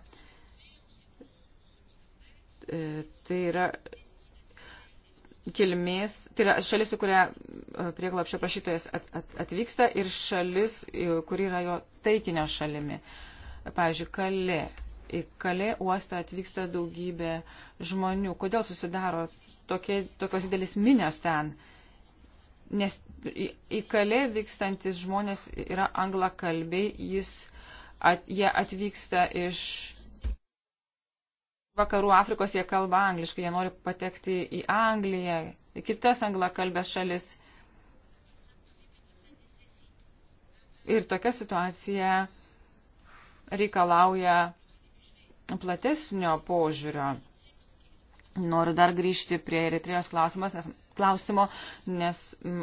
S1: e, tai yra kilmės, tai yra šalis, į kurią e, prieglapščio prašytojas atvyksta ir šalis, kuri yra jo taikinio šalimi. Pavyzdžiui, Kalė. Į Kalė uostą atvyksta daugybė žmonių. Kodėl susidaro tokie, tokios didelis minios ten? Uh, nes į kalė vykstantis žmonės yra anglakalbiai, jis, at, jie atvyksta iš vakarų Afrikos, jie kalba angliškai, jie nori patekti į Angliją, į kitas anglakalbės šalis. Ir tokia situacija reikalauja platesnio požiūrio. Noriu dar grįžti prie Eritrejos klausimas, nes klausimo, nes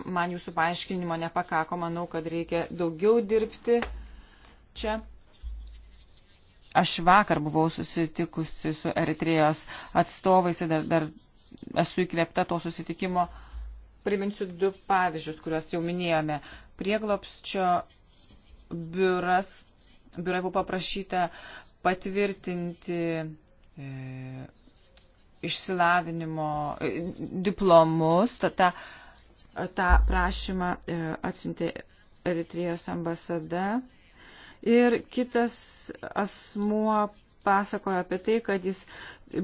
S1: man jūsų paaiškinimo nepakako, manau, kad reikia daugiau dirbti čia. Aš vakar buvau susitikusi su Eritrėjos atstovais ir dar, dar esu įkvėpta to susitikimo. Priminsiu du pavyzdžius, kuriuos jau minėjome. Prieglopsčio biuras, biurai buvo paprašyta patvirtinti e, išsilavinimo e, diplomus, tą, tą prašymą e, atsintė Eritrijos ambasada. Ir kitas asmuo pasakojo apie tai, kad jis e,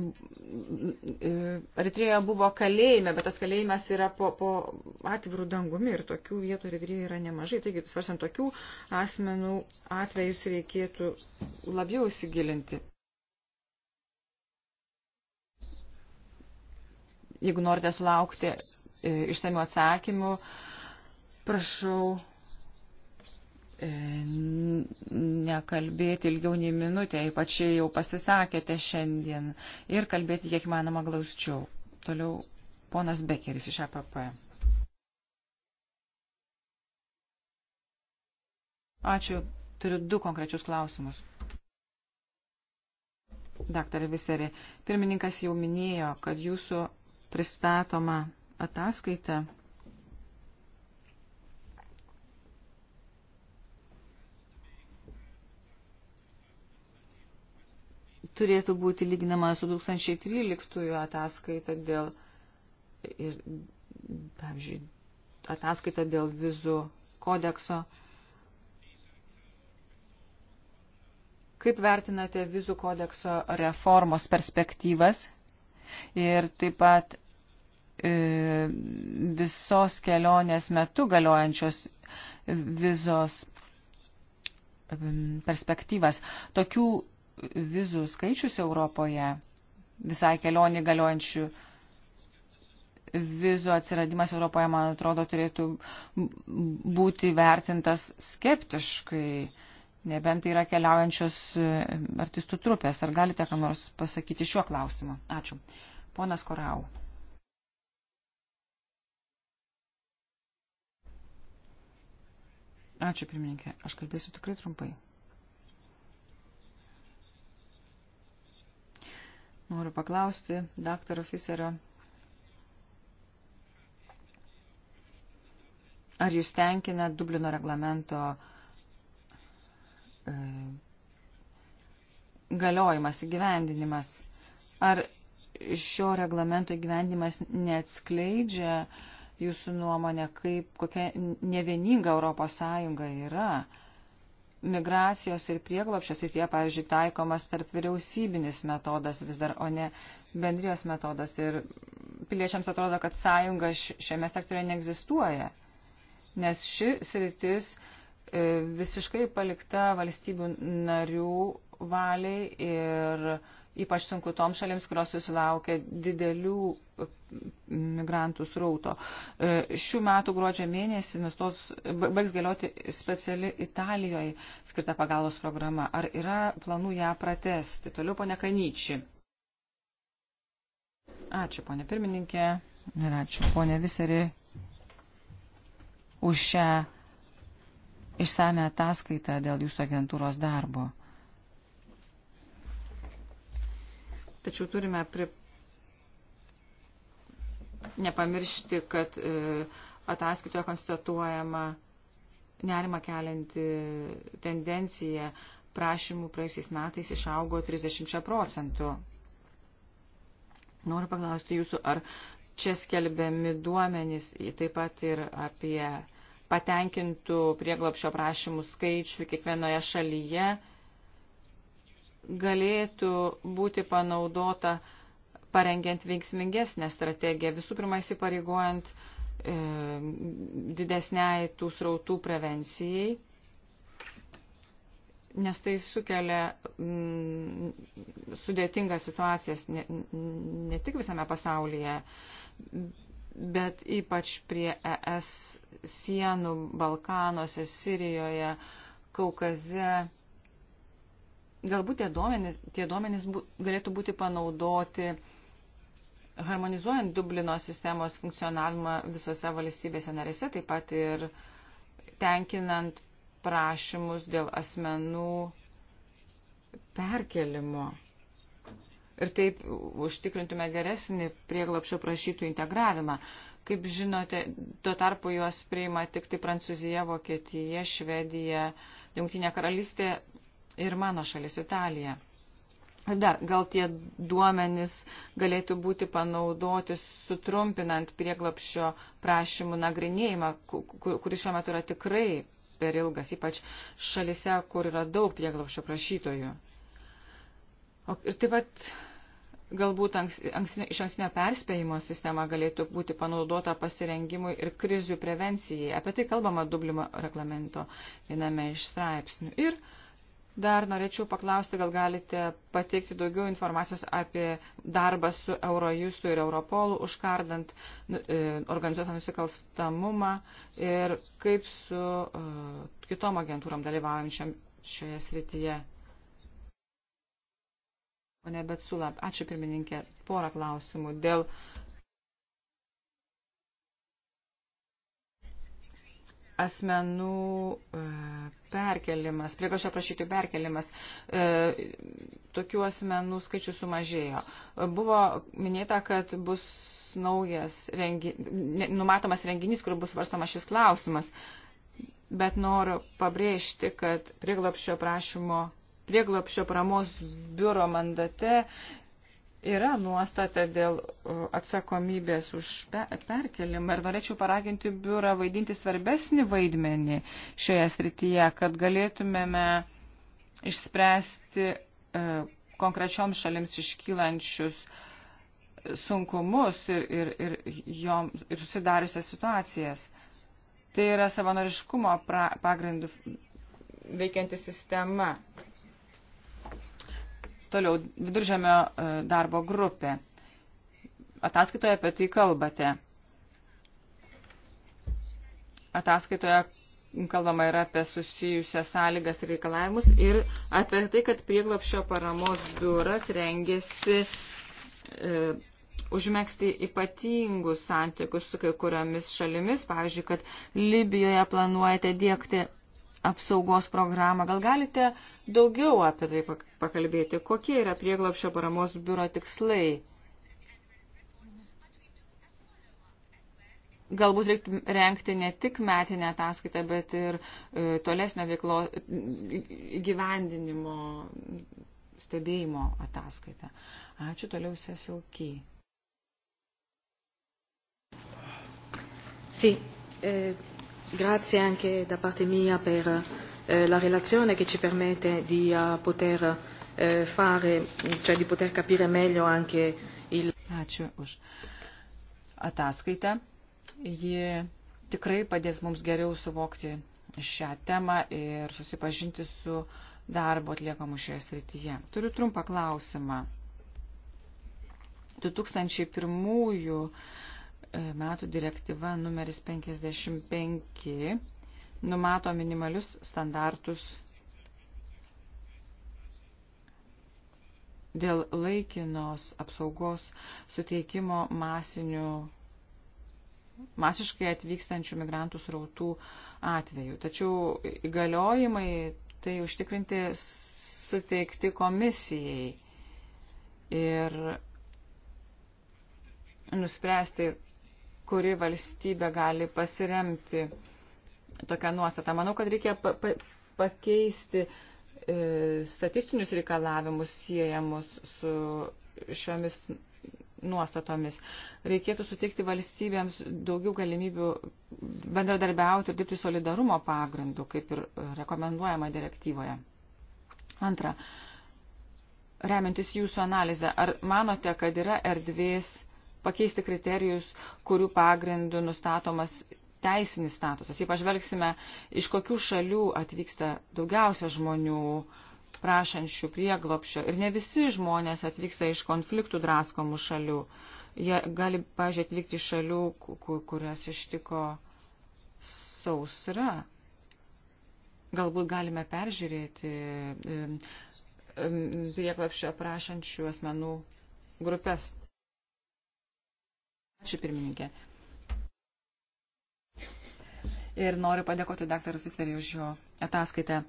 S1: Eritrijoje buvo kalėjime, bet tas kalėjimas yra po, po atvirų dangumi ir tokių vietų Eritrijoje yra nemažai. Taigi, svarstant tokių asmenų atvejus reikėtų labiau įsigilinti. jeigu norite sulaukti e, išsamių atsakymų, prašau e, nekalbėti ilgiau nei minutę, ypač jau pasisakėte šiandien, ir kalbėti kiek manoma glausčiau. Toliau ponas Bekeris iš APP. Ačiū. Turiu du konkrečius klausimus. Daktarė Viseri, pirmininkas jau minėjo, kad jūsų pristatoma ataskaita turėtų būti lyginama su 2013 ataskaita dėl, ir, pavyzdžiui, ataskaita dėl vizų kodekso. Kaip vertinate vizų kodekso reformos perspektyvas ir taip pat e, visos kelionės metu galiojančios vizos e, perspektyvas. Tokių vizų skaičius Europoje, visai kelionį galiojančių vizų atsiradimas Europoje, man atrodo, turėtų būti vertintas skeptiškai, nebent tai yra keliaujančios e, artistų trupės. Ar galite ką nors pasakyti šiuo klausimu? Ačiū. Ponas Korau. Ačiū, pirmininkė. Aš kalbėsiu tikrai trumpai. Noriu paklausti daktaro Fiserio, ar jūs tenkina Dublino reglamento e, galiojimas, įgyvendinimas? Ar šio reglamento įgyvendimas neatskleidžia jūsų nuomonę, kaip kokia nevieninga Europos Sąjunga yra migracijos ir prieglopščios ir tie, pavyzdžiui, taikomas tarp vyriausybinis metodas vis dar, o ne bendrijos metodas. Ir piliečiams atrodo, kad sąjunga šiame sektorėje neegzistuoja, nes ši sritis e, visiškai palikta valstybių narių valiai ir ypač sunku toms šalims, kurios susilaukia didelių e, migrantų srauto. E, šių metų gruodžio mėnesį nustos, baigs galioti speciali Italijoje skirta pagalbos programa. Ar yra planų ją pratesti? Toliau, ponia Kanyčiai. Ačiū, ponė pirmininkė, ir ačiū, ponė Viseri, už šią išsame ataskaitą dėl jūsų agentūros darbo. Tačiau turime pri... nepamiršti, kad e, ataskaitoje konstatuojama nerima kelianti tendencija prašymų praėjusiais metais išaugo 30 procentų. Noriu paklausti jūsų, ar čia skelbiami duomenys taip pat ir apie patenkintų prieglopšio prašymų skaičių kiekvienoje šalyje galėtų būti panaudota parengiant veiksmingesnę strategiją, visų pirma įsipareigojant e, didesniai tų srautų prevencijai, nes tai sukelia m, mm, sudėtingas situacijas ne, ne tik visame pasaulyje, bet ypač prie ES sienų Balkanuose, Sirijoje, Kaukaze galbūt tie duomenys, tie duomenys bu, galėtų būti panaudoti harmonizuojant Dublino sistemos funkcionavimą visose valstybėse narėse, taip pat ir tenkinant prašymus dėl asmenų perkelimo. Ir taip užtikrintume geresnį prieglapšio prašytų integravimą. Kaip žinote, tuo tarpu juos priima tik tai Prancūzija, Vokietija, Švedija, Junktinė karalystė ir mano šalis Italija. Dar gal tie duomenys galėtų būti panaudoti sutrumpinant prieglapšio prašymų nagrinėjimą, kuris šiuo metu yra tikrai per ilgas, ypač šalise, kur yra daug prieglapšio prašytojų. O, ir taip pat galbūt anks, anks, iš anksnio perspėjimo sistema galėtų būti panaudota pasirengimui ir krizių prevencijai. Apie tai kalbama Dublimo reglamento viename iš straipsnių. Ir Dar norėčiau paklausti, gal galite pateikti daugiau informacijos apie darbą su Eurojustu ir Europolu, užkardant nu, e, organizuotą nusikalstamumą ir kaip su e, kitom agentūram dalyvaujančiam šioje srityje. Pone Betsulap, ačiū pirmininkė, porą klausimų dėl asmenų e, perkelimas, priekašio prašytų perkelimas, e, tokių asmenų skaičius sumažėjo. Buvo minėta, kad bus naujas rengi, numatomas renginys, kur bus varstama šis klausimas, bet noriu pabrėžti, kad prieglopščio prašymo prieglopščio paramos biuro mandate yra nuostata dėl atsakomybės už perkelimą ir norėčiau paraginti biurą vaidinti svarbesnį vaidmenį šioje srityje, kad galėtumėme išspręsti e, konkrečioms šalims iškylančius sunkumus ir, ir, ir, jom, ir susidariusias situacijas. Tai yra savanoriškumo pra, pagrindų veikianti sistema. Toliau, viduržėmio e, darbo grupė. Ataskaitoje apie tai kalbate. Ataskaitoje kalbama yra apie susijusias sąlygas ir reikalavimus ir apie tai, kad prieglapšio paramos biuras rengėsi e, užmėgsti ypatingus santykius su kai kuriomis šalimis, pavyzdžiui, kad Libijoje planuojate dėkti apsaugos programą. Gal galite daugiau apie tai pakalbėti? Kokie yra prieglapšio paramos biuro tikslai? Galbūt reiktų renkti ne tik metinę ataskaitą, bet ir e, tolesnio veiklo gyvendinimo stebėjimo ataskaitą. Ačiū toliau Sesilky. Sí, eh, Grazie anche da parte mia per eh, la relazione che ci permette di uh, poter eh, fare, cioè di poter capire meglio anche il. Ačiū už ataskaitą. Ji tikrai padės mums geriau suvokti šią temą ir susipažinti su darbo atliekamu šioje srityje. Turiu trumpą klausimą. 2001 E, metų direktyva numeris 55 numato minimalius standartus dėl laikinos apsaugos suteikimo masinių masiškai atvykstančių migrantų srautų atveju. Tačiau įgaliojimai tai užtikrinti suteikti komisijai ir nuspręsti, kuri valstybė gali pasiremti tokią nuostatą. Manau, kad reikia pa pa pakeisti e, statistinius reikalavimus siejamus su šiomis nuostatomis. Reikėtų suteikti valstybėms daugiau galimybių bendradarbiauti ir dirbti solidarumo pagrindu, kaip ir rekomenduojama direktyvoje. Antra, remiantis jūsų analizę, ar manote, kad yra erdvės pakeisti kriterijus, kurių pagrindų nustatomas teisinis statusas. Jei pažvelgsime, iš kokių šalių atvyksta daugiausia žmonių prašančių prieglopščio ir ne visi žmonės atvyksta iš konfliktų draskomų šalių. Jie gali, pažiūrėjau, atvykti iš šalių, kurias ištiko sausra. Galbūt galime peržiūrėti prieglopščio prašančių asmenų grupės. Ačiū pirmininkė. Ir noriu padėkoti daktarui Fiseriui už jo ataskaitę.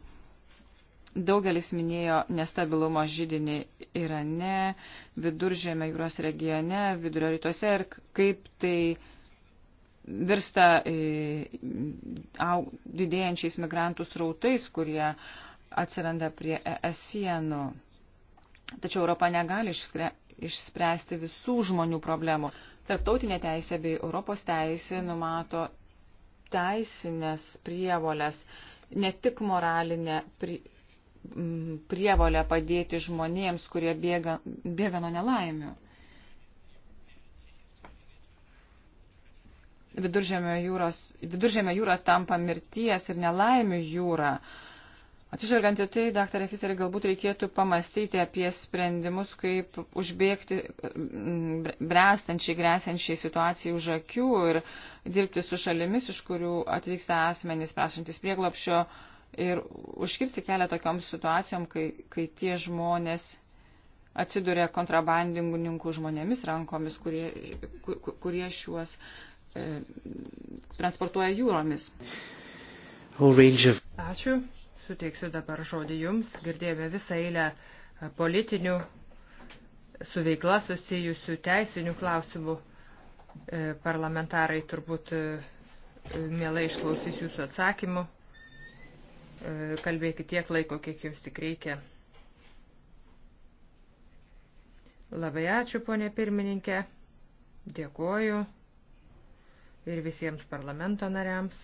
S1: Daugelis minėjo nestabilumo žydinį Irane, viduržėme jūros regione, vidurio rytuose ir kaip tai virsta e, didėjančiais migrantų srautais, kurie atsiranda prie ES sienų. Tačiau Europa negali išspręsti visų žmonių problemų. Tarptautinė teisė bei Europos teisė numato teisinės prievolės, ne tik moralinę pri, prievolę padėti žmonėms, kurie bėga, bėga nuo nelaimių. Viduržėmio, jūros, viduržėmio jūra tampa mirties ir nelaimių jūra. Uh, Atsižvelgiant į tai, daktarė Fiserį, galbūt reikėtų pamastyti apie sprendimus, kaip užbėgti brestančiai, grėsiančiai situacijai už akių ir dirbti su šalimis, iš kurių atvyksta asmenys prašantis prieglopšio ir užkirsti kelią tokiom situacijom, kai, kai tie žmonės atsiduria kontrabandininkų žmonėmis rankomis, kurie, kurie šiuos e, transportuoja jūromis.
S3: Ačiū.
S2: Suteiksiu dabar žodį Jums. Girdėjome visą eilę e, politinių, su veikla susijusių teisinių klausimų. E, parlamentarai turbūt e, mielai išklausys Jūsų atsakymų. Kalbėkit tiek laiko, kiek Jums tik reikia. Labai ačiū, ponė pirmininkė. Dėkuoju ir visiems parlamento nariams.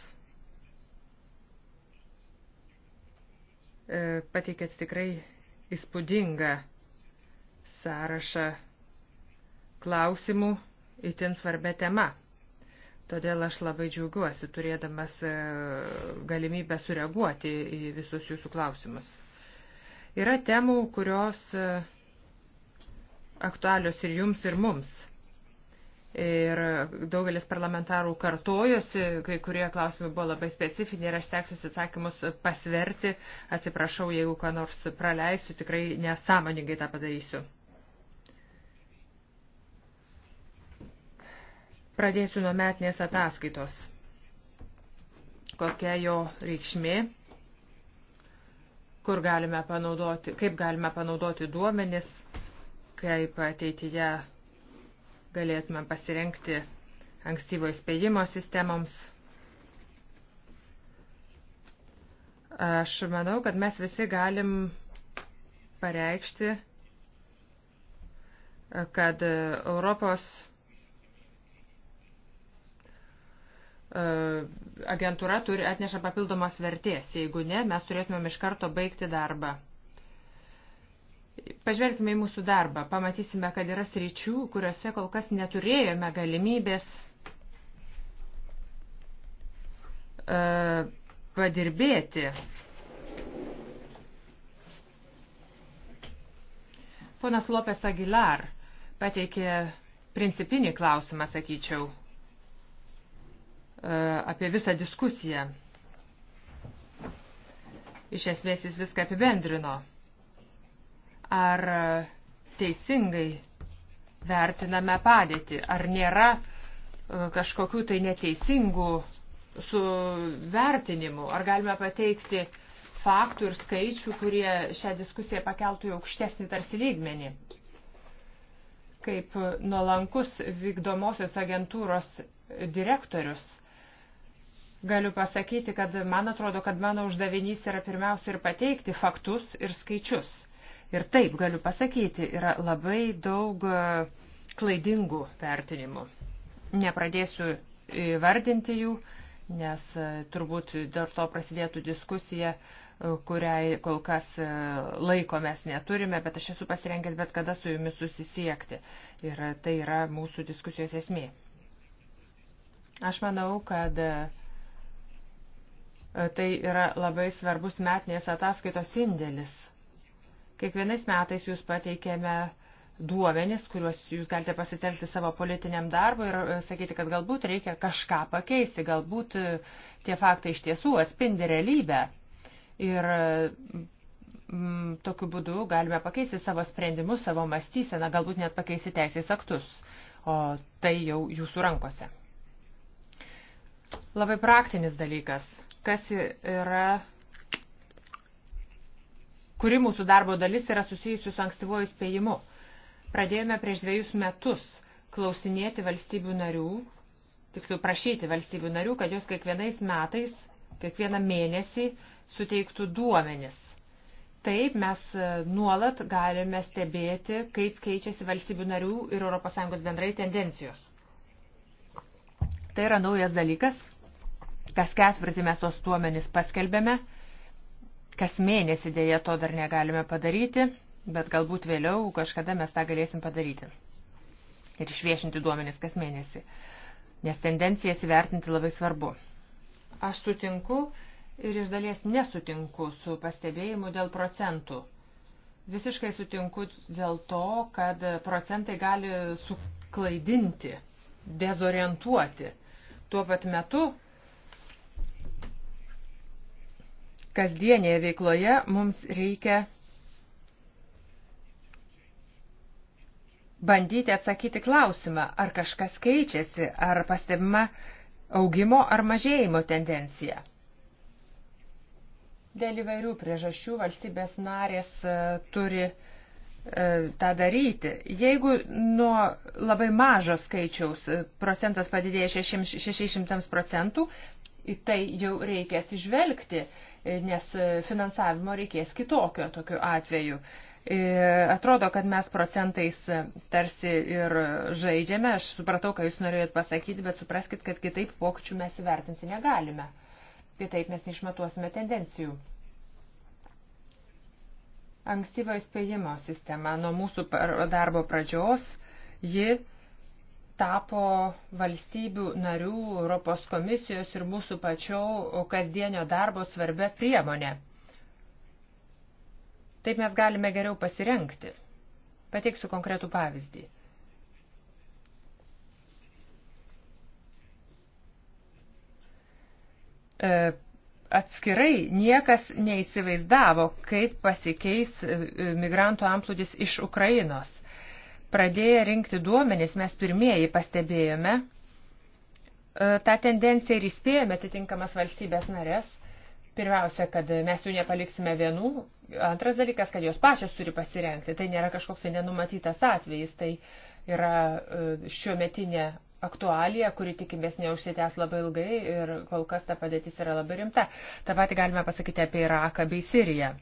S2: E, pateikėt tikrai įspūdingą sąrašą klausimų įtin svarbia tema. Todėl aš labai džiaugiuosi turėdamas e, galimybę sureaguoti į visus jūsų klausimus. Yra temų, kurios e, aktualios ir jums, ir mums ir daugelis parlamentarų kartojosi, kai kurie klausimai buvo labai specifiniai ir aš seksiuosi atsakymus pasverti. Atsiprašau, jeigu ką nors praleisiu, tikrai nesąmoningai tą padarysiu. Pradėsiu nuo metinės ataskaitos. Kokia jo reikšmė, kur galime panaudoti, kaip galime panaudoti duomenis, kaip ateityje galėtume pasirenkti ankstyvo įspėjimo sistemoms. Aš manau, kad mes visi galim pareikšti, kad Europos e, agentūra turi atneša papildomos vertės. Jeigu ne, mes turėtumėm iš karto baigti darbą. Pažvelgime į mūsų darbą, pamatysime, kad yra sričių, kuriuose kol kas neturėjome galimybės e, padirbėti. Ponas Lopes Aguilar pateikė principinį klausimą, sakyčiau, e, apie visą diskusiją. Iš esmės jis viską apibendrino ar teisingai vertiname padėtį, ar nėra e, kažkokių tai neteisingų suvertinimų, ar galime pateikti faktų ir skaičių, kurie šią diskusiją pakeltų į aukštesnį tarsi lygmenį. Kaip nuolankus vykdomosios agentūros direktorius, galiu pasakyti, kad man atrodo, kad mano uždavinys yra pirmiausia ir pateikti faktus ir skaičius Ir taip, galiu pasakyti, yra labai daug e, klaidingų vertinimų. Nepradėsiu įvardinti jų, nes e, turbūt dėl to prasidėtų diskusija, e, kuriai kol kas laiko mes neturime, bet aš esu pasirengęs bet kada su jumis susisiekti. Ir tai yra mūsų diskusijos esmė. Aš manau, kad tai yra labai svarbus metinės ataskaitos indėlis – Kiekvienais metais jūs pateikėme duomenis, kuriuos jūs galite pasitelkti savo politiniam darbui ir e, sakyti, kad galbūt reikia kažką pakeisti, galbūt e, tie faktai iš tiesų atspindi realybę. Ir e, m, tokiu būdu galime pakeisti savo sprendimus, savo mąstyseną, galbūt net pakeisti teisės aktus. O tai jau jūsų rankose. Labai praktinis dalykas. Kas yra kuri mūsų darbo dalis yra susijusi su ankstyvuoju spėjimu. Pradėjome prieš dviejus metus klausinėti valstybių narių, tiksliau prašyti valstybių narių, kad jos kiekvienais metais, kiekvieną mėnesį suteiktų duomenis. Taip mes e, nuolat galime stebėti, kaip keičiasi valstybių narių ir ES bendrai tendencijos. Tai yra naujas dalykas. Kas ketvirtį mes tos duomenys paskelbėme Kas mėnesį dėja to dar negalime padaryti, bet galbūt vėliau kažkada mes tą galėsim padaryti. Ir išviešinti duomenis kas mėnesį. Nes tendencijas įvertinti labai svarbu. Aš sutinku ir iš dalies nesutinku su pastebėjimu dėl procentų. Visiškai sutinku dėl to, kad procentai gali suklaidinti, dezorientuoti. Tuo pat metu kasdienėje veikloje mums reikia bandyti atsakyti klausimą, ar kažkas keičiasi, ar pastebima augimo ar mažėjimo tendencija. Dėl įvairių priežasčių valstybės narės e, turi e, tą daryti. Jeigu nuo labai mažo skaičiaus e, procentas padidėja 600 procentų, į tai jau reikia atsižvelgti nes finansavimo reikės kitokio tokiu atveju. Atrodo, kad mes procentais tarsi ir žaidžiame. Aš supratau, ką jūs norėjot pasakyti, bet supraskit, kad kitaip pokyčių mes įvertinti negalime. Kitaip mes neišmatuosime tendencijų. Ankstyvo įspėjimo sistema nuo mūsų darbo pradžios ji tapo valstybių narių, Europos komisijos ir mūsų pačių kasdienio darbo svarbia priemonė. Taip mes galime geriau pasirenkti. Pateiksiu konkretų pavyzdį. E, atskirai niekas neįsivaizdavo, kaip pasikeis e, migrantų amplūdis iš Ukrainos Pradėję rinkti duomenys, mes pirmieji pastebėjome e, tą tendenciją ir įspėjome atitinkamas valstybės narės. Pirmiausia, kad mes jų nepaliksime vienų. Antras dalykas, kad jos pačios turi pasirengti. Tai nėra kažkoks tai nenumatytas atvejis, tai yra e, šiuo metinė aktualija, kuri tikimės neužsitęs labai ilgai ir kol kas ta padėtis yra labai rimta. Ta pati galime pasakyti apie Iraką bei Siriją.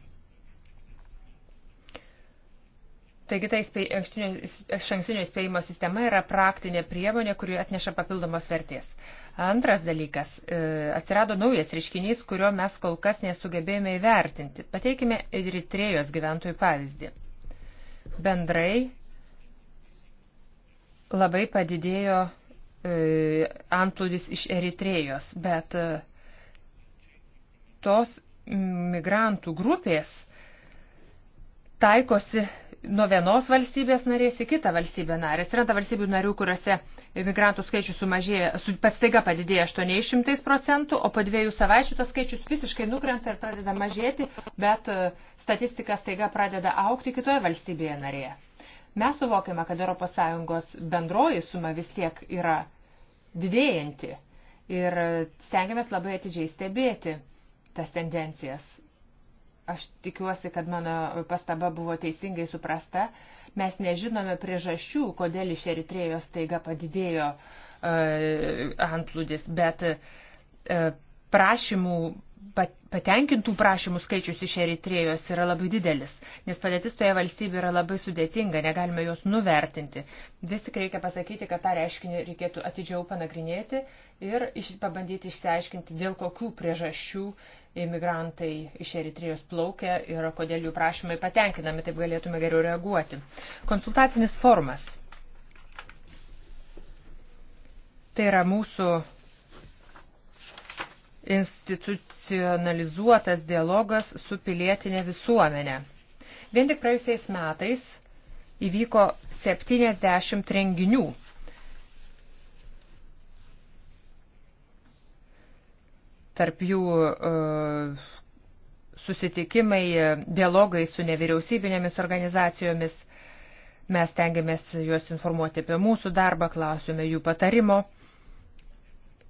S2: Taigi ta išankstinio įspėjimo sistema yra praktinė priemonė, kuri atneša papildomos vertės. Antras dalykas e, - atsirado naujas reiškinys, kurio mes kol kas nesugebėjome įvertinti. Pateikime Eritrėjos gyventojų pavyzdį. Bendrai labai padidėjo e, antplūdis iš Eritrėjos, bet e, tos migrantų grupės taikosi nuo vienos valstybės narės į kitą valstybę narę. Atsiranda valstybių narių, kuriuose imigrantų skaičius sumažėja, su, pastaiga padidėja 800 procentų, o po dviejų savaičių tas skaičius visiškai nukrenta ir pradeda mažėti, bet e, statistika staiga pradeda aukti kitoje valstybėje narėje. Mes suvokiame, kad ES bendroji suma vis tiek yra didėjanti ir e, stengiamės labai atidžiai stebėti tas tendencijas. Aš tikiuosi, kad mano pastaba buvo teisingai suprasta. Mes nežinome priežasčių, kodėl iš Eritrėjos taiga padidėjo uh, antplūdis, bet uh, prašymų, patenkintų prašymų skaičius iš Eritrėjos yra labai didelis, nes padėtis toje valstybėje yra labai sudėtinga, negalime jos nuvertinti. Vis tik reikia pasakyti, kad tą reiškinį reikėtų atidžiau panagrinėti ir iš, pabandyti išsiaiškinti, dėl kokių priežasčių imigrantai iš Eritrijos plaukia ir kodėl jų prašymai patenkinami, taip galėtume geriau reaguoti. Konsultacinis formas. Tai yra mūsų institucionalizuotas dialogas su pilietinė visuomenė. Vien tik praėjusiais metais įvyko 70 renginių. Tarp jų e, susitikimai, dialogai su nevyriausybinėmis organizacijomis. Mes tengiamės juos informuoti apie mūsų darbą, klausime jų patarimo.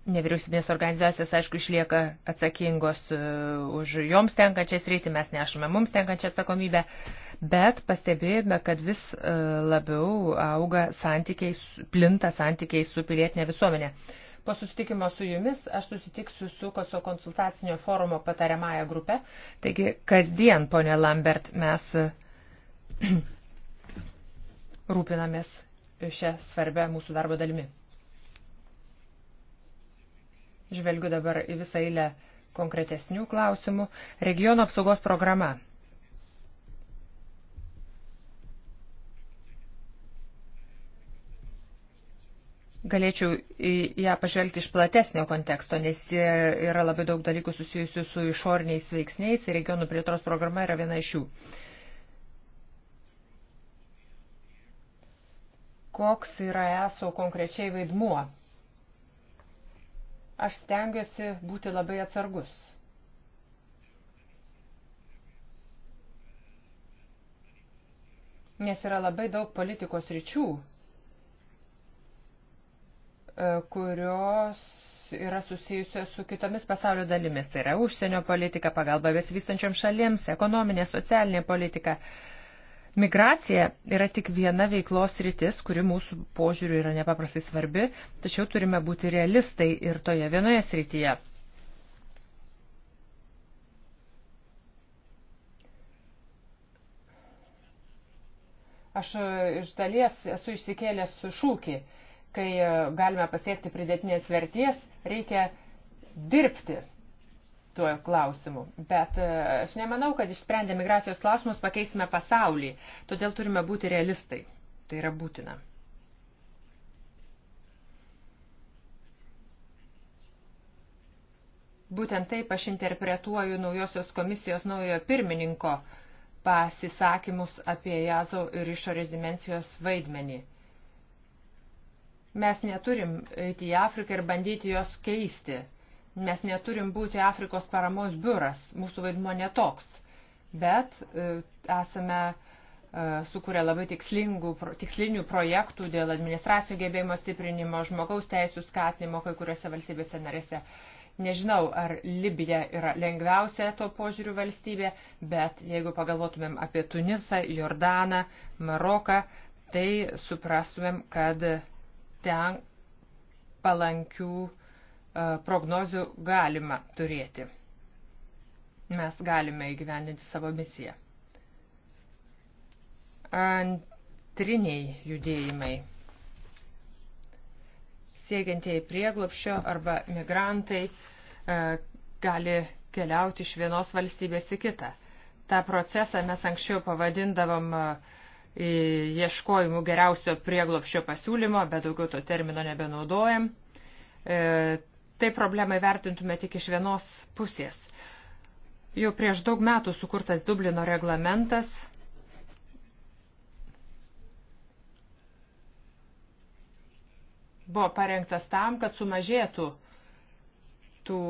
S2: Nevyriausybinės organizacijos, aišku, išlieka atsakingos e, už joms tenkančias rytį, mes nešame mums tenkančią atsakomybę, bet pastebėjome, kad vis e, labiau auga santykiai, plinta santykiai su pilietinė visuomenė. Po susitikimo su jumis aš susitiksiu su Koso konsultacinio forumo patariamąją grupę. Taigi, kasdien, ponė Lambert, mes e, rūpinamės šią svarbę mūsų darbo dalimi. Žvelgiu dabar į visą eilę konkretesnių klausimų. Regiono apsaugos programa. Galėčiau į ją pažvelgti iš platesnio konteksto, nes yra labai daug dalykų susijusių su išoriniais veiksniais ir regionų plėtros programa yra viena iš jų. Koks yra ESO konkrečiai vaidmuo Aš stengiuosi būti labai atsargus. Nes yra labai daug politikos ryčių, e, kurios yra susijusios su kitomis pasaulio dalimis. Tai yra užsienio politika, pagalba besivystančiom šalims, ekonominė, socialinė politika. Uh, Migracija yra tik viena veiklos rytis, kuri mūsų požiūriu yra nepaprastai svarbi, tačiau turime būti realistai ir toje vienoje srityje. Aš e, iš dalies esu išsikėlęs šūkį, kai e, galime pasiekti pridėtinės verties, reikia dirbti tuo klausimu. Bet e, aš nemanau, kad išsprendę migracijos klausimus pakeisime pasaulį. Todėl turime būti realistai. Tai yra būtina. Būtent taip aš interpretuoju naujosios komisijos naujojo pirmininko pasisakymus apie jazo ir išorės dimensijos vaidmenį. Mes neturim eiti į Afriką ir bandyti jos keisti Mes neturim būti Afrikos paramos biuras, mūsų vaidmo netoks, bet e, esame e, sukuria labai tikslingų, tikslinių projektų dėl administracijų gebėjimo stiprinimo, žmogaus teisų skatinimo kai kuriuose valstybėse narėse. Nežinau, ar Libija yra lengviausia to požiūrių valstybė, bet jeigu pagalvotumėm apie Tunisą, Jordaną, Maroką, tai suprastumėm, kad ten palankių E, prognozių galima turėti. Mes galime įgyvendinti savo misiją. Antriniai judėjimai. Siekiantieji prieglopščio arba migrantai e, gali keliauti iš vienos valstybės į kitą. Ta procesą mes anksčiau pavadindavom e, ieškojimu geriausio prieglopščio pasiūlymo, bet daugiau to termino nebenaudojam tai problemai vertintume tik iš vienos pusės. Jau prieš daug metų sukurtas Dublino reglamentas. buvo parengtas tam, kad sumažėtų tų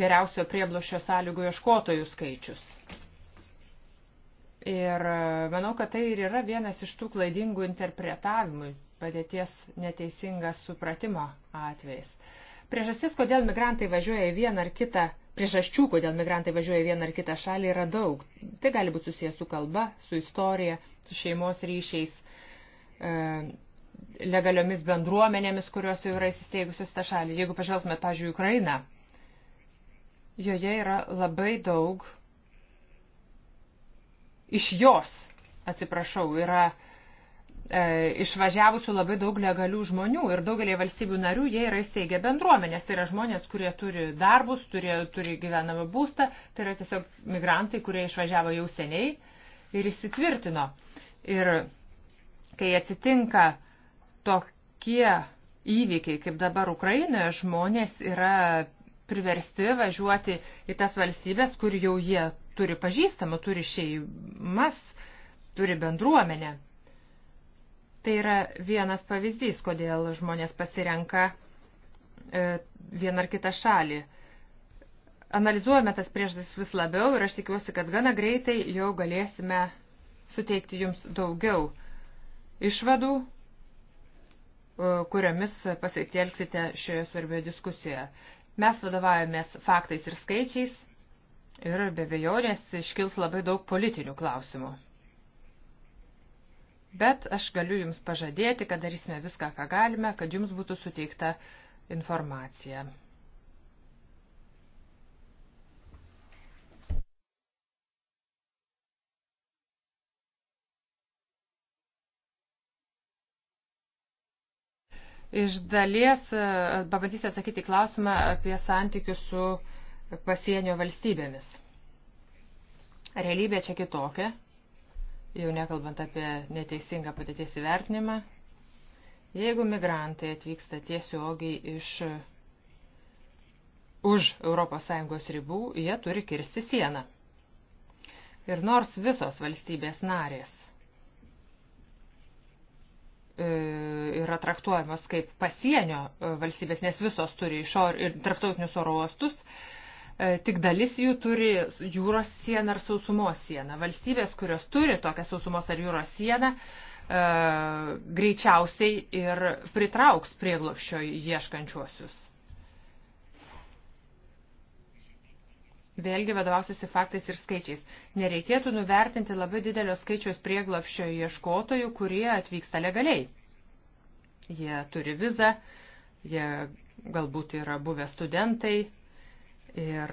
S2: geriausio prieblošio sąlygų ieškotojų skaičius. Ir e, manau, kad tai ir yra vienas iš tų klaidingų interpretavimų padėties neteisingas supratimo atvejs. Priežastis, kodėl migrantai važiuoja į vieną ar kitą, priežasčių, kodėl migrantai važiuoja į vieną ar kitą šalį, yra daug. Tai gali būti susijęs su kalba, su istorija, su šeimos ryšiais, e, legaliomis bendruomenėmis, kurios jau yra įsisteigusios tą šalį. Jeigu pažvelgtumėt, pažiūrėjau, Ukrainą, joje yra labai daug iš jos, atsiprašau, yra uh, E, išvažiavusių labai daug legalių žmonių ir daugelį valstybių narių jie yra įsteigę bendruomenės. Tai yra žmonės, kurie turi darbus, turi, turi gyvenamą būstą, tai yra tiesiog migrantai, kurie išvažiavo jau seniai ir įsitvirtino. Ir kai atsitinka tokie įvykiai, kaip dabar Ukrainoje, žmonės yra priversti važiuoti į tas valstybės, kur jau jie turi pažįstamų, turi šeimas, turi bendruomenę. Tai yra vienas pavyzdys, kodėl žmonės pasirenka e, vieną ar kitą šalį. Analizuojame tas priežastis vis labiau ir aš tikiuosi, kad gana greitai jau galėsime suteikti jums daugiau išvadų, e, kuriomis pasitelksite šioje svarbioje diskusijoje. Mes vadovavomės faktais ir skaičiais ir be bejonės iškils labai daug politinių klausimų. Bet aš galiu Jums pažadėti, kad darysime viską, ką galime, kad Jums būtų suteikta informacija. Iš dalies e, pabandysiu atsakyti klausimą apie santykius su pasienio valstybėmis. Realybė čia kitokia jau nekalbant apie neteisingą padėties įvertinimą, jeigu migrantai atvyksta tiesiogiai iš už ES ribų, jie turi kirsti sieną. Ir nors visos valstybės narės e, yra traktuojamos kaip pasienio e, valstybės, nes visos turi išor ir tarptautinius oro uostus, E, tik dalis jų turi jūros sieną ar sausumos sieną. Valstybės, kurios turi tokią sausumos ar jūros sieną, e, greičiausiai ir pritrauks prieglopščio ieškančiuosius. Vėlgi vadovausiuosi faktais ir skaičiais. Nereikėtų nuvertinti labai didelio skaičiaus prieglopščio ieškotojų, kurie atvyksta legaliai. Jie turi vizą, jie galbūt yra buvę studentai, ir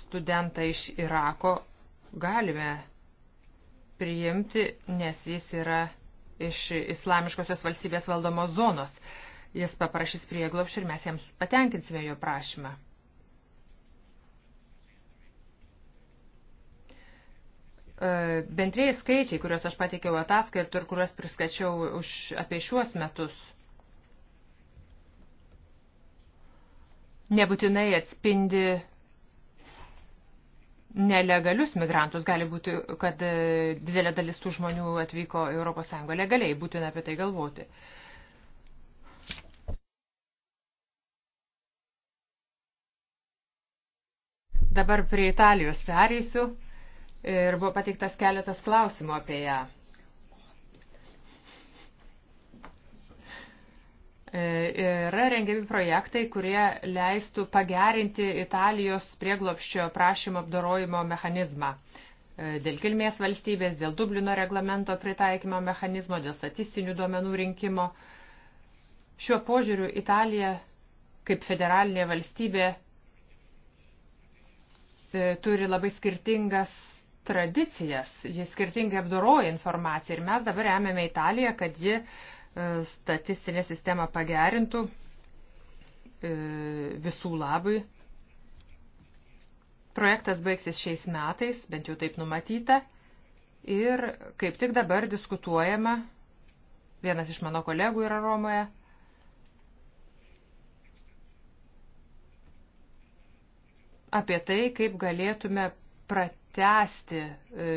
S2: studentą iš Irako galime priimti, nes jis yra iš islamiškosios valstybės valdomos zonos. Jis paprašys prieglopšį ir mes jiems patenkinsime jo prašymą. E, Bendrėjai skaičiai, kuriuos aš pateikiau ataskaitą ir kuriuos priskačiau už, apie šiuos metus – nebūtinai atspindi nelegalius migrantus. Gali būti, kad didelė dalis tų žmonių atvyko ES legaliai, būtina apie tai galvoti. Dabar prie Italijos pereisiu ir buvo pateiktas keletas klausimų apie ją. E, yra rengiami projektai, kurie leistų pagerinti Italijos prieglopščio prašymo apdorojimo mechanizmą. E, dėl kilmės valstybės, dėl Dublino reglamento pritaikymo mechanizmo, dėl statistinių duomenų rinkimo. Šiuo požiūriu Italija kaip federalinė valstybė e, turi labai skirtingas tradicijas, jie skirtingai apdoroja informaciją ir mes dabar remiame Italiją, kad ji uh, E, statistinę sistemą pagerintų e, visų labui. Projektas baigsis šiais metais, bent jau taip numatyta. Ir kaip tik dabar diskutuojama, vienas iš mano kolegų yra Romoje, apie tai, kaip galėtume pratesti e,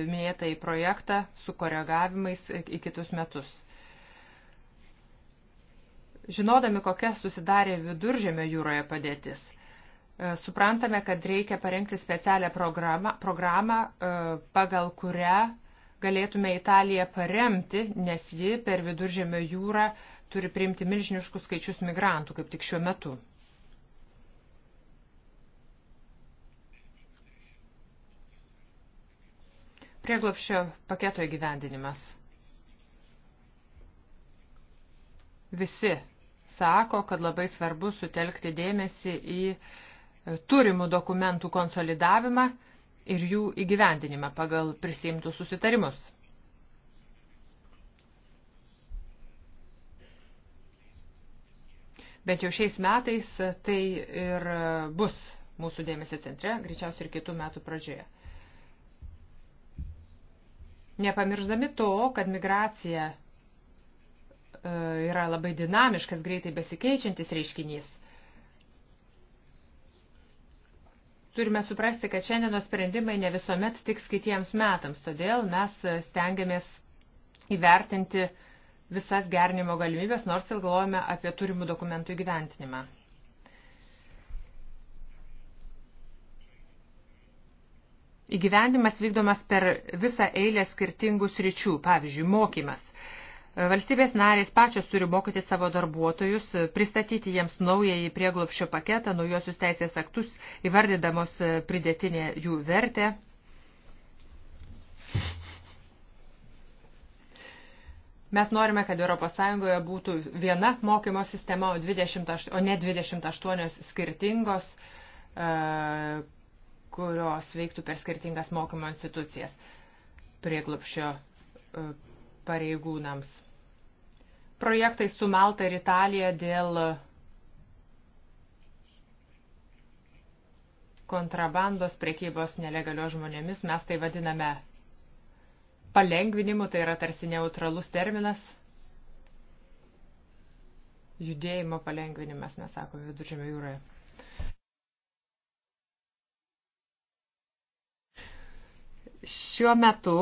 S2: minėtąjį projektą su koregavimais į kitus metus. Žinodami, kokia susidarė viduržėmio jūroje padėtis, e, suprantame, kad reikia parengti specialią programą, programą e, pagal kurią galėtume Italiją paremti, nes ji per viduržėmio jūrą turi priimti milžiniškus skaičius migrantų, kaip tik šiuo metu. Prieglopščio paketo įgyvendinimas. Visi sako, kad labai svarbu sutelkti dėmesį į e, turimų dokumentų konsolidavimą ir jų įgyvendinimą pagal prisimtų susitarimus. Bet jau šiais metais tai ir e, bus mūsų dėmesio centre, greičiausiai ir kitų metų pradžioje. Nepamirždami to, kad migracija E, yra labai dinamiškas, greitai besikeičiantis reiškinys. Turime suprasti, kad šiandieno sprendimai ne visuomet tiks kitiems metams, todėl mes stengiamės įvertinti visas gernimo galimybės, nors ir galvojame apie turimų dokumentų įgyventinimą. Įgyvendimas vykdomas per visą eilę skirtingų sričių, pavyzdžiui, mokymas. Valstybės narės pačios turi mokyti savo darbuotojus, pristatyti jiems naująjį prieglopščio paketą, naujosius teisės aktus, įvardydamos e, pridėtinę jų vertę. Mes norime, kad ES būtų viena mokymo sistema, o, 20, o ne 28 skirtingos, e, kurios veiktų per skirtingas mokymo institucijas prieglopščio e, pareigūnams. Projektai su Malta ir Italija dėl kontrabandos priekybos nelegalios žmonėmis, mes tai vadiname palengvinimu, tai yra tarsi neutralus terminas. Judėjimo palengvinimas, mes sakome, viduržėmio jūroje. Šiuo metu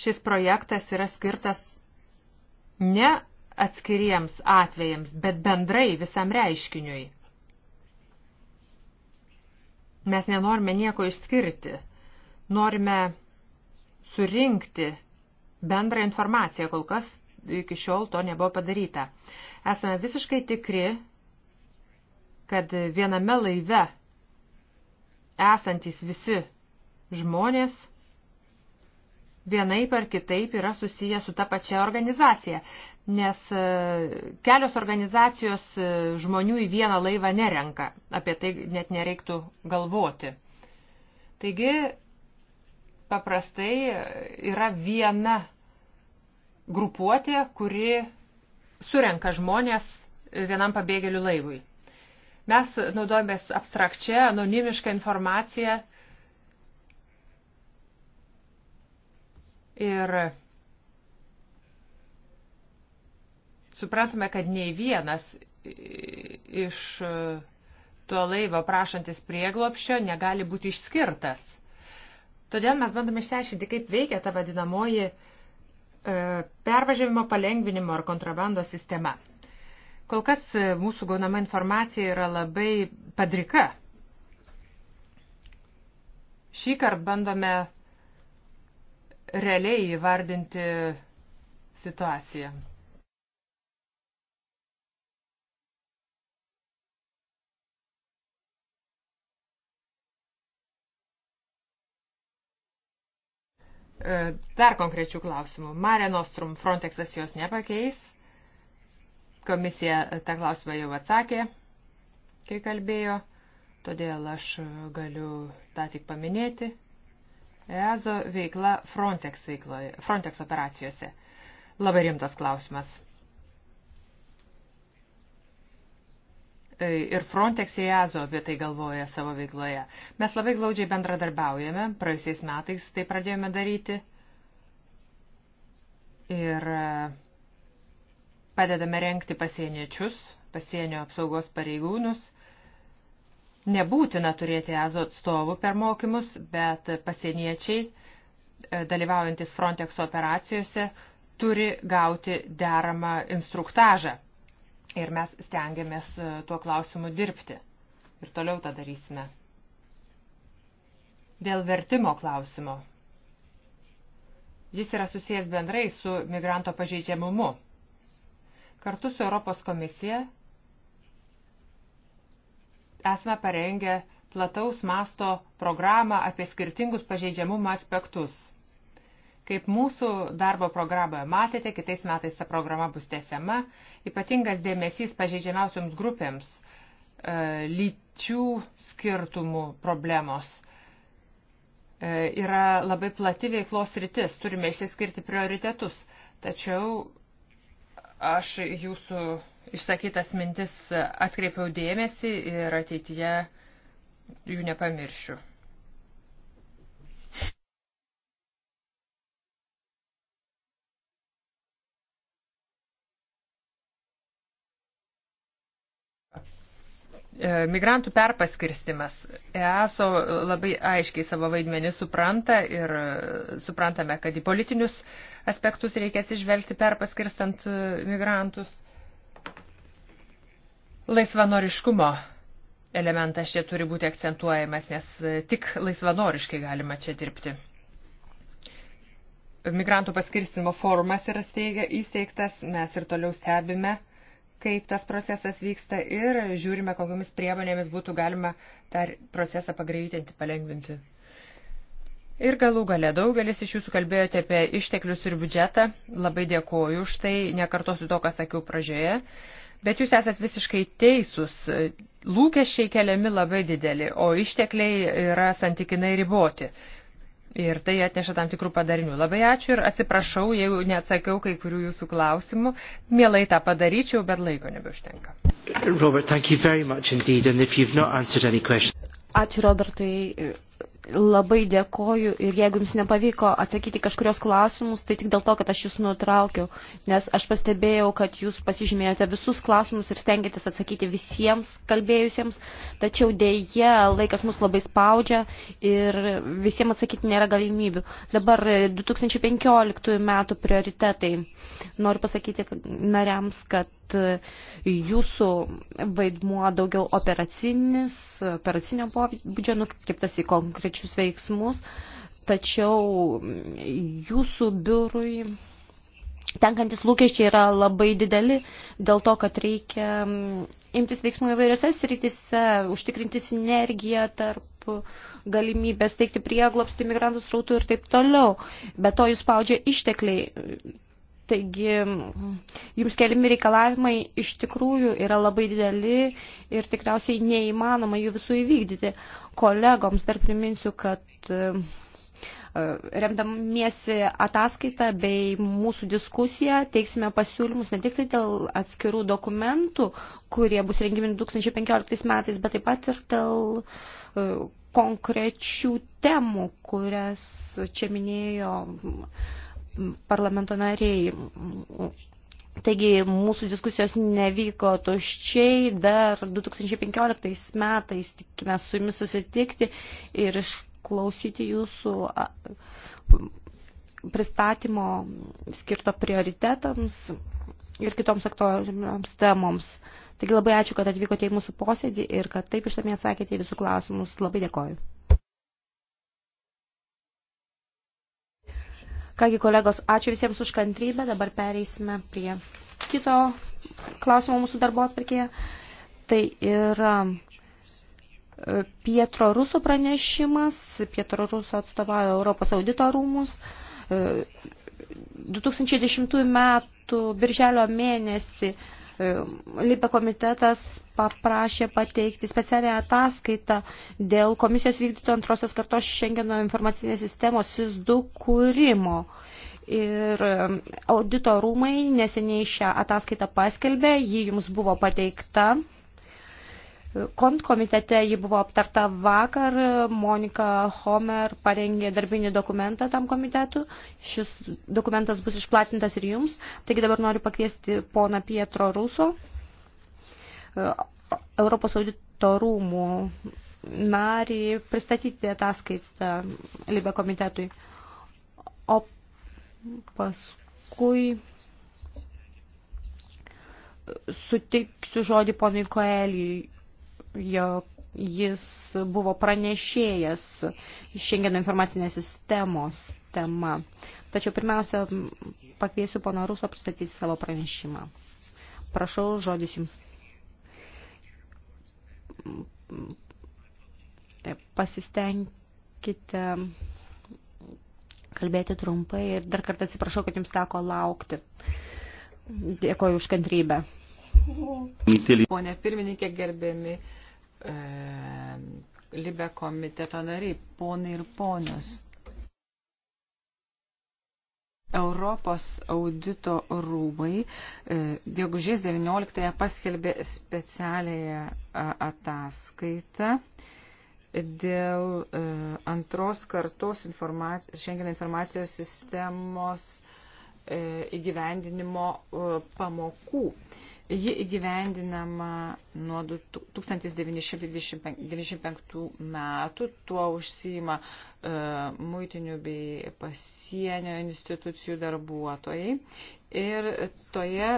S2: šis projektas yra skirtas ne atskiriems atvejams, bet bendrai visam reiškiniui. Mes nenorime nieko išskirti, norime surinkti bendrą informaciją, kol kas iki šiol to nebuvo padaryta. Esame visiškai tikri, kad viename laive esantys visi žmonės – vienaip ar kitaip yra susiję su ta pačia organizacija, nes e, kelios organizacijos e, žmonių į vieną laivą nerenka, apie tai net nereiktų galvoti. Taigi, paprastai e, yra viena grupuotė, kuri surenka žmonės vienam pabėgėlių laivui. Mes naudojamės abstrakčia, anonimišką informaciją, Ir suprantame, kad nei vienas iš tuo laivo prašantis prieglopščio negali būti išskirtas. Todėl mes bandome išsiaiškinti, kaip veikia ta vadinamoji e, pervažiavimo palengvinimo ar kontrabandos sistema. Kol kas e, mūsų gaunama informacija yra labai padrika. Šį kartą bandome realiai įvardinti situaciją. E, dar konkrečių klausimų. Mare Nostrum Frontexas jos nepakeis. Komisija tą klausimą jau atsakė, kai kalbėjo, todėl aš galiu tą tik paminėti. EASO veikla Frontex, veikloje, Frontex operacijose. Labai rimtas klausimas. E, ir Frontex EASO apie tai galvoja savo veikloje. Mes labai glaudžiai bendradarbiaujame, praėjusiais metais tai pradėjome daryti. Ir e, padedame renkti pasieniečius, pasienio apsaugos pareigūnus Nebūtina turėti EZO atstovų per mokymus, bet pasieniečiai, e, dalyvaujantis Frontexo operacijose, turi gauti deramą instruktažą. Ir mes stengiamės e, tuo klausimu dirbti. Ir toliau tą darysime. Dėl vertimo klausimo. Jis yra susijęs bendrai su migranto pažeidžiamumu. Kartu su Europos komisija esame parengę plataus masto programą apie skirtingus pažeidžiamumo aspektus. Kaip mūsų darbo programoje matėte, kitais metais ta programa bus tesiama, ypatingas dėmesys pažeidžiamiausioms grupėms, e, lyčių skirtumų problemos e, yra labai plati veiklos rytis, turime išsiskirti prioritetus, tačiau aš jūsų išsakytas mintis atkreipiau dėmesį ir ateityje jų nepamiršiu. E, migrantų perpaskirstimas. EASO labai aiškiai savo vaidmenį supranta ir e, suprantame, kad į politinius aspektus reikia atsižvelgti perpaskirstant e, migrantus. Laisvanoriškumo elementas čia turi būti akcentuojamas, nes e, tik laisvanoriškai galima čia dirbti. Migrantų paskirstimo forumas yra steigia, įsteigtas, mes ir toliau stebime, kaip tas procesas vyksta ir žiūrime, kokiamis priemonėmis būtų galima tą procesą pagreitinti, palengvinti. Ir galų gale daugelis iš jūsų kalbėjote apie išteklius ir biudžetą. Labai dėkoju už tai, nekartosiu to, ką sakiau pradžioje. Bet jūs esat visiškai teisūs. Lūkesčiai keliami labai dideli, o ištekliai yra santykinai riboti. Ir tai atneša tam tikrų padarinių. Labai ačiū ir atsiprašau, jeigu neatsakiau kai kurių jūsų klausimų. Mielai tą padaryčiau, bet laiko nebeužtenka.
S3: Robert, indeed, questions... Ačiū Robertai labai dėkoju ir jeigu jums nepavyko atsakyti kažkurios klausimus, tai tik dėl to, kad aš jūs nutraukiau, nes aš pastebėjau, kad jūs pasižymėjote visus klausimus ir stengiatės atsakyti visiems kalbėjusiems, tačiau dėje laikas mus labai spaudžia ir visiems atsakyti nėra galimybių. Dabar 2015 metų prioritetai. Noriu pasakyti nariams, kad jūsų vaidmuo daugiau operacinis, operacinio pobūdžio nukreiptas į konkrečius veiksmus, tačiau jūsų biurui tenkantis lūkesčiai yra labai dideli dėl to, kad reikia imtis veiksmų įvairiose srityse, užtikrinti sinergiją tarp galimybės teikti prieglobstį migrantų srautų ir taip toliau. Be to jūs spaudžia ištekliai Taigi jums keliami reikalavimai iš tikrųjų yra labai dideli ir tikriausiai neįmanoma jų visų įvykdyti. Kolegoms dar priminsiu, kad e, e, remdamiesi ataskaitą bei mūsų diskusiją teiksime pasiūlymus ne tik tai dėl atskirų dokumentų, kurie bus rengimi 2015 metais, bet taip pat ir dėl e, konkrečių temų, kurias čia minėjo parlamento nariai. Taigi mūsų diskusijos nevyko tuščiai, dar 2015 metais tikime su jumis susitikti ir išklausyti jūsų pristatymo skirto prioritetams ir kitoms aktualioms temoms. Taigi labai ačiū, kad atvykote į mūsų posėdį ir kad taip išsamei atsakėte į visų klausimus. Labai dėkoju. Kągi kolegos, ačiū visiems už kantrybę, dabar pereisime prie kito klausimo mūsų darbo atvarkėje. Tai yra e, Pietro Ruso pranešimas, Pietro Ruso atstovauja Europos audito rūmus. 2010 e, metų birželio mėnesį Lipe komitetas paprašė pateikti specialią ataskaitą dėl komisijos vykdyto antrosios kartos Šengeno informacinės sistemos SIS2 kūrimo. Ir audito rūmai neseniai šią ataskaitą paskelbė, ji jums buvo pateikta. Kont komitete ji buvo aptarta vakar, Monika Homer parengė darbinį dokumentą tam komitetu, šis dokumentas bus išplatintas ir jums, taigi dabar noriu pakviesti poną Pietro Ruso, Europos audito rūmų narį, pristatyti ataskaitą Libė komitetui. O paskui sutiksiu žodį ponui Koelijui jog jis buvo pranešėjas Šengeno informacinės sistemos tema. Tačiau pirmiausia, pakviesiu pono Ruso pristatyti savo pranešimą. Prašau, žodis jums. Pasistengkite kalbėti trumpai ir dar kartą atsiprašau,
S1: kad jums teko laukti. Dėkoju už kantrybę. Pone pirmininkė, gerbėmi e, Libe komiteto nariai, ponai ir ponios. Europos audito rūmai e, gegužės 19-ąją paskelbė specialiąją ataskaitą dėl e, antros kartos informacijos, šiandien informacijos sistemos e, įgyvendinimo pamokų. Ji įgyvendinama nuo 1995 metų, tuo užsijima e, muitinių bei pasienio institucijų darbuotojai. Ir toje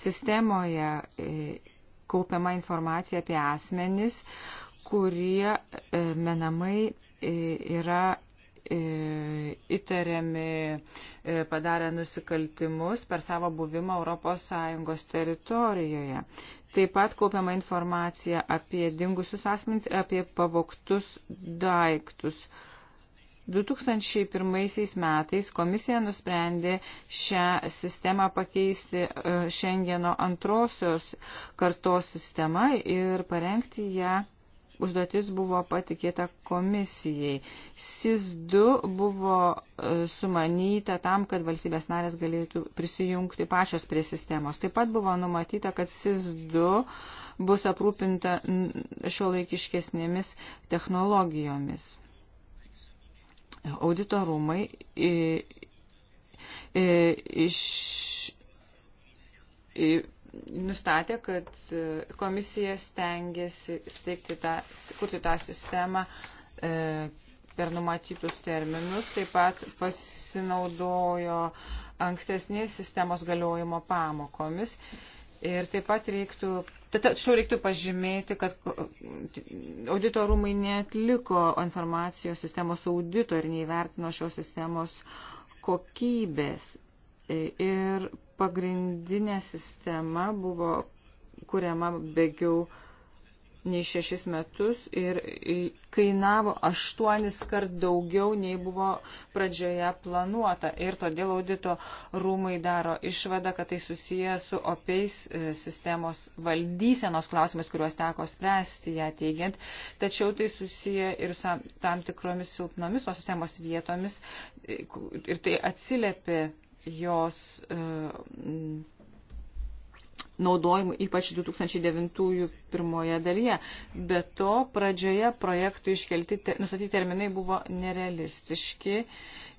S1: sistemoje e, kaupiama informacija apie asmenis, kurie e, menamai e, yra įtariami e, padarę nusikaltimus per savo buvimą ES teritorijoje. Taip pat kaupiama informacija apie dingusius asmenys, apie pavoktus daiktus. 2001 metais komisija nusprendė šią sistemą pakeisti Šengeno e, antrosios kartos sistema ir parengti ją užduotis buvo patikėta komisijai. SIS-2 buvo e, sumanyta tam, kad valstybės narės galėtų prisijungti pačios prie sistemos. Taip pat buvo numatyta, kad SIS-2 bus aprūpinta šio laikiškesnėmis technologijomis. Auditorumai iš nustatė, kad e, komisija stengiasi steigti tą, kurti tą sistemą e, per numatytus terminus, taip pat pasinaudojo ankstesnės sistemos galiojimo pamokomis. Ir taip pat reiktų, tačiau reiktų pažymėti, kad auditorumai netliko informacijos sistemos audito ir neįvertino šios sistemos kokybės e, ir pagrindinė sistema buvo kuriama begiau nei šešis metus ir kainavo aštuonis kart daugiau nei buvo pradžioje planuota. Ir todėl audito rūmai daro išvadą, kad tai susiję su opiais e, sistemos valdysenos klausimais, kuriuos teko spręsti ją teigiant. Tačiau tai susiję ir su tam tikromis silpnomis tos sistemos vietomis e, ir tai atsiliepė jos e, naudojimu, ypač 2009 pirmoje dalyje. Be to, pradžioje projektų iškelti, nustatyti terminai buvo nerealistiški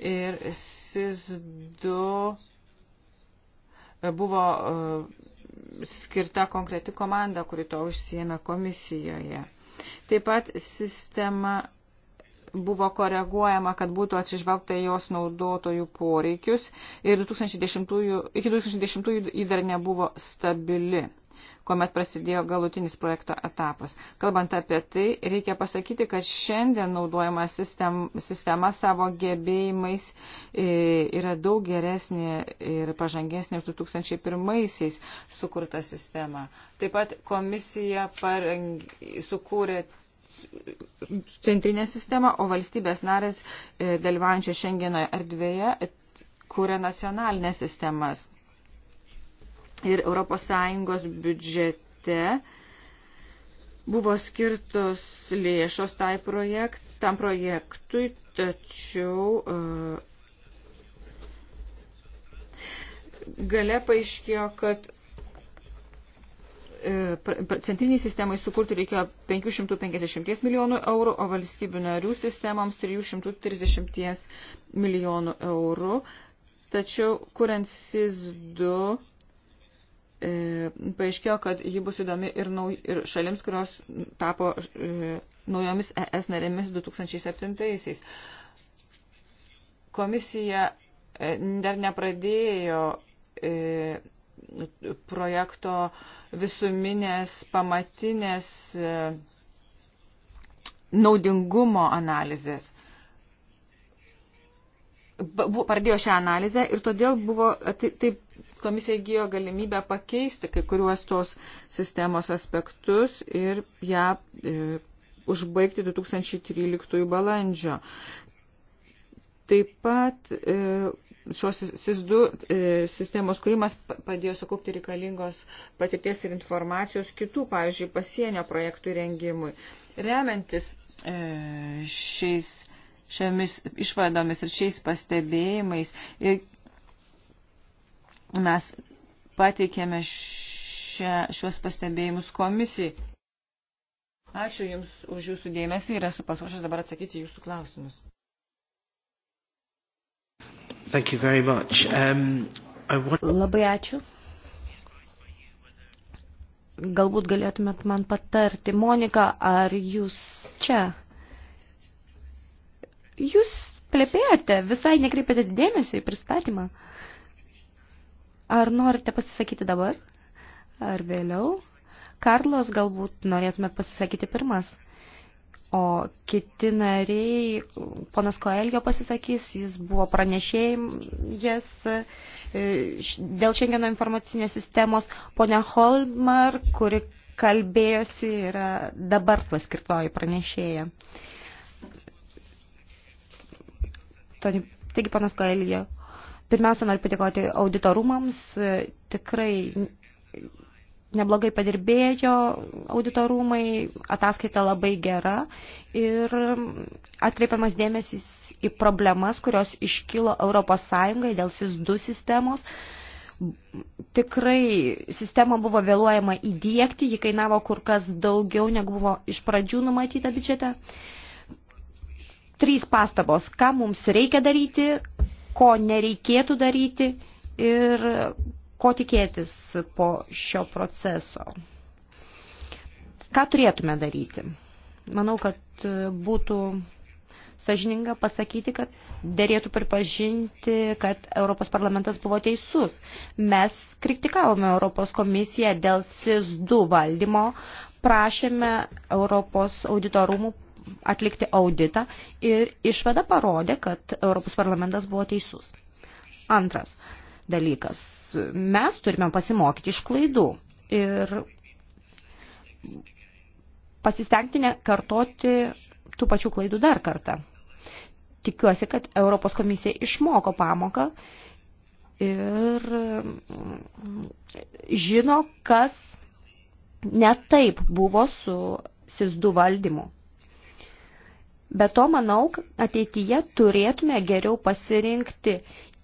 S1: ir SIS2 e, buvo e, skirta konkreti komanda, kuri to užsiemė komisijoje. Taip pat sistema buvo koreguojama, kad būtų atsižvelgta jos naudotojų poreikius ir 2010, iki 2010 ji dar nebuvo stabili kuomet prasidėjo galutinis projekto etapas. Kalbant apie tai, reikia pasakyti, kad šiandien naudojama sistem, sistema savo gebėjimais e, yra daug geresnė ir pažangesnė už 2001-aisiais sukurtą sistemą. Taip pat komisija pareng, sukūrė centrinę sistemą, o valstybės narės e, dalyvaujančia Šengeno erdvėje e, kūrė nacionalinės sistemas. Ir ES biudžete buvo skirtos lėšos tai projekt, tam projektui, tačiau uh, gale paaiškėjo, kad E, centriniai sistemai sukurti reikėjo 550 milijonų eurų, o valstybių narių sistemams 330 milijonų eurų. Tačiau, kuriant SIS-2, e, paaiškėjo, kad ji bus įdomi ir, nau, ir šalims, kurios tapo e, naujomis ES narėmis 2007-aisiais. Komisija e, dar nepradėjo e, projekto e, visuminės pamatinės e, naudingumo analizės. Pradėjo šią analizę ir todėl buvo, tai, taip komisija įgyjo galimybę pakeisti kai kuriuos tos sistemos aspektus ir ją e, užbaigti 2013 balandžio. Taip pat e, šios SIS2 e, sistemos kūrimas padėjo sukaupti reikalingos patirties ir informacijos kitų, pavyzdžiui, pasienio projektų rengimui. Remiantis e, šiais, šiomis išvadomis ir šiais pastebėjimais, ir mes pateikėme šia, šios pastebėjimus komisijai. Ačiū Jums už Jūsų dėmesį ir esu pasiruošęs dabar atsakyti Jūsų klausimus.
S3: Thank you very much. Um, I want... Labai ačiū. Galbūt galėtumėt man patarti. Monika, ar jūs čia? Jūs plepėjote, visai nekreipėte dėmesio į pristatymą. Ar norite pasisakyti dabar? Ar vėliau? Karlos, galbūt norėtumėt pasisakyti pirmas. O kiti nariai, ponas Koelgio pasisakys, jis buvo pranešėjas e, dėl šiandieno informacinės sistemos, ponia Holmar, kuri kalbėjosi, yra dabar paskirtoji pranešėja. Taigi, panas Koelgio, pirmiausia, noriu patikoti auditorumams, tikrai neblogai padirbėjo auditorumai, ataskaita labai gera ir atkreipiamas dėmesys į problemas, kurios iškilo Europos Sąjungai dėl SIS-2 sistemos. Tikrai sistema buvo vėluojama įdėkti, ji kainavo kur kas daugiau negu buvo iš pradžių numatyta biudžete. Trys pastabos, ką mums reikia daryti, ko nereikėtų daryti ir ko tikėtis po šio proceso? Ką turėtume daryti? Manau, kad e, būtų sažininga pasakyti, kad dėrėtų pripažinti, kad Europos parlamentas buvo teisus. Mes kritikavome Europos komisiją dėl SIS-2 valdymo, prašėme Europos auditorumų atlikti auditą ir išvada parodė, kad Europos parlamentas buvo teisus. Antras dalykas mes turime pasimokyti iš klaidų ir pasistengti nekartoti tų pačių klaidų dar kartą. Tikiuosi, kad Europos komisija išmoko pamoką ir žino, kas netaip buvo su SIS2 valdymu. Be to, manau, ateityje turėtume geriau pasirinkti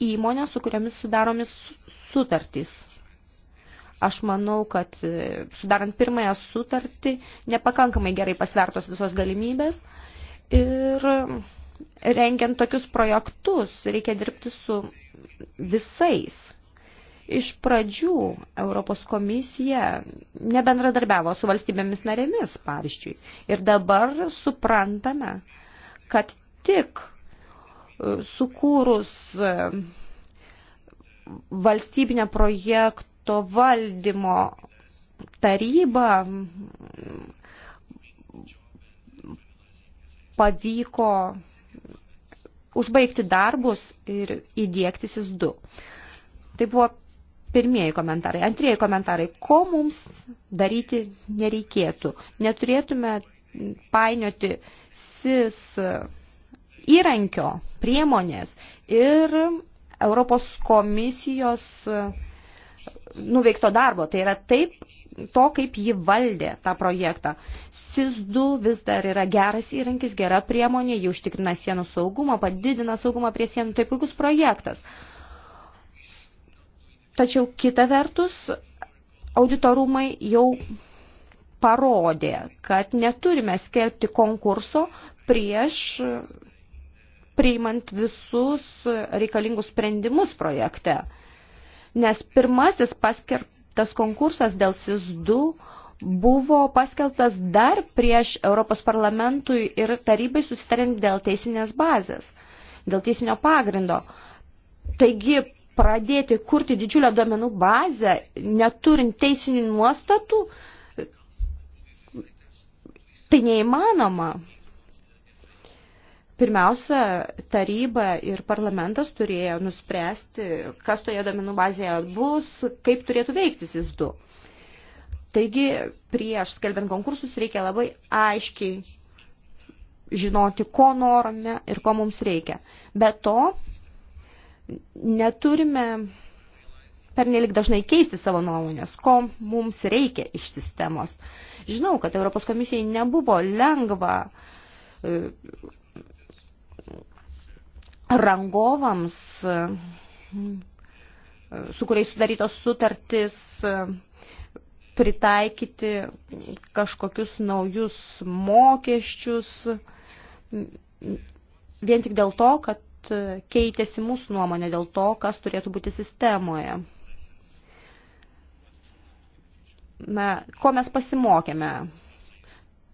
S3: įmonę, su kuriomis sudaromis sutartys. Aš manau, kad e, sudarant pirmąją sutartį nepakankamai gerai pasvertos visos galimybės ir rengiant tokius projektus reikia dirbti su visais. Iš pradžių Europos komisija nebendradarbiavo su valstybėmis narėmis, pavyzdžiui. Ir dabar suprantame, kad tik e, sukūrus e, valstybinė projekto valdymo taryba pavyko užbaigti darbus ir įdėkti SIS 2. Tai buvo pirmieji komentarai. Antrieji komentarai. Ko mums daryti nereikėtų? Neturėtume painioti SIS įrankio priemonės ir Europos komisijos e, nuveikto darbo. Tai yra taip, to, kaip ji valdė tą projektą. SIS-2 vis dar yra geras įrankis, gera priemonė, ji užtikrina sienų saugumą, padidina saugumą prie sienų, tai puikus projektas. Tačiau kita vertus, auditorumai jau parodė, kad neturime skelbti konkurso prieš priimant visus reikalingus sprendimus projekte. Nes pirmasis paskirtas konkursas dėl SIS-2 buvo paskeltas dar prieš Europos parlamentui ir tarybai susitarint dėl teisinės bazės, dėl teisinio pagrindo. Taigi pradėti kurti didžiulę duomenų bazę, neturint teisinių nuostatų, tai neįmanoma. Pirmiausia, taryba ir parlamentas turėjo nuspręsti, kas toje domenų bazėje bus, kaip turėtų veikti SIS 2. Taigi, prieš skelbiant konkursus reikia labai aiškiai žinoti, ko norime ir ko mums reikia. Be to, neturime pernelik dažnai keisti savo nuomonės, ko mums reikia iš sistemos. Žinau, kad Europos komisijai nebuvo lengva e, rangovams, su kuriais sudarytos sutartis, pritaikyti kažkokius naujus mokesčius vien tik dėl to, kad keitėsi mūsų nuomonė dėl to, kas turėtų būti sistemoje. Na, ko mes pasimokėme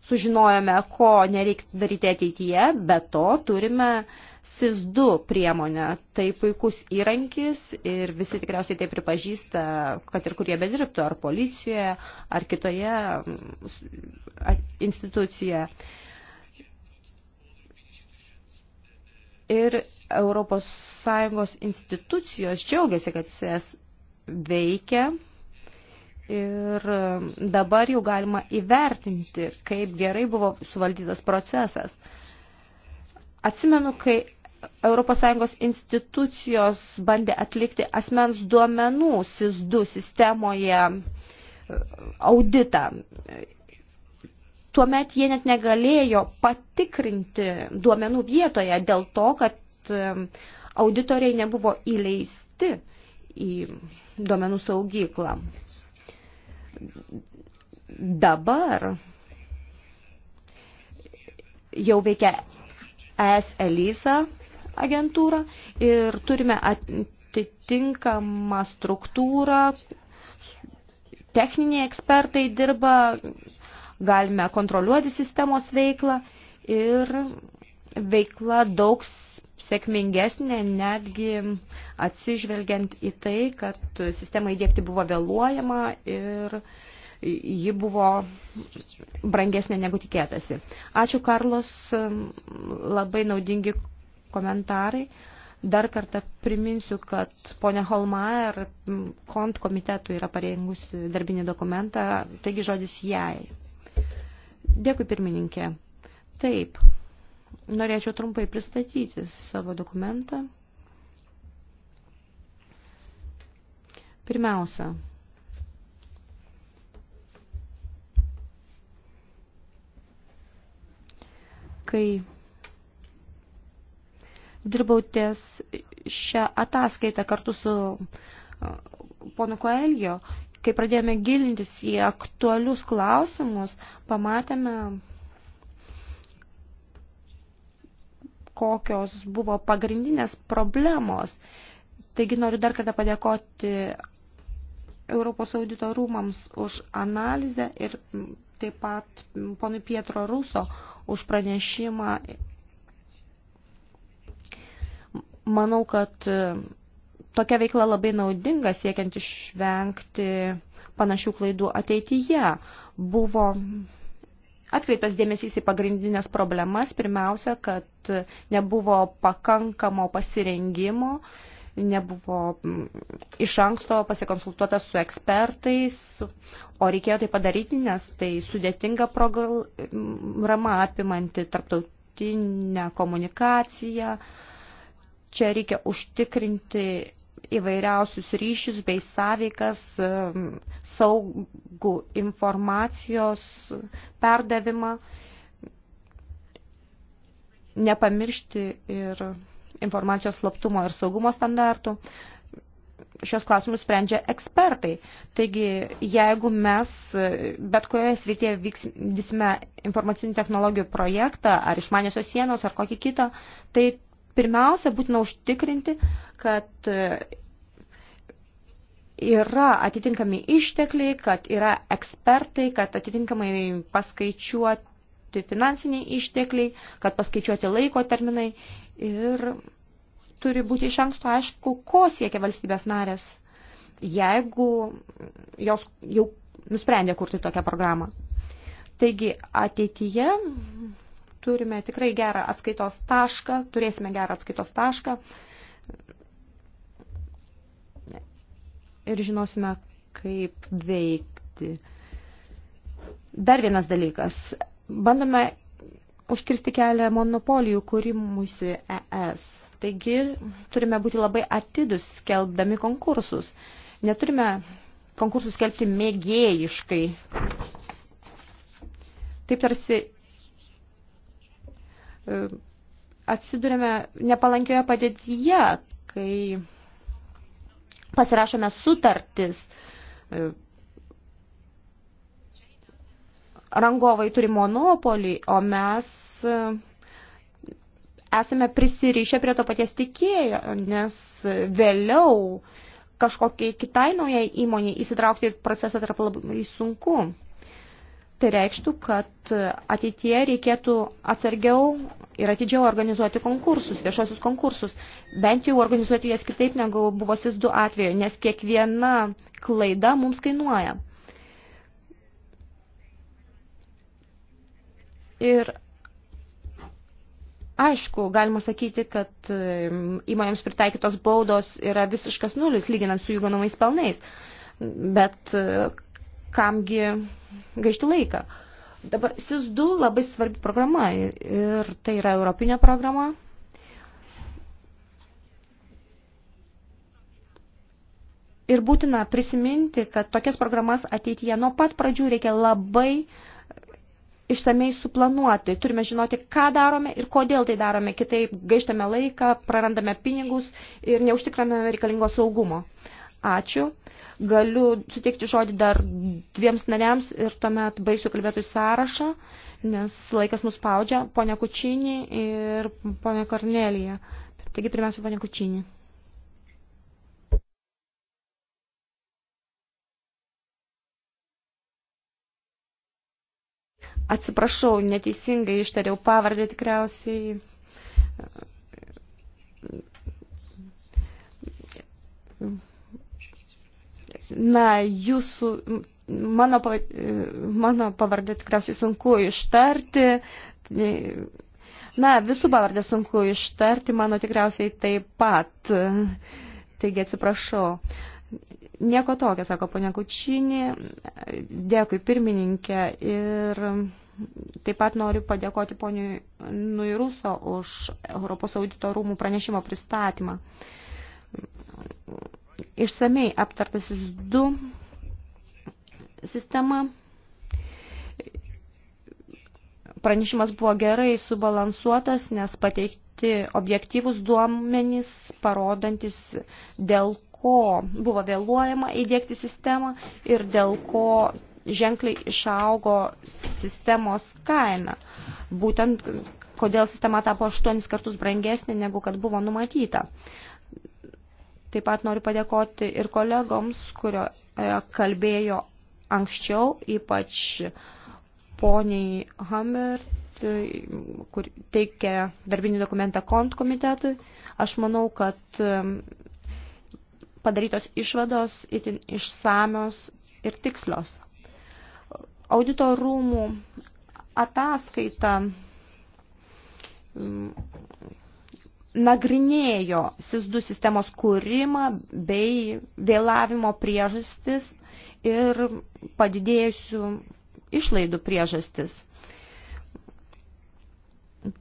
S3: sužinojome, ko nereiks daryti ateityje, bet to turime SIS2 priemonę. Tai puikus įrankis ir visi tikriausiai tai pripažįsta, kad ir kurie bedirbtų, ar policijoje, ar kitoje mm, institucijoje. Ir ES institucijos džiaugiasi, kad SIS veikia Ir e, dabar jau galima įvertinti, kaip gerai buvo suvaldytas procesas. Atsimenu, kai ES institucijos bandė atlikti asmens duomenų SIS2 sistemoje e, auditą. Tuomet jie net negalėjo patikrinti duomenų vietoje dėl to, kad e, auditoriai nebuvo įleisti į duomenų saugyklą. Dabar jau veikia ES ELISA agentūra ir turime atitinkamą struktūrą, techniniai ekspertai dirba, galime kontroliuoti sistemos veiklą ir veikla daug sėkmingesnė netgi atsižvelgiant į tai, kad sistema įdėkti buvo vėluojama ir ji buvo brangesnė negu tikėtasi. Ačiū, Karlos, labai naudingi komentarai. Dar kartą priminsiu, kad ponia Holmaier kont komitetų yra parengusi darbinį dokumentą, taigi žodis jai. Dėkui pirmininkė. Taip, Norėčiau trumpai pristatyti savo dokumentą. Pirmiausia, kai dirbau ties šią ataskaitą kartu su ponu Koelgio, kai pradėjome gilintis į aktualius klausimus, pamatėme kokios buvo pagrindinės problemos. Taigi noriu dar kartą padėkoti Europos audito rūmams už analizę ir taip pat ponui Pietro Ruso už pranešimą. Manau, kad tokia veikla labai naudinga siekiant išvengti panašių klaidų ateityje. Buvo atkreiptas dėmesys į pagrindinės problemas, pirmiausia, kad nebuvo pakankamo pasirengimo, nebuvo mm, iš anksto pasikonsultuotas su ekspertais, o reikėjo tai padaryti, nes tai sudėtinga programa apimanti tarptautinę komunikaciją. Čia reikia užtikrinti įvairiausius ryšius bei sąveikas, saugų informacijos perdavimą. Nepamiršti ir informacijos slaptumo ir saugumo standartų. Šios klausimus sprendžia ekspertai. Taigi, jeigu mes e, bet kurioje srityje vyksime informacinių technologijų projektą, ar išmaniosios sienos, ar kokį kitą, tai Pirmiausia, būtina užtikrinti, kad yra atitinkami ištekliai, kad yra ekspertai, kad atitinkamai paskaičiuoti finansiniai ištekliai, kad paskaičiuoti laiko terminai ir turi būti iš anksto aišku, ko siekia valstybės narės, jeigu jos jau nusprendė kurti tokią programą. Taigi ateityje turime tikrai gerą atskaitos tašką, turėsime gerą atskaitos tašką ir žinosime, kaip veikti. Dar vienas dalykas. Bandome užkirsti kelią monopolijų kūrimusi ES. Taigi turime būti labai atidus skelbdami konkursus. Neturime konkursus skelbti mėgėjiškai. Taip tarsi atsidurėme nepalankioje padėtyje, kai pasirašome sutartis. E, rangovai turi monopolį, o mes e, esame prisirišę prie to paties tikėjo, nes vėliau kažkokiai kitai naujai įmoniai įsitraukti procesą tarp labai sunku. Tai reikštų, kad ateitie reikėtų atsargiau ir atidžiau organizuoti konkursus, viešosius konkursus. Bent jau organizuoti jas kitaip negu buvo SIS 2 atveju, nes kiekviena klaida mums kainuoja. Ir aišku, galima sakyti, kad įmonėms pritaikytos baudos yra visiškas nulis, lyginant su jų ganomais pelnais. Bet kamgi gaišti laiką. Dabar SIS2 labai svarbi programa ir tai yra europinė programa. Ir būtina prisiminti, kad tokias programas ateityje nuo pat pradžių reikia labai išsamei suplanuoti. Turime žinoti, ką darome ir kodėl tai darome. Kitaip gaištame laiką, prarandame pinigus ir neužtikriname reikalingo saugumo. Ačiū. Galiu suteikti žodį dar dviems nariams ir tuomet baigsiu kalbėtojų sąrašą, nes laikas mus spaudžia. Pone Kučinį ir pone Kornelija. Taigi pirmiausia, pone Kučinį. Atsiprašau, neteisingai ištariau pavardę tikriausiai na, jūsų, mano, mano pavardę tikriausiai sunku ištarti. Na, visų pavardę sunku ištarti, mano tikriausiai taip pat. Taigi atsiprašau. Nieko tokio, sako ponia Kučinė. Dėkui pirmininkė ir taip pat noriu padėkoti poniui Nuiruso už Europos audito rūmų pranešimo pristatymą išsamei aptartasis 2 sistema. Pranešimas buvo gerai subalansuotas, nes pateikti objektyvus duomenys, parodantis dėl ko buvo vėluojama įdėkti sistemą ir dėl ko ženkliai išaugo sistemos kaina. Būtent kodėl sistema tapo aštuonis kartus brangesnė negu kad buvo numatyta. Taip pat noriu padėkoti ir kolegoms, kurio e, kalbėjo anksčiau, ypač poniai Hammer, e, kur teikia darbinį dokumentą kont komitetui. Aš manau, kad e, padarytos išvados itin išsamios ir tikslios. Audito rūmų ataskaita nagrinėjo SIS2 sistemos kūrimą bei vėlavimo priežastis ir padidėjusių išlaidų priežastis.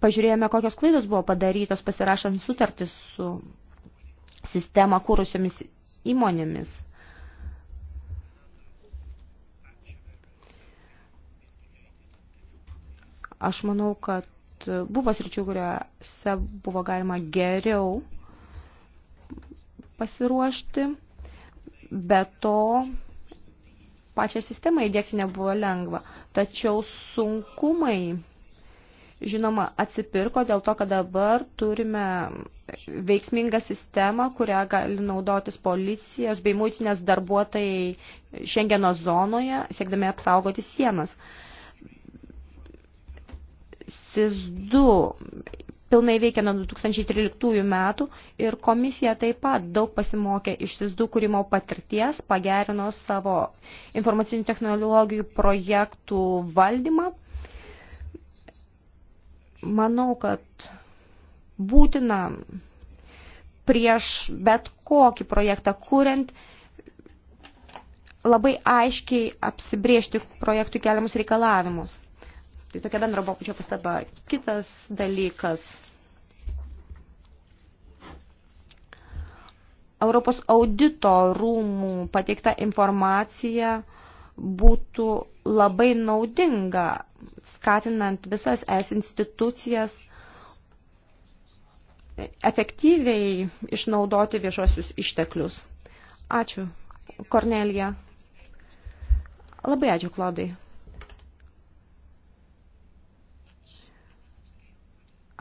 S3: Pažiūrėjome, kokios klaidos buvo padarytos pasirašant sutartis su sistemą kūrusiomis įmonėmis. Aš manau, kad buvo sričių, kuriuose buvo galima geriau pasiruošti, bet to pačią sistemą įdėkti nebuvo lengva. Tačiau sunkumai, žinoma, atsipirko dėl to, kad dabar turime veiksmingą sistemą, kurią gali naudotis policijos bei muitinės darbuotojai Šengeno zonoje, siekdami apsaugoti sienas. SIS2 pilnai veikia nuo 2013 metų ir komisija taip pat daug pasimokė iš SIS2 kūrimo patirties, pagerino savo informacinių technologijų projektų valdymą. Manau, kad būtina prieš bet kokį projektą kuriant labai aiškiai apsibriežti projektų keliamus reikalavimus. Tai tokia bendro pobūdžio pastaba. Kitas dalykas. Europos audito rūmų pateikta informacija būtų labai naudinga, skatinant visas es institucijas efektyviai išnaudoti viešuosius išteklius. Ačiū, Kornelija. Labai ačiū, Klodai.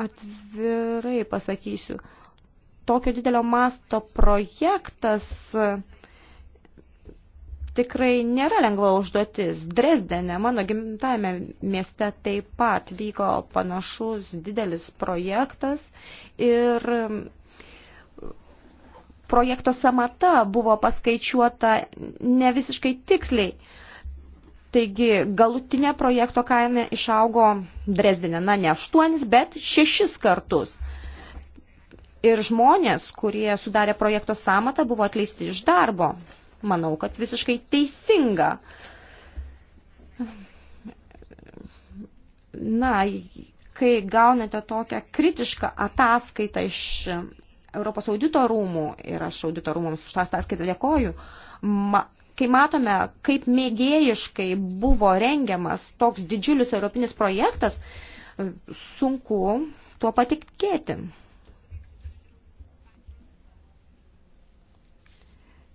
S3: Atvirai pasakysiu, tokio didelio masto projektas e, tikrai nėra lengva užduotis. Dresdene, mano gimtajame mieste taip pat vyko panašus didelis projektas ir e, projekto samata buvo paskaičiuota ne visiškai tiksliai. Taigi galutinė projekto kaina išaugo Dresdenė, na ne 8, bet 6 kartus. Ir žmonės, kurie sudarė projekto samatą, buvo atleisti iš darbo. Manau, kad visiškai teisinga. Na, kai gaunate tokią kritišką ataskaitą iš Europos audito rūmų, ir aš audito rūmams už tą ataskaitą dėkoju, ma, kai matome, kaip mėgėjiškai buvo rengiamas toks didžiulis europinis projektas, sunku tuo patikėti.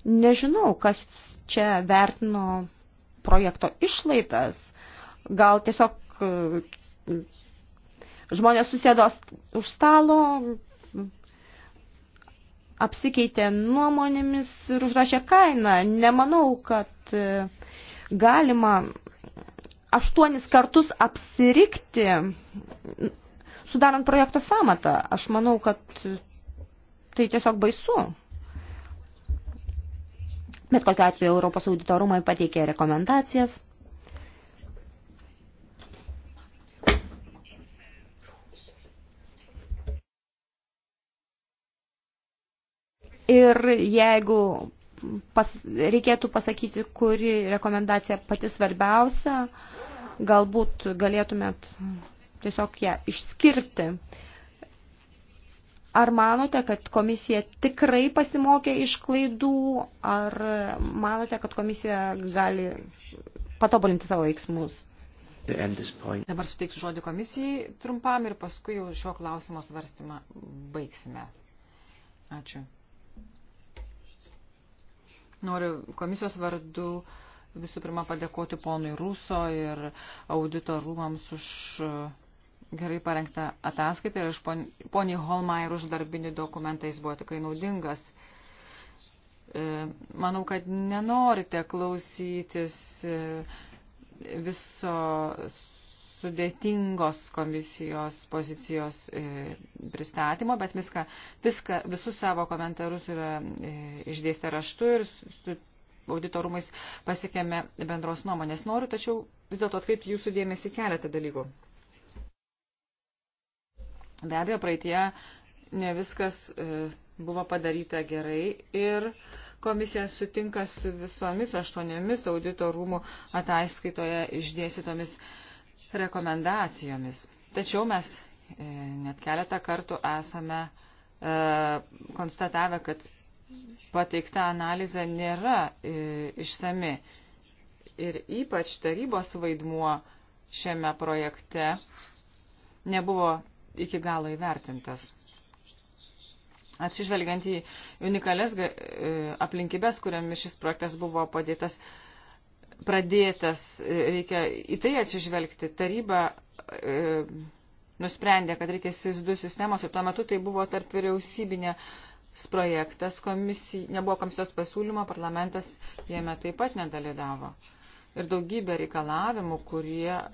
S3: Nežinau, kas čia vertino projekto išlaidas. Gal tiesiog e, žmonės susėdos už stalo, apsikeitė nuomonėmis ir užrašė kainą. Nemanau, kad e, galima aštuonis kartus apsirikti, sudarant projekto samatą. Aš manau, kad tai tiesiog baisu. Bet kokiu atveju Europos audito rūmai pateikė rekomendacijas – Ir jeigu pas, reikėtų pasakyti, kuri rekomendacija pati svarbiausia, galbūt galėtumėt tiesiog ją išskirti. Ar manote, kad komisija tikrai pasimokė iš klaidų, ar
S1: manote, kad komisija gali
S3: patobulinti savo veiksmus? Dabar
S1: suteiksiu žodį komisijai trumpam ir paskui jau šio klausimo svarstymą baigsime. Ačiū. Noriu komisijos vardu visų pirma padėkoti ponui Ruso ir audito rūmams už uh, gerai parengtą ataskaitą ir aš pon, poniai Holmair už darbinį dokumentą jis buvo tikrai naudingas. E, manau, kad nenorite klausytis e, viso sudėtingos komisijos pozicijos e, pristatymo, bet viską, viską, visus savo komentarus yra e, išdėstę raštu ir su auditorumais pasiekėme bendros nuomonės noriu, tačiau vis dėlto atkreipti jūsų dėmesį keletą dalykų. Be abejo, praeitie ne viskas e, buvo padaryta gerai ir komisija sutinka su visomis aštuoniomis audito rūmų ataskaitoje išdėsitomis e, rekomendacijomis. Tačiau mes e, net keletą kartų esame e, konstatavę, kad pateikta analizė nėra e, išsami. Ir ypač tarybos vaidmuo šiame projekte nebuvo iki galo įvertintas. Atsižvelgiant į unikales aplinkybės, kuriamis šis projektas buvo padėtas, pradėtas, e, reikia į tai atsižvelgti. Taryba e, nusprendė, kad reikia SIS2 sistemos ir tuo metu tai buvo tarp vyriausybinė projektas, komisij, nebuvo komisijos pasiūlymo, parlamentas jame taip pat nedalyvavo. Ir daugybė reikalavimų, kurie e,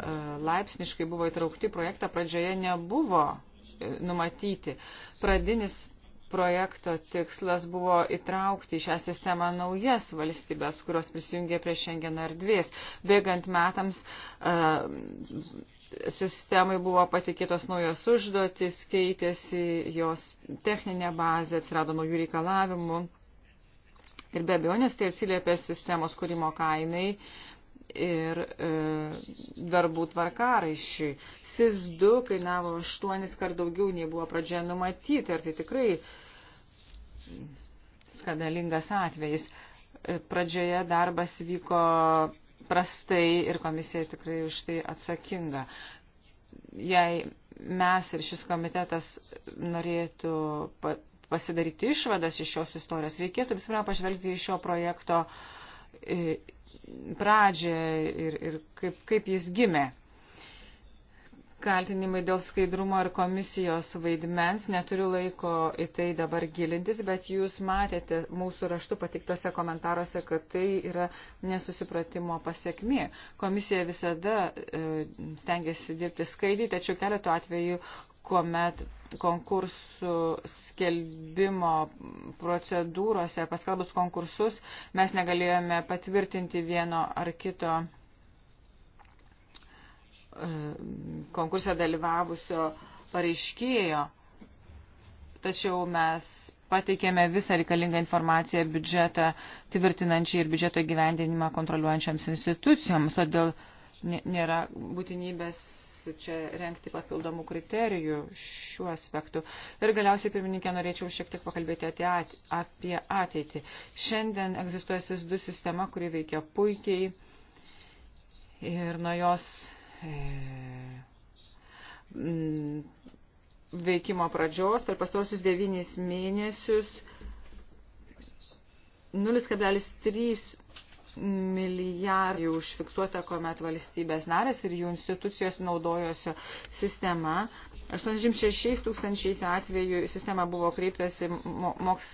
S1: laipsniškai buvo įtraukti projektą, pradžioje nebuvo e, numatyti. Pradinis projekto tikslas buvo įtraukti į šią sistemą naujas valstybės, kurios prisijungė prie Schengeno erdvės. Bėgant metams e, sistemai buvo patikėtos naujos užduotis, keitėsi jos techninė bazė, atsirado naujų reikalavimų. Ir be abejonės tai atsiliepė sistemos kūrimo kainai, ir e, darbų tvarkaraišiui. SIS 2 kainavo 8 kart daugiau nei buvo pradžioje numatyti ir tai tikrai skandalingas atvejis. E, pradžioje darbas vyko prastai ir komisija tikrai už tai atsakinga. Jei mes ir šis komitetas norėtų pasidaryti išvadas iš šios istorijos, reikėtų visų pirma pažvelgti iš šio projekto e, pradžią ir, ir kaip, kaip jis gimė. Kaltinimai dėl skaidrumo ir komisijos vaidmens, neturiu laiko į tai dabar gilintis, bet jūs matėte mūsų raštu patiktose komentaruose, kad tai yra nesusipratimo pasiekmi. Komisija visada e, stengiasi dirbti skaidriai, tačiau keletų atvejų kuomet konkursų skelbimo procedūrose, paskelbus konkursus, mes negalėjome patvirtinti vieno ar kito e, konkursą dalyvavusio pareiškėjo. Tačiau mes pateikėme visą reikalingą informaciją biudžetą tvirtinančiai ir biudžeto gyvendinimą kontroliuojančiams institucijoms, todėl nėra būtinybės čia renkti papildomų kriterijų šiuo aspektu. Ir galiausiai, pirmininkė, norėčiau šiek tiek pakalbėti apie ateitį. Šiandien egzistuoja SIS2 sistema, kuri veikia puikiai ir nuo jos e, veikimo pradžios per pastarosius devynis mėnesius 0,3 milijardų užfiksuota, kuomet valstybės narės ir jų institucijos naudojosi sistema. 86 tūkstančiais atvejų sistema buvo kreiptasi moks,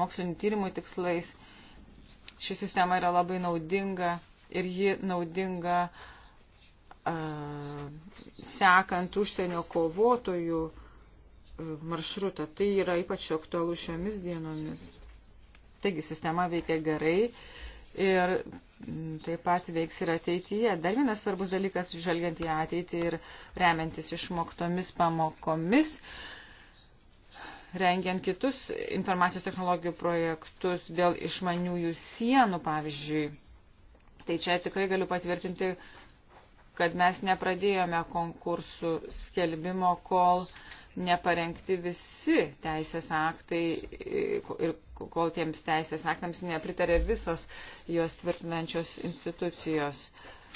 S1: mokslinio tyrimų tikslais. Ši sistema yra labai naudinga ir ji naudinga uh, sekant užsienio kovotojų maršrutą. Tai yra ypač aktualu šiomis dienomis. Taigi sistema veikia gerai. Uh, ir taip pat veiks ir ateityje. Dar vienas svarbus dalykas, žvelgiant į ateitį ir remiantis išmoktomis pamokomis, rengiant kitus informacijos technologijų projektus dėl išmaniųjų sienų, pavyzdžiui. Tai čia tikrai galiu patvirtinti, kad mes nepradėjome konkursų skelbimo, kol uh, neparengti visi teisės aktai e, ir kol tiems teisės aktams nepritarė visos juos tvirtinančios institucijos.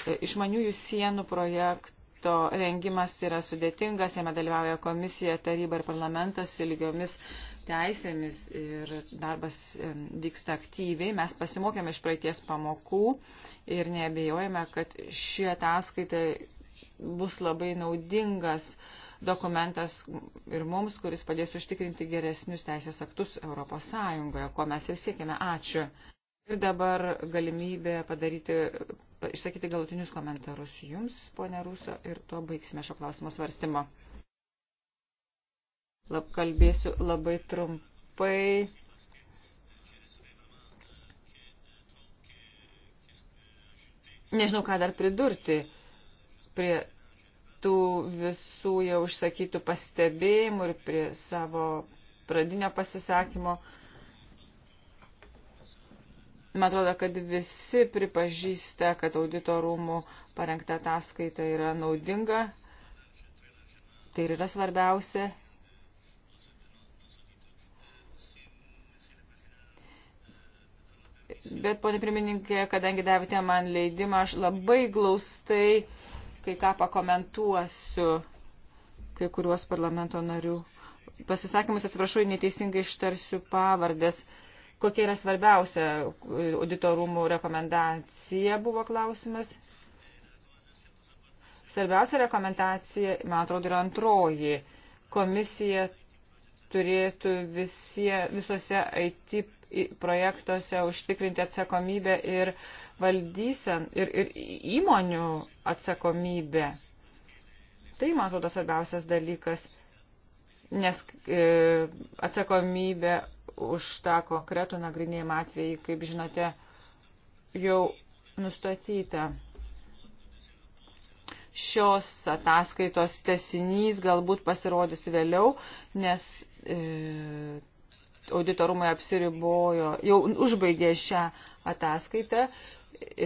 S1: E, išmaniųjų sienų projekto rengimas yra sudėtingas, jame dalyvauja komisija, taryba ir parlamentas lygiomis teisėmis ir darbas e, vyksta aktyviai. Mes pasimokėme iš praeities pamokų ir nebejojame, kad ši ataskaita bus labai naudingas uh, dokumentas ir mums, kuris padės užtikrinti geresnius teisės aktus Europos Sąjungoje, ko mes ir siekime. Ačiū. Ir dabar galimybė padaryti, išsakyti galutinius komentarus jums, ponė Rūso, ir tuo baigsime šio klausimo svarstymo. Lab, kalbėsiu labai trumpai. Nežinau, ką dar pridurti prie tų visų jau užsakytų pastebėjimų ir prie savo pradinio pasisakymo. Man atrodo, kad visi pripažįsta, kad audito rūmų parengta ataskaita yra naudinga. Tai ir yra svarbiausia. Bet, ponė pirmininkė, kadangi davėte man leidimą, aš labai glaustai kai ką pakomentuosiu kai kuriuos parlamento narių pasisakymus, atsiprašau, neteisingai ištarsiu pavardės. Kokia yra svarbiausia auditorumų rekomendacija buvo klausimas. Svarbiausia rekomendacija, man atrodo, yra antroji. Komisija turėtų visie, visose IT projektuose užtikrinti atsakomybę ir uh, valdysen ir, ir įmonių atsakomybė. Tai, man atrodo, svarbiausias dalykas, nes e, atsakomybė už tą konkretų nagrinėjimą atvejį, kaip žinote, jau nustatyta. Šios ataskaitos tesinys galbūt pasirodys vėliau, nes e, auditorumai apsiribojo, jau užbaigė šią ataskaitą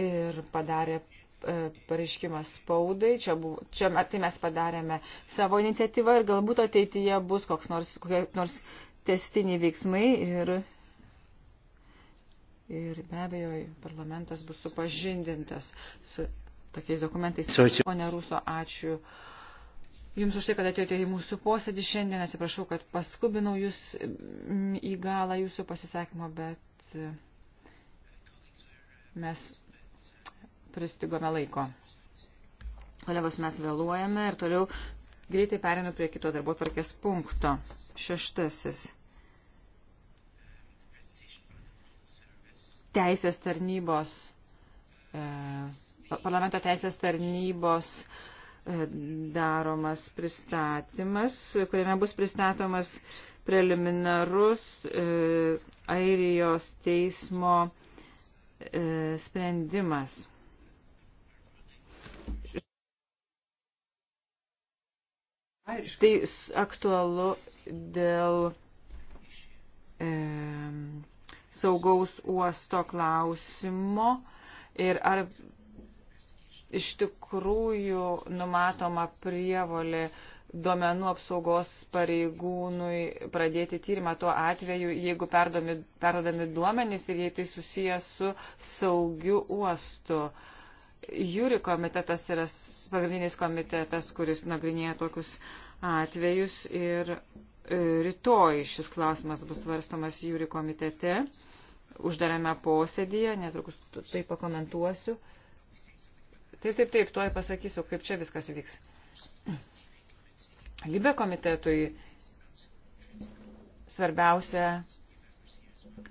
S1: ir padarė e, pareiškimas spaudai. Čia, buvo, čia tai mes padarėme savo iniciatyvą ir galbūt ateityje bus koks nors, kokie nors testiniai veiksmai ir, ir be abejo parlamentas bus supažindintas su tokiais dokumentais. Pone Rūso, ačiū. Jums už tai, kad atėjote į mūsų posėdį šiandien, atsiprašau, kad paskubinau jūs mm, į galą jūsų pasisakymo, bet e, mes pristigome laiko. Kolegos, mes vėluojame ir toliau greitai perinu prie kito darbo tvarkės punkto. Šeštasis. Teisės tarnybos, eh, parlamento teisės tarnybos eh, E, daromas pristatymas, kuriame bus pristatomas preliminarus e, Airijos teismo e, sprendimas. Tai aktualu dėl e, saugaus uosto klausimo ir ar iš tikrųjų numatoma prievolė duomenų apsaugos pareigūnui pradėti tyrimą tuo atveju, jeigu perdomi, perdodami duomenys ir jei tai susijęs su saugiu uostu. Jūri komitetas yra pagrindinis komitetas, kuris nagrinėja tokius atvejus ir e, rytoj šis klausimas bus svarstomas jūri komitete. Uždarame posėdėje, netrukus tai pakomentuosiu. Taip, taip, taip, tuoj pasakysiu, kaip čia viskas vyks. Libe komitetui svarbiausia,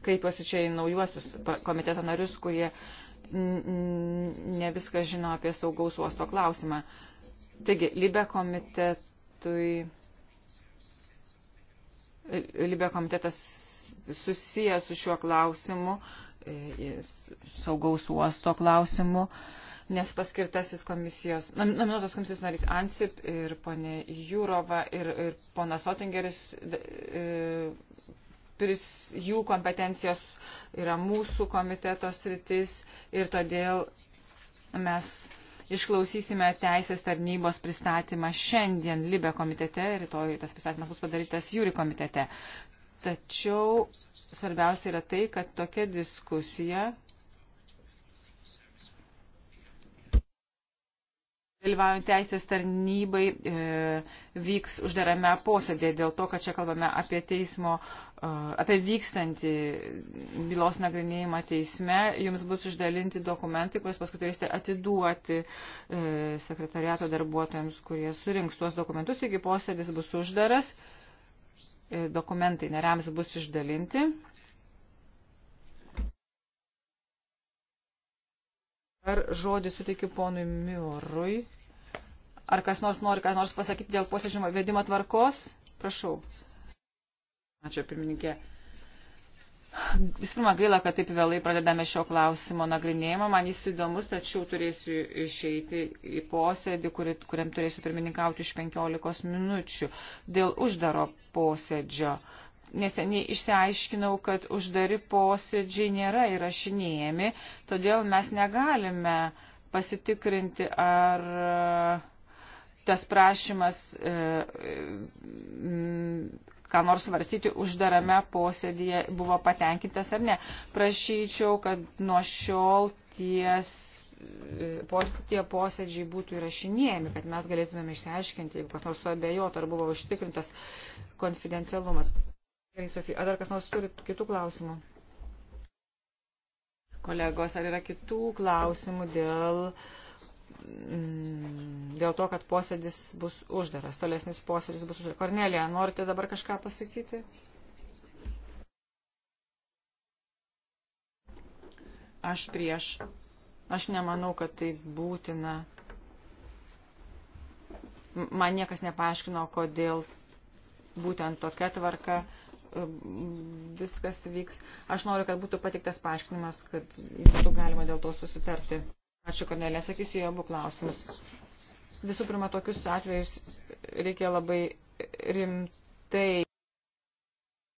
S1: kreipiuosi čia į naujuosius komiteto narius, kurie ne viską žino apie saugaus uosto klausimą. Taigi, Libe komitetui. Libė komitetas susijęs su šiuo klausimu, e, saugaus uosto klausimu. Uh, nes paskirtasis komisijos, nominuotos komisijos narys Ansip ir ponė Jūrova ir, ir ponas Otingeris, e, pris, jų kompetencijos yra mūsų komitetos rytis ir todėl mes išklausysime teisės tarnybos pristatymą šiandien Libe komitete, rytoj tas pristatymas bus padarytas Jūri komitete. Tačiau svarbiausia yra tai, kad tokia diskusija dalyvaujant teisės tarnybai e, vyks uždarame posėdėje dėl to, kad čia kalbame apie teismo, e, apie vykstantį bylos nagrinėjimą teisme. Jums bus išdalinti dokumentai, kuriuos paskui turėsite atiduoti e, sekretariato darbuotojams, kurie surinks tuos dokumentus, taigi posėdis bus uždaras, e, dokumentai nariams bus išdalinti. Ar žodį suteikiu ponui Miurui? Ar kas nors nori, ką nors pasakyti dėl posėdžio vedimo tvarkos? Prašau. Ačiū, pirmininkė. Vis pirma, gaila, kad taip vėlai pradedame šio klausimo nagrinėjimą. Man jis įdomus, tačiau turėsiu išeiti į posėdį, kuri, kuriam turėsiu pirmininkauti iš 15 minučių dėl uždaro posėdžio neseniai išsiaiškinau, kad uždari posėdžiai nėra įrašinėjami, todėl mes negalime pasitikrinti, ar e, tas prašymas e, ką nors svarstyti uždarame posėdėje buvo patenkintas ar ne. Prašyčiau, kad nuo šiol ties e, tie posėdžiai būtų įrašinėjami, kad mes galėtumėme išsiaiškinti, jeigu kas nors suabejotų, ar buvo užtikrintas konfidencialumas. Sofija, ar dar kas nors turi kitų klausimų? Kolegos, ar yra kitų klausimų dėl, mm, dėl to, kad posėdis bus uždaras, tolesnis posėdis bus uždaras? Kornelija, norite dabar kažką pasakyti? Aš prieš. Aš nemanau, kad tai būtina. Man niekas nepaaiškino, kodėl būtent tokia tvarka viskas vyks. Aš noriu, kad būtų patiktas paaiškinimas, kad būtų galima dėl to susitarti. Ačiū, kad nelėsakysiu į abu klausimus. Visų pirma, tokius atvejus reikia labai rimtai.